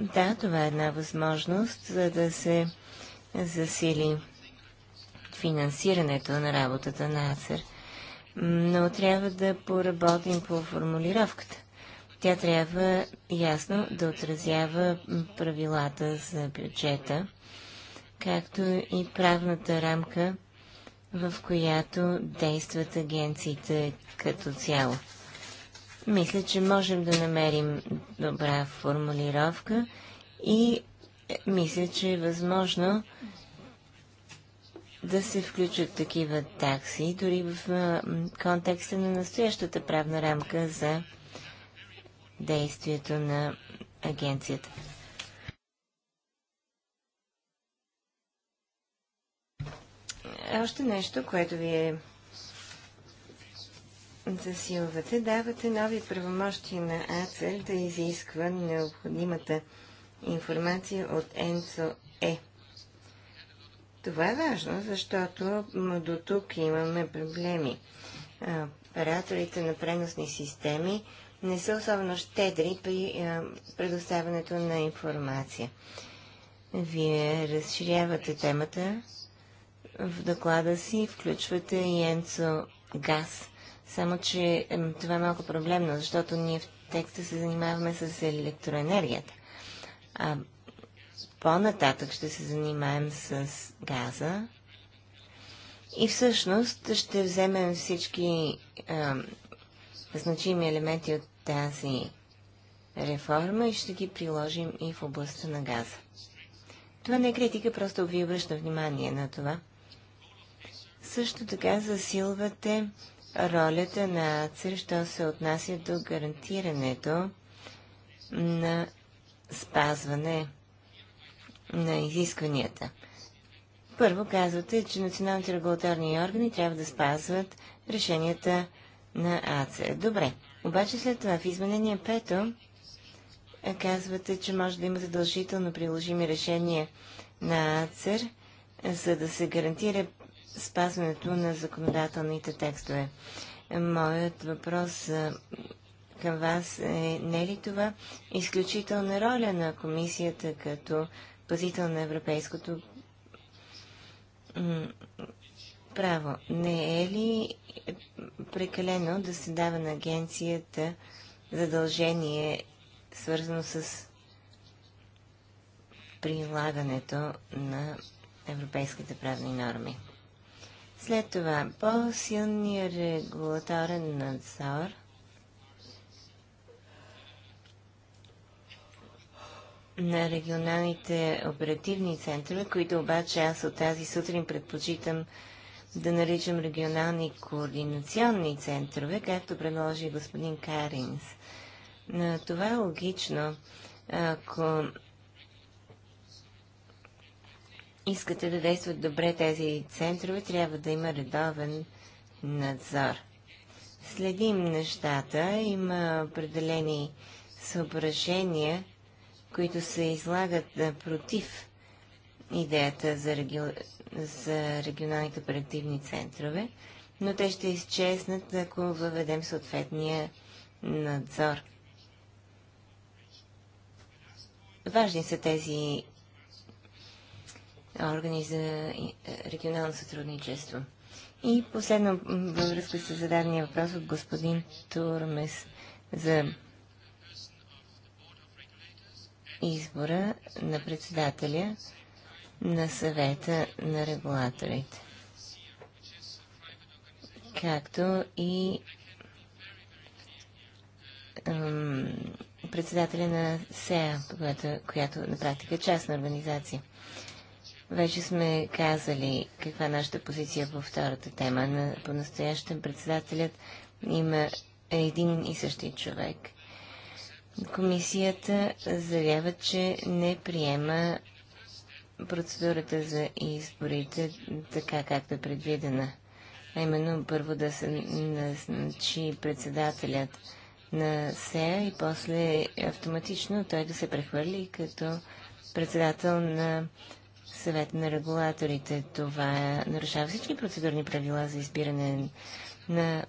Да, това е една възможност, за да се засили финансирането на работата на АЦЕР. Но трябва да поработим по формулировката. Тя трябва ясно да отразява правилата за бюджета, както и правната рамка, в която действат агенциите като цяло. Мисля, че можем да намерим добра формулировка и е, мисля, че е възможно да се включат такива такси, дори в контекста на настоящата правна рамка за действието на агенцията. Още нещо, което ви е засилвате, давате нови правомощи на АЦЕЛ да изисква необходимата информация от ЕНЦО-Е. Това е важно, защото до тук имаме проблеми. операторите на преносни системи не са особено щедри при предоставянето на информация. Вие разширявате темата в доклада си, включвате и Енцо Газ само, че това е малко проблемно, защото ние в текста се занимаваме с електроенергията. А по-нататък ще се занимаем с газа. И всъщност ще вземем всички а, значими елементи от тази реформа и ще ги приложим и в областта на газа. Това не е критика, просто ви обръща внимание на това. Също така засилвате ролята на АЦЕР, що се отнася до гарантирането на спазване на изискванията. Първо казвате, че националните регулаторни органи трябва да спазват решенията на АЦЕР. Добре. Обаче след това в изменение пето е, казвате, че може да има задължително приложими решения на АЦЕР, за да се гарантира спазването на законодателните текстове. Моят въпрос към вас е не е ли това изключителна роля на комисията като пазител на европейското право? Не е ли прекалено да се дава на агенцията задължение, свързано с прилагането на европейските правни норми? След това по-силния регулаторен надзор на регионалните оперативни центрове, които обаче аз от тази сутрин предпочитам да наричам регионални координационни центрове, както предложи господин Каринс. Но това е логично, ако искате да действат добре тези центрове, трябва да има редовен надзор. Следим нещата, има определени съображения, които се излагат против идеята за, реги... за регионалните оперативни центрове, но те ще изчезнат, ако въведем съответния надзор. Важни са тези органи за е, регионално сътрудничество. И последно, във връзка с зададения въпрос от господин Турмес за избора на председателя на съвета на регулаторите, както и председателя на СЕА, която, която на практика е частна организация. Вече сме казали каква е нашата позиция по втората тема. На, по-настоящен председателят има един и същи човек. Комисията заявява, че не приема процедурата за изборите така, както е предвидена. А именно първо да се назначи председателят на СЕА и после автоматично той да се прехвърли като председател на съвет на регулаторите. Това нарушава всички процедурни правила за избиране на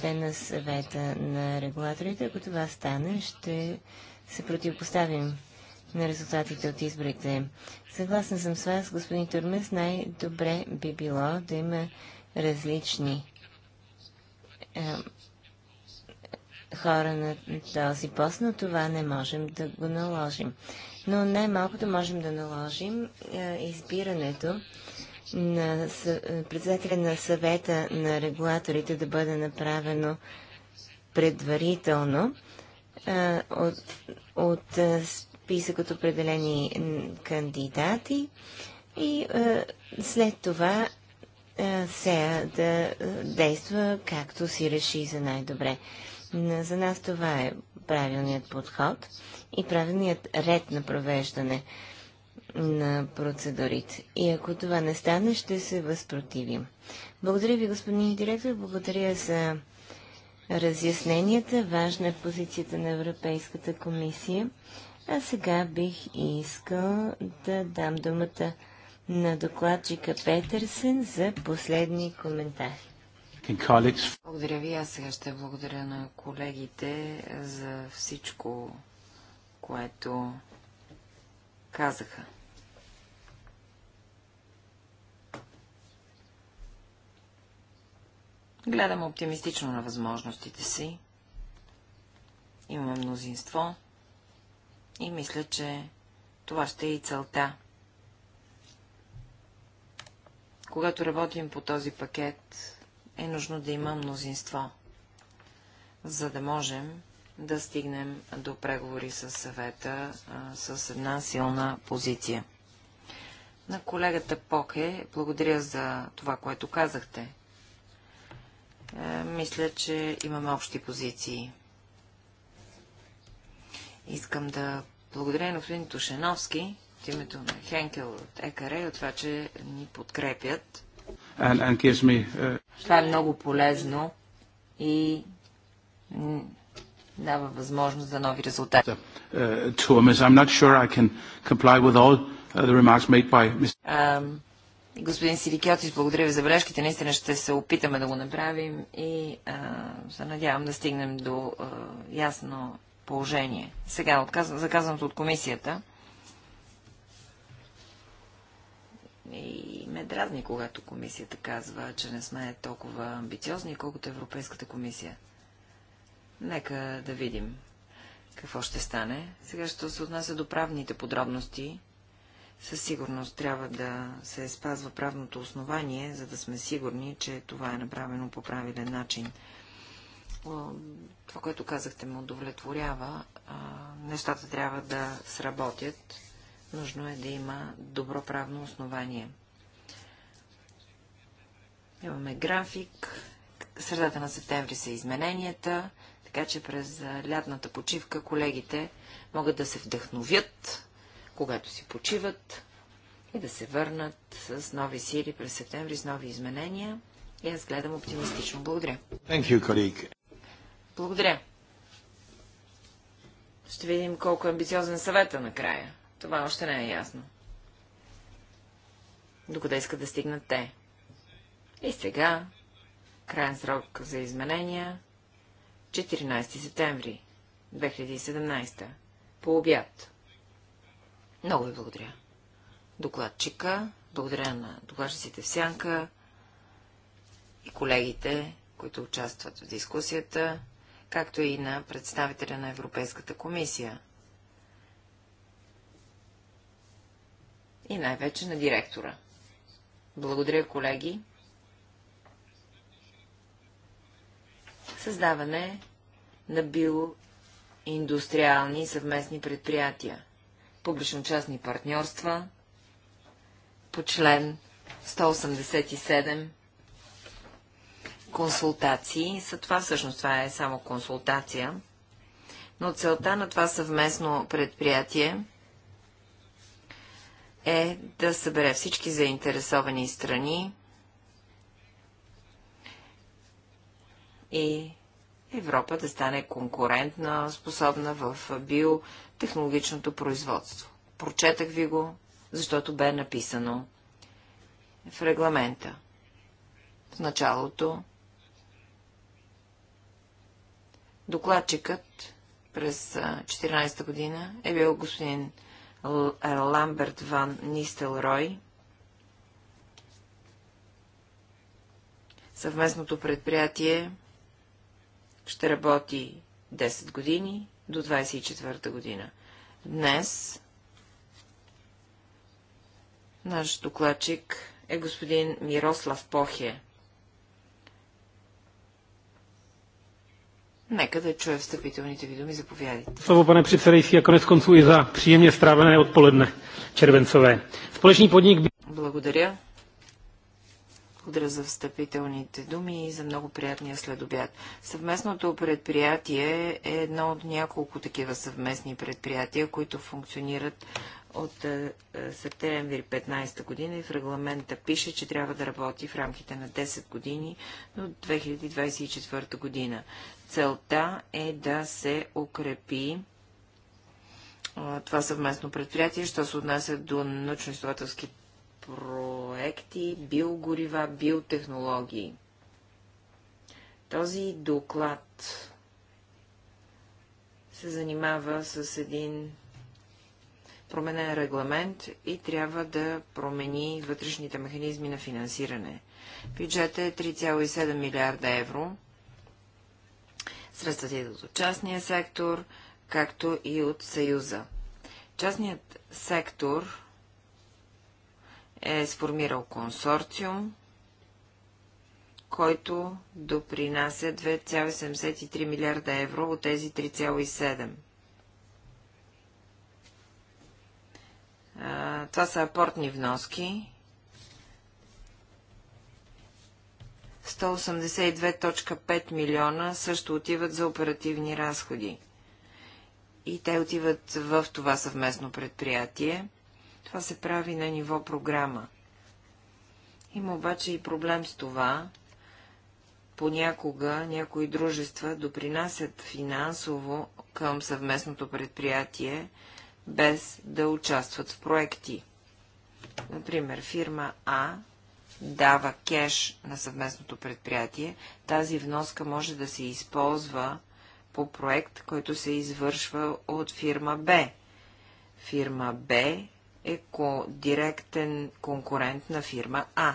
член на съвета на регулаторите. Ако това стане, ще се противопоставим на резултатите от изборите. Съгласна съм с вас, господин Турмес, най-добре би било да има различни е, хора на този пост, но това не можем да го наложим но най-малкото можем да наложим е, избирането на председателя на съвета на регулаторите да бъде направено предварително е, от, от е, списък от определени кандидати и след това сега да действа както си реши за най-добре. За нас това е правилният подход и правилният ред на провеждане на процедурите. И ако това не стане, ще се възпротивим. Благодаря ви, господин директор. Благодаря за разясненията. Важна е позицията на Европейската комисия. А сега бих искал да дам думата на докладчика Петърсен за последни коментари. Благодаря ви. Аз сега ще благодаря на колегите за всичко, което казаха. Гледам оптимистично на възможностите си. Имаме мнозинство и мисля, че това ще е и целта. Когато работим по този пакет, е нужно да има мнозинство, за да можем да стигнем до преговори с съвета а, с една силна позиция. На колегата Поке, благодаря за това, което казахте. Е, мисля, че имаме общи позиции. Искам да благодаря на господин Тушеновски от името на Хенкел от ЕКАРЕ от това, че ни подкрепят and, and gives me... Uh... Това е много полезно и дава възможност за нови резултати. Uh, uh, господин Сирикиотис, благодаря ви за бележките. Наистина ще се опитаме да го направим и а, се надявам да стигнем до а, ясно положение. Сега отказвам, заказаното от комисията. И ме дразни, когато комисията казва, че не сме толкова амбициозни, колкото Европейската комисия. Нека да видим какво ще стане. Сега, ще се отнася до правните подробности, със сигурност трябва да се спазва правното основание, за да сме сигурни, че това е направено по правилен начин. Това, което казахте, ме удовлетворява. Нещата трябва да сработят нужно е да има добро правно основание. Имаме график. Средата на септември са измененията, така че през лятната почивка колегите могат да се вдъхновят, когато си почиват и да се върнат с нови сили през септември, с нови изменения. И аз гледам оптимистично. Благодаря. Thank you, colleague. Благодаря. Ще видим колко амбициозен съвета е накрая. Това още не е ясно. Докъде искат да стигнат те? И сега, крайен срок за изменения, 14 септември 2017, по обяд. Много ви благодаря. Докладчика, благодаря на докладчиците в Сянка и колегите, които участват в дискусията, както и на представителя на Европейската комисия – и най-вече на директора. Благодаря, колеги. Създаване на биоиндустриални съвместни предприятия, публично-частни партньорства по член 187 консултации. За това всъщност това е само консултация. Но целта на това съвместно предприятие е да събере всички заинтересовани страни и Европа да стане конкурентна, способна в биотехнологичното производство. Прочетах ви го, защото бе написано в регламента. В началото докладчикът през 14-та година е бил господин Ламберт Ван Нистелрой, съвместното предприятие ще работи 10 години до 24-та година. Днес наш докладчик е господин Мирослав Похе. Нека да чуя встъпителните ви думи. Заповядайте. Слово, пане předsedající, а конец концу и за příjemně strávené odpoledne червенцové. Společný podnik... Благодаря. Благодаря за встъпителните думи и за много приятния следобяд. Съвместното предприятие е едно от няколко такива съвместни предприятия, които функционират от е, е, септември 15 година и в регламента пише, че трябва да работи в рамките на 10 години до 2024 година. Целта е да се укрепи това съвместно предприятие, що се отнася до научно-изследователски проекти, биогорива, биотехнологии. Този доклад се занимава с един променен регламент и трябва да промени вътрешните механизми на финансиране. Бюджетът е 3,7 милиарда евро Средствата идват от частния сектор, както и от Съюза. Частният сектор е сформирал консорциум, който допринася 2,73 милиарда евро от тези 3,7. Това са апортни вноски, 182.5 милиона също отиват за оперативни разходи. И те отиват в това съвместно предприятие. Това се прави на ниво програма. Има обаче и проблем с това. Понякога някои дружества допринасят финансово към съвместното предприятие, без да участват в проекти. Например, фирма А дава кеш на съвместното предприятие, тази вноска може да се използва по проект, който се извършва от фирма Б. Фирма Б е ко директен конкурент на фирма А.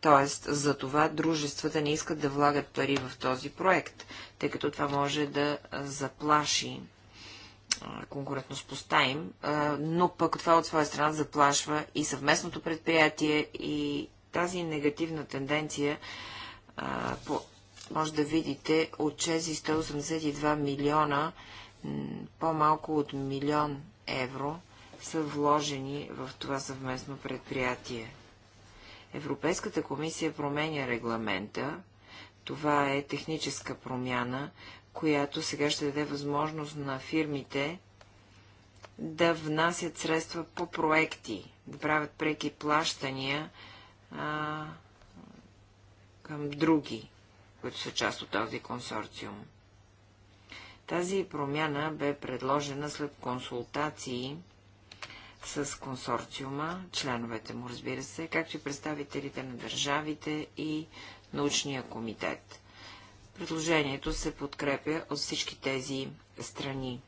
Тоест, за това дружествата не искат да влагат пари в този проект, тъй като това може да заплаши конкурентността им, но пък това от своя страна заплашва и съвместното предприятие, и тази негативна тенденция а, по, може да видите от 682 милиона, по-малко от милион евро са вложени в това съвместно предприятие. Европейската комисия променя регламента. Това е техническа промяна, която сега ще даде възможност на фирмите да внасят средства по проекти, да правят преки плащания а, към други, които са част от този консорциум. Тази промяна бе предложена след консултации с консорциума, членовете му, разбира се, както и представителите на държавите и научния комитет. Предложението се подкрепя от всички тези страни.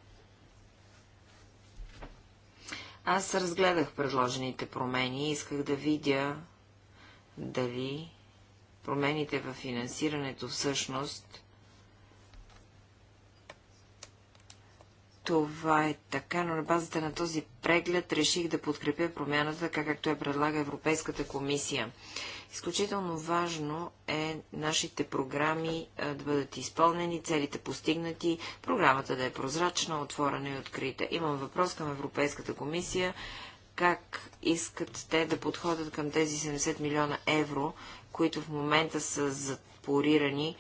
Аз разгледах предложените промени и исках да видя дали промените в финансирането всъщност Това е така, но на базата на този преглед реших да подкрепя промяната, така както я предлага Европейската комисия. Изключително важно е нашите програми да бъдат изпълнени, целите постигнати, програмата да е прозрачна, отворена и открита. Имам въпрос към Европейската комисия как искат те да подходят към тези 70 милиона евро, които в момента са запорирани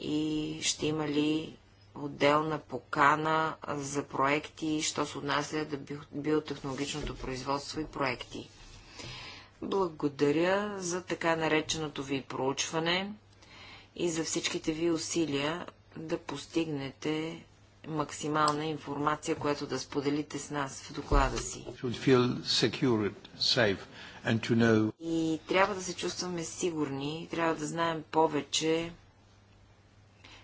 и ще има ли отделна покана за проекти, що се отнася до биотехнологичното производство и проекти. Благодаря за така нареченото ви проучване и за всичките ви усилия да постигнете максимална информация, която да споделите с нас в доклада си. Secure, safe, know... И трябва да се чувстваме сигурни, трябва да знаем повече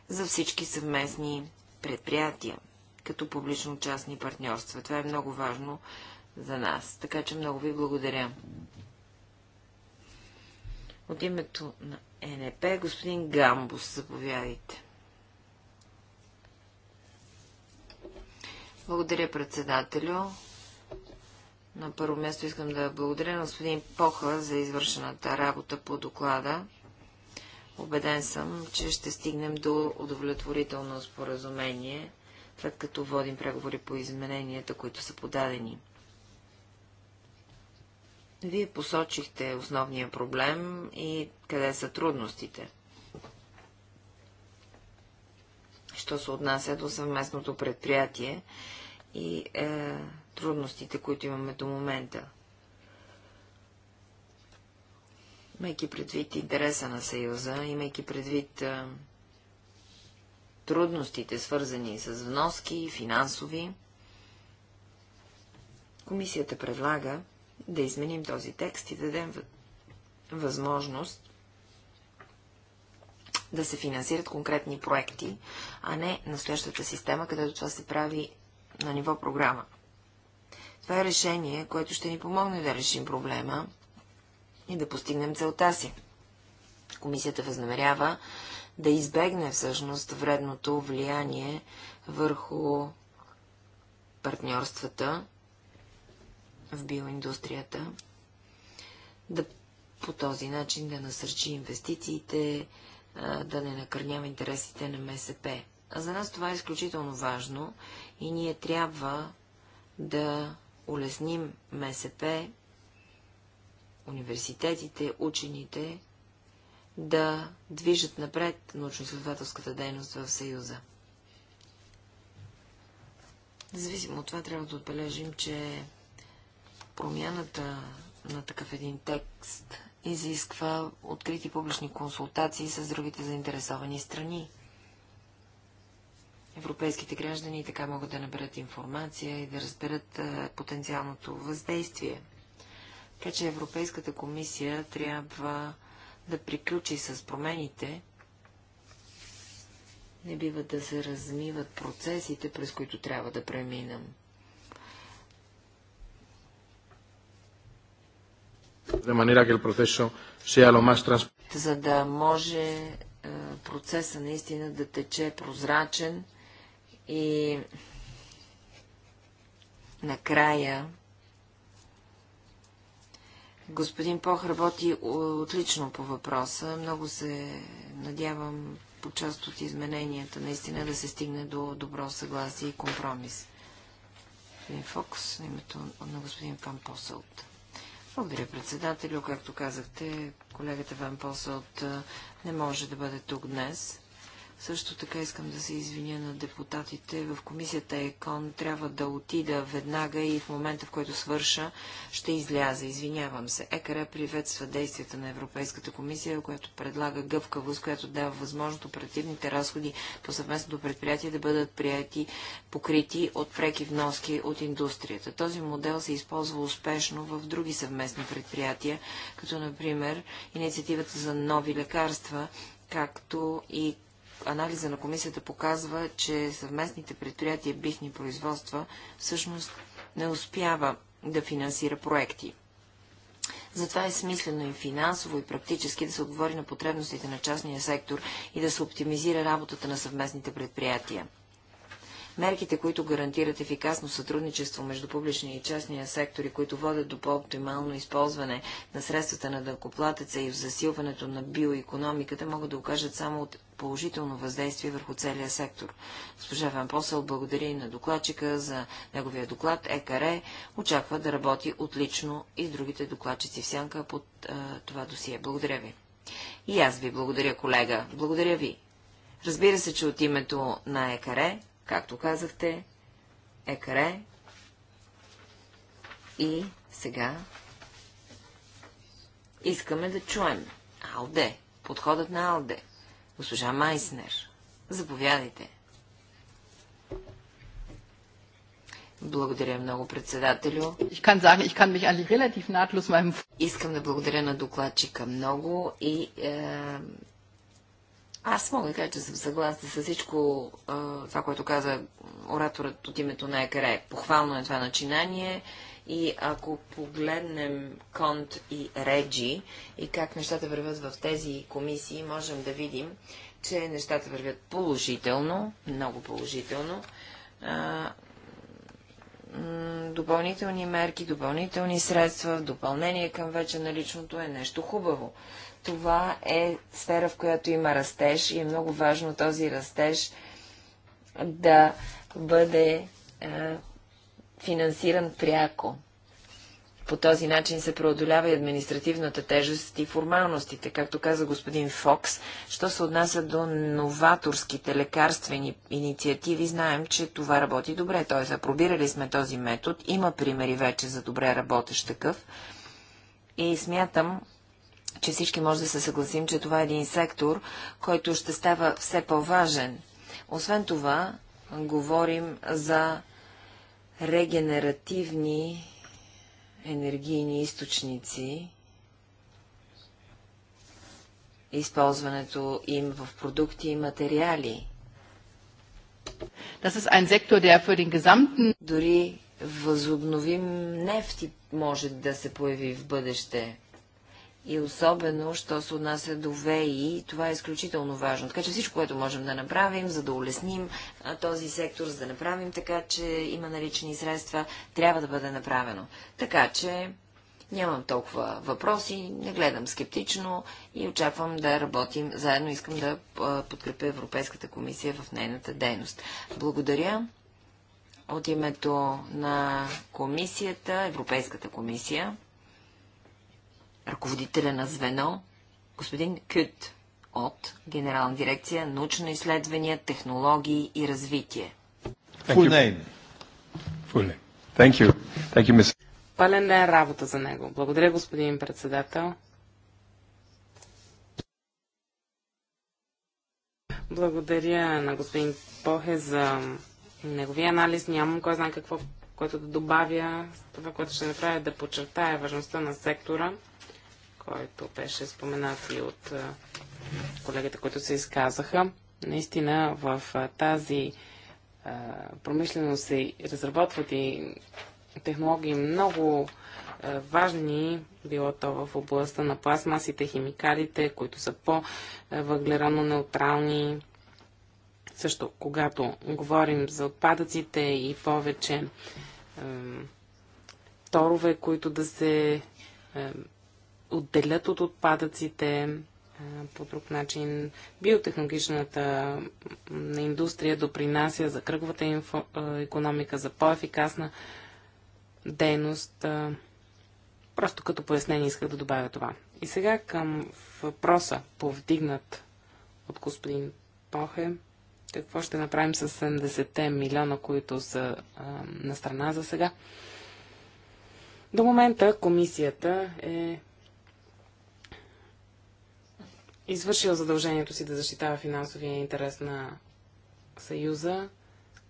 за всички съвместни предприятия, като публично-частни партньорства. Това е много важно за нас. Така че много ви благодаря. От името на НП, господин Гамбус, заповядайте. Благодаря, председателю. На първо място искам да благодаря на господин Поха за извършената работа по доклада. Обеден съм, че ще стигнем до удовлетворително споразумение, след като водим преговори по измененията, които са подадени. Вие посочихте основния проблем и къде са трудностите. Що се отнася до съвместното предприятие, и е, трудностите, които имаме до момента. Имайки предвид интереса на Съюза, имайки предвид е, трудностите, свързани с вноски и финансови, комисията предлага да изменим този текст и да дадем възможност да се финансират конкретни проекти, а не настоящата система, където това се прави на ниво програма. Това е решение, което ще ни помогне да решим проблема и да постигнем целта си. Комисията възнамерява да избегне всъщност вредното влияние върху партньорствата в биоиндустрията, да по този начин да насърчи инвестициите, да не накърнява интересите на МСП. А за нас това е изключително важно и ние трябва да улесним МСП, университетите, учените да движат напред научно-изследователската дейност в Съюза. Независимо от това, трябва да отбележим, че промяната на такъв един текст изисква открити публични консултации с другите заинтересовани страни европейските граждани така могат да наберат информация и да разберат е, потенциалното въздействие. Така че Европейската комисия трябва да приключи с промените. Не бива да се размиват процесите, през които трябва да преминам. За да може е, процеса наистина да тече прозрачен и накрая господин Пох работи отлично по въпроса. Много се надявам по част от измененията наистина да се стигне до добро съгласие и компромис. Господин Фокс, на името на господин Ван Посълт. Благодаря, председателю. Както казахте, колегата Ван Посълт не може да бъде тук днес. Също така искам да се извиня на депутатите. В комисията ЕКОН трябва да отида веднага и в момента, в който свърша, ще изляза. Извинявам се. ЕКР приветства действията на Европейската комисия, която предлага гъвкавост, която дава възможност оперативните разходи по съвместното предприятие да бъдат прияти, покрити от преки вноски от индустрията. Този модел се използва успешно в други съвместни предприятия, като например инициативата за нови лекарства, както и анализа на комисията показва, че съвместните предприятия бихни производства всъщност не успява да финансира проекти. Затова е смислено и финансово, и практически да се отговори на потребностите на частния сектор и да се оптимизира работата на съвместните предприятия. Мерките, които гарантират ефикасно сътрудничество между публичния и частния сектор и които водят до по-оптимално използване на средствата на дъкоплатеца и в засилването на биоекономиката, могат да окажат само от положително въздействие върху целия сектор. Госпожа Ван Посъл благодари и на докладчика за неговия доклад ЕКАРЕ. Очаква да работи отлично и с другите докладчици в сянка под а, това досие. Благодаря ви. И аз ви благодаря, колега. Благодаря ви. Разбира се, че от името на ЕКАРЕ както казахте, екре и сега искаме да чуем Алде, подходът на Алде, госпожа Майснер. Заповядайте. Благодаря много, председателю. Sagen, Искам да благодаря на докладчика много и е, аз мога да кажа, че съм съгласна с всичко това, което каза ораторът от името на Екаре. Похвално е това начинание и ако погледнем Конт и Реджи и как нещата вървят в тези комисии, можем да видим, че нещата вървят положително, много положително. А, допълнителни мерки, допълнителни средства, допълнение към вече наличното е нещо хубаво това е сфера, в която има растеж и е много важно този растеж да бъде е, финансиран пряко. По този начин се преодолява и административната тежест и формалностите, както каза господин Фокс. Що се отнася до новаторските лекарствени инициативи, знаем, че това работи добре. Т.е. апробирали сме този метод. Има примери вече за добре работещ такъв. И смятам, че всички може да се съгласим, че това е един сектор, който ще става все по-важен. Освен това, говорим за регенеративни енергийни източници, използването им в продукти и материали. Das ist ein Sektor, der für den gesamten... Дори възобновим нефти може да се появи в бъдеще и особено, що се отнася до ВЕИ, това е изключително важно. Така че всичко, което можем да направим, за да улесним този сектор, за да направим така, че има налични средства, трябва да бъде направено. Така че нямам толкова въпроси, не гледам скептично и очаквам да работим заедно. Искам да подкрепя Европейската комисия в нейната дейност. Благодаря от името на комисията, Европейската комисия ръководителя на звено, господин Кют от Генерална дирекция научно изследвания, технологии и развитие. Пълен ден работа за него. Благодаря, господин председател. Благодаря на господин Похе за неговия анализ. Нямам кой знае какво, което да добавя. Това, което ще направя е да подчертая важността на сектора – който беше споменат и от колегите, които се изказаха. Наистина в тази промишленост се разработват и технологии много важни, било то в областта на пластмасите, химикалите, които са по-въглерано неутрални. Също, когато говорим за отпадъците и повече торове, които да се отделят от отпадъците по друг начин. Биотехнологичната индустрия допринася за кръговата инфо, економика, за по-ефикасна дейност. Просто като пояснение исках да добавя това. И сега към въпроса, повдигнат от господин Похе. Какво ще направим с 70-те милиона, които са а, на страна за сега? До момента комисията е извършил задължението си да защитава финансовия интерес на Съюза.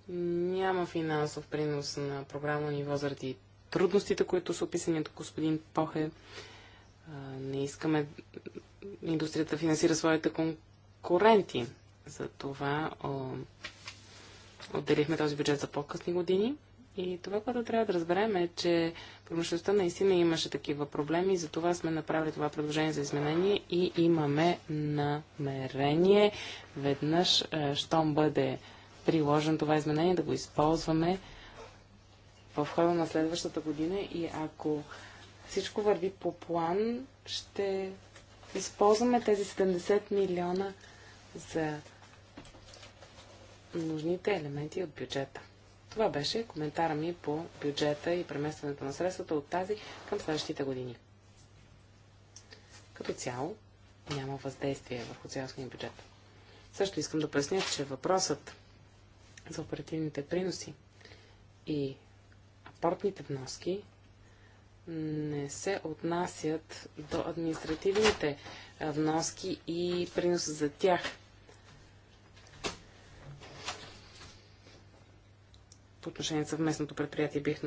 Няма финансов принос на програмно ниво заради трудностите, които са описани от господин Похе. Не искаме индустрията да финансира своите конкуренти. За това отделихме този бюджет за по-късни години. И това, което трябва да разберем е, че промишлеността наистина имаше такива проблеми, затова сме направили това предложение за изменение и имаме намерение веднъж, е, щом бъде приложен това изменение, да го използваме в хода на следващата година и ако всичко върви по план, ще използваме тези 70 милиона за нужните елементи от бюджета. Това беше коментара ми по бюджета и преместването на средствата от тази към следващите години. Като цяло няма въздействие върху цялостния бюджет. Също искам да пресня, че въпросът за оперативните приноси и апортните вноски не се отнасят до административните вноски и приноса за тях. по отношение на съвместното предприятие бих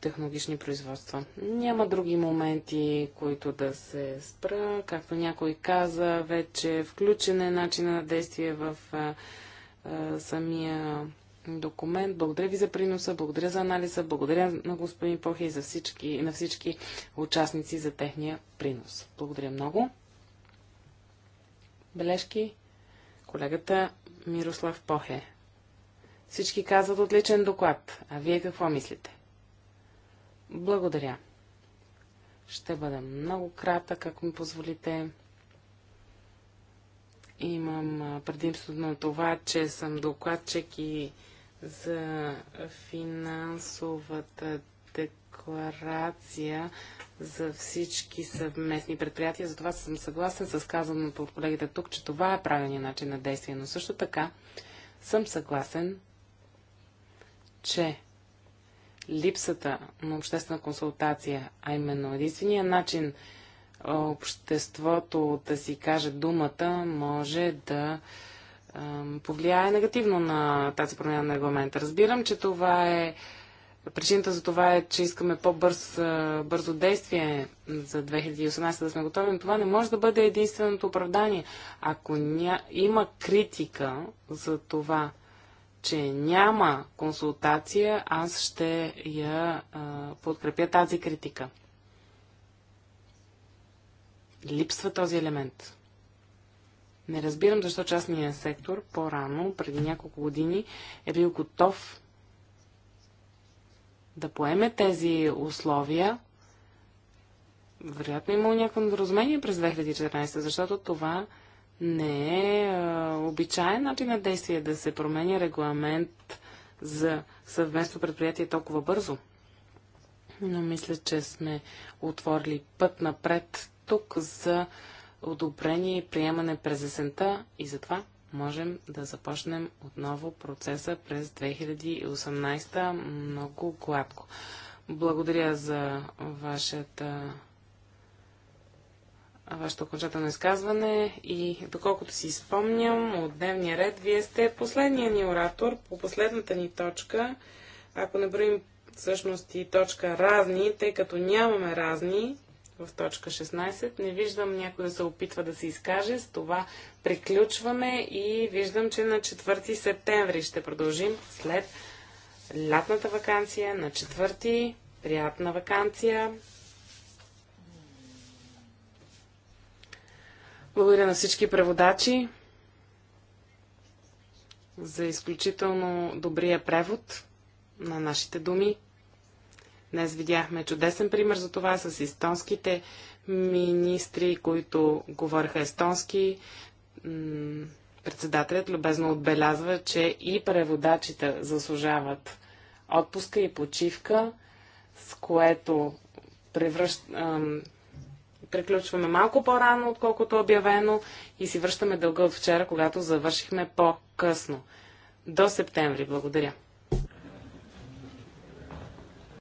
технологични производства. Няма други моменти, които да се спра. Както някой каза, вече е включен е начина на действие в а, а, самия документ. Благодаря ви за приноса, благодаря за анализа, благодаря на господин Похе и за всички, на всички участници за техния принос. Благодаря много. Бележки? Колегата Мирослав Похе. Всички казват отличен доклад. А вие какво мислите? Благодаря. Ще бъда много кратък, ако ми позволите. Имам предимство на това, че съм докладчик и за финансовата декларация за всички съвместни предприятия. Затова съм съгласен с казаното от колегите тук, че това е правилният начин на действие. Но също така съм съгласен, че липсата на обществена консултация, а именно единствения начин обществото да си каже думата, може да повлияе негативно на тази промяна на регламента. Разбирам, че това е Причината за това е, че искаме по-бързо -бърз, действие за 2018 да сме готови, но това не може да бъде единственото оправдание. Ако ня... има критика за това, че няма консултация, аз ще я а, подкрепя тази критика. Липсва този елемент. Не разбирам защо частният сектор по-рано, преди няколко години, е бил готов да поеме тези условия. Вероятно е имало някакво недоразумение през 2014, защото това не е обичайен начин на действие да се променя регламент за съвместно предприятие толкова бързо. Но мисля, че сме отворили път напред тук за одобрение и приемане през есента и затова можем да започнем отново процеса през 2018 много гладко. Благодаря за вашата вашето окончателно изказване и доколкото си спомням от дневния ред, вие сте последния ни оратор по последната ни точка, ако не броим всъщност и точка разни, тъй като нямаме разни в точка 16, не виждам някой да се опитва да се изкаже, с това приключваме и виждам, че на 4 септември ще продължим след лятната вакансия на 4 приятна вакансия. Благодаря на всички преводачи за изключително добрия превод на нашите думи. Днес видяхме чудесен пример за това с естонските министри, които говориха естонски. Председателят любезно отбелязва, че и преводачите заслужават отпуска и почивка, с което превръщ приключваме малко по-рано, отколкото е обявено и си връщаме дълга от вчера, когато завършихме по-късно. До септември. Благодаря.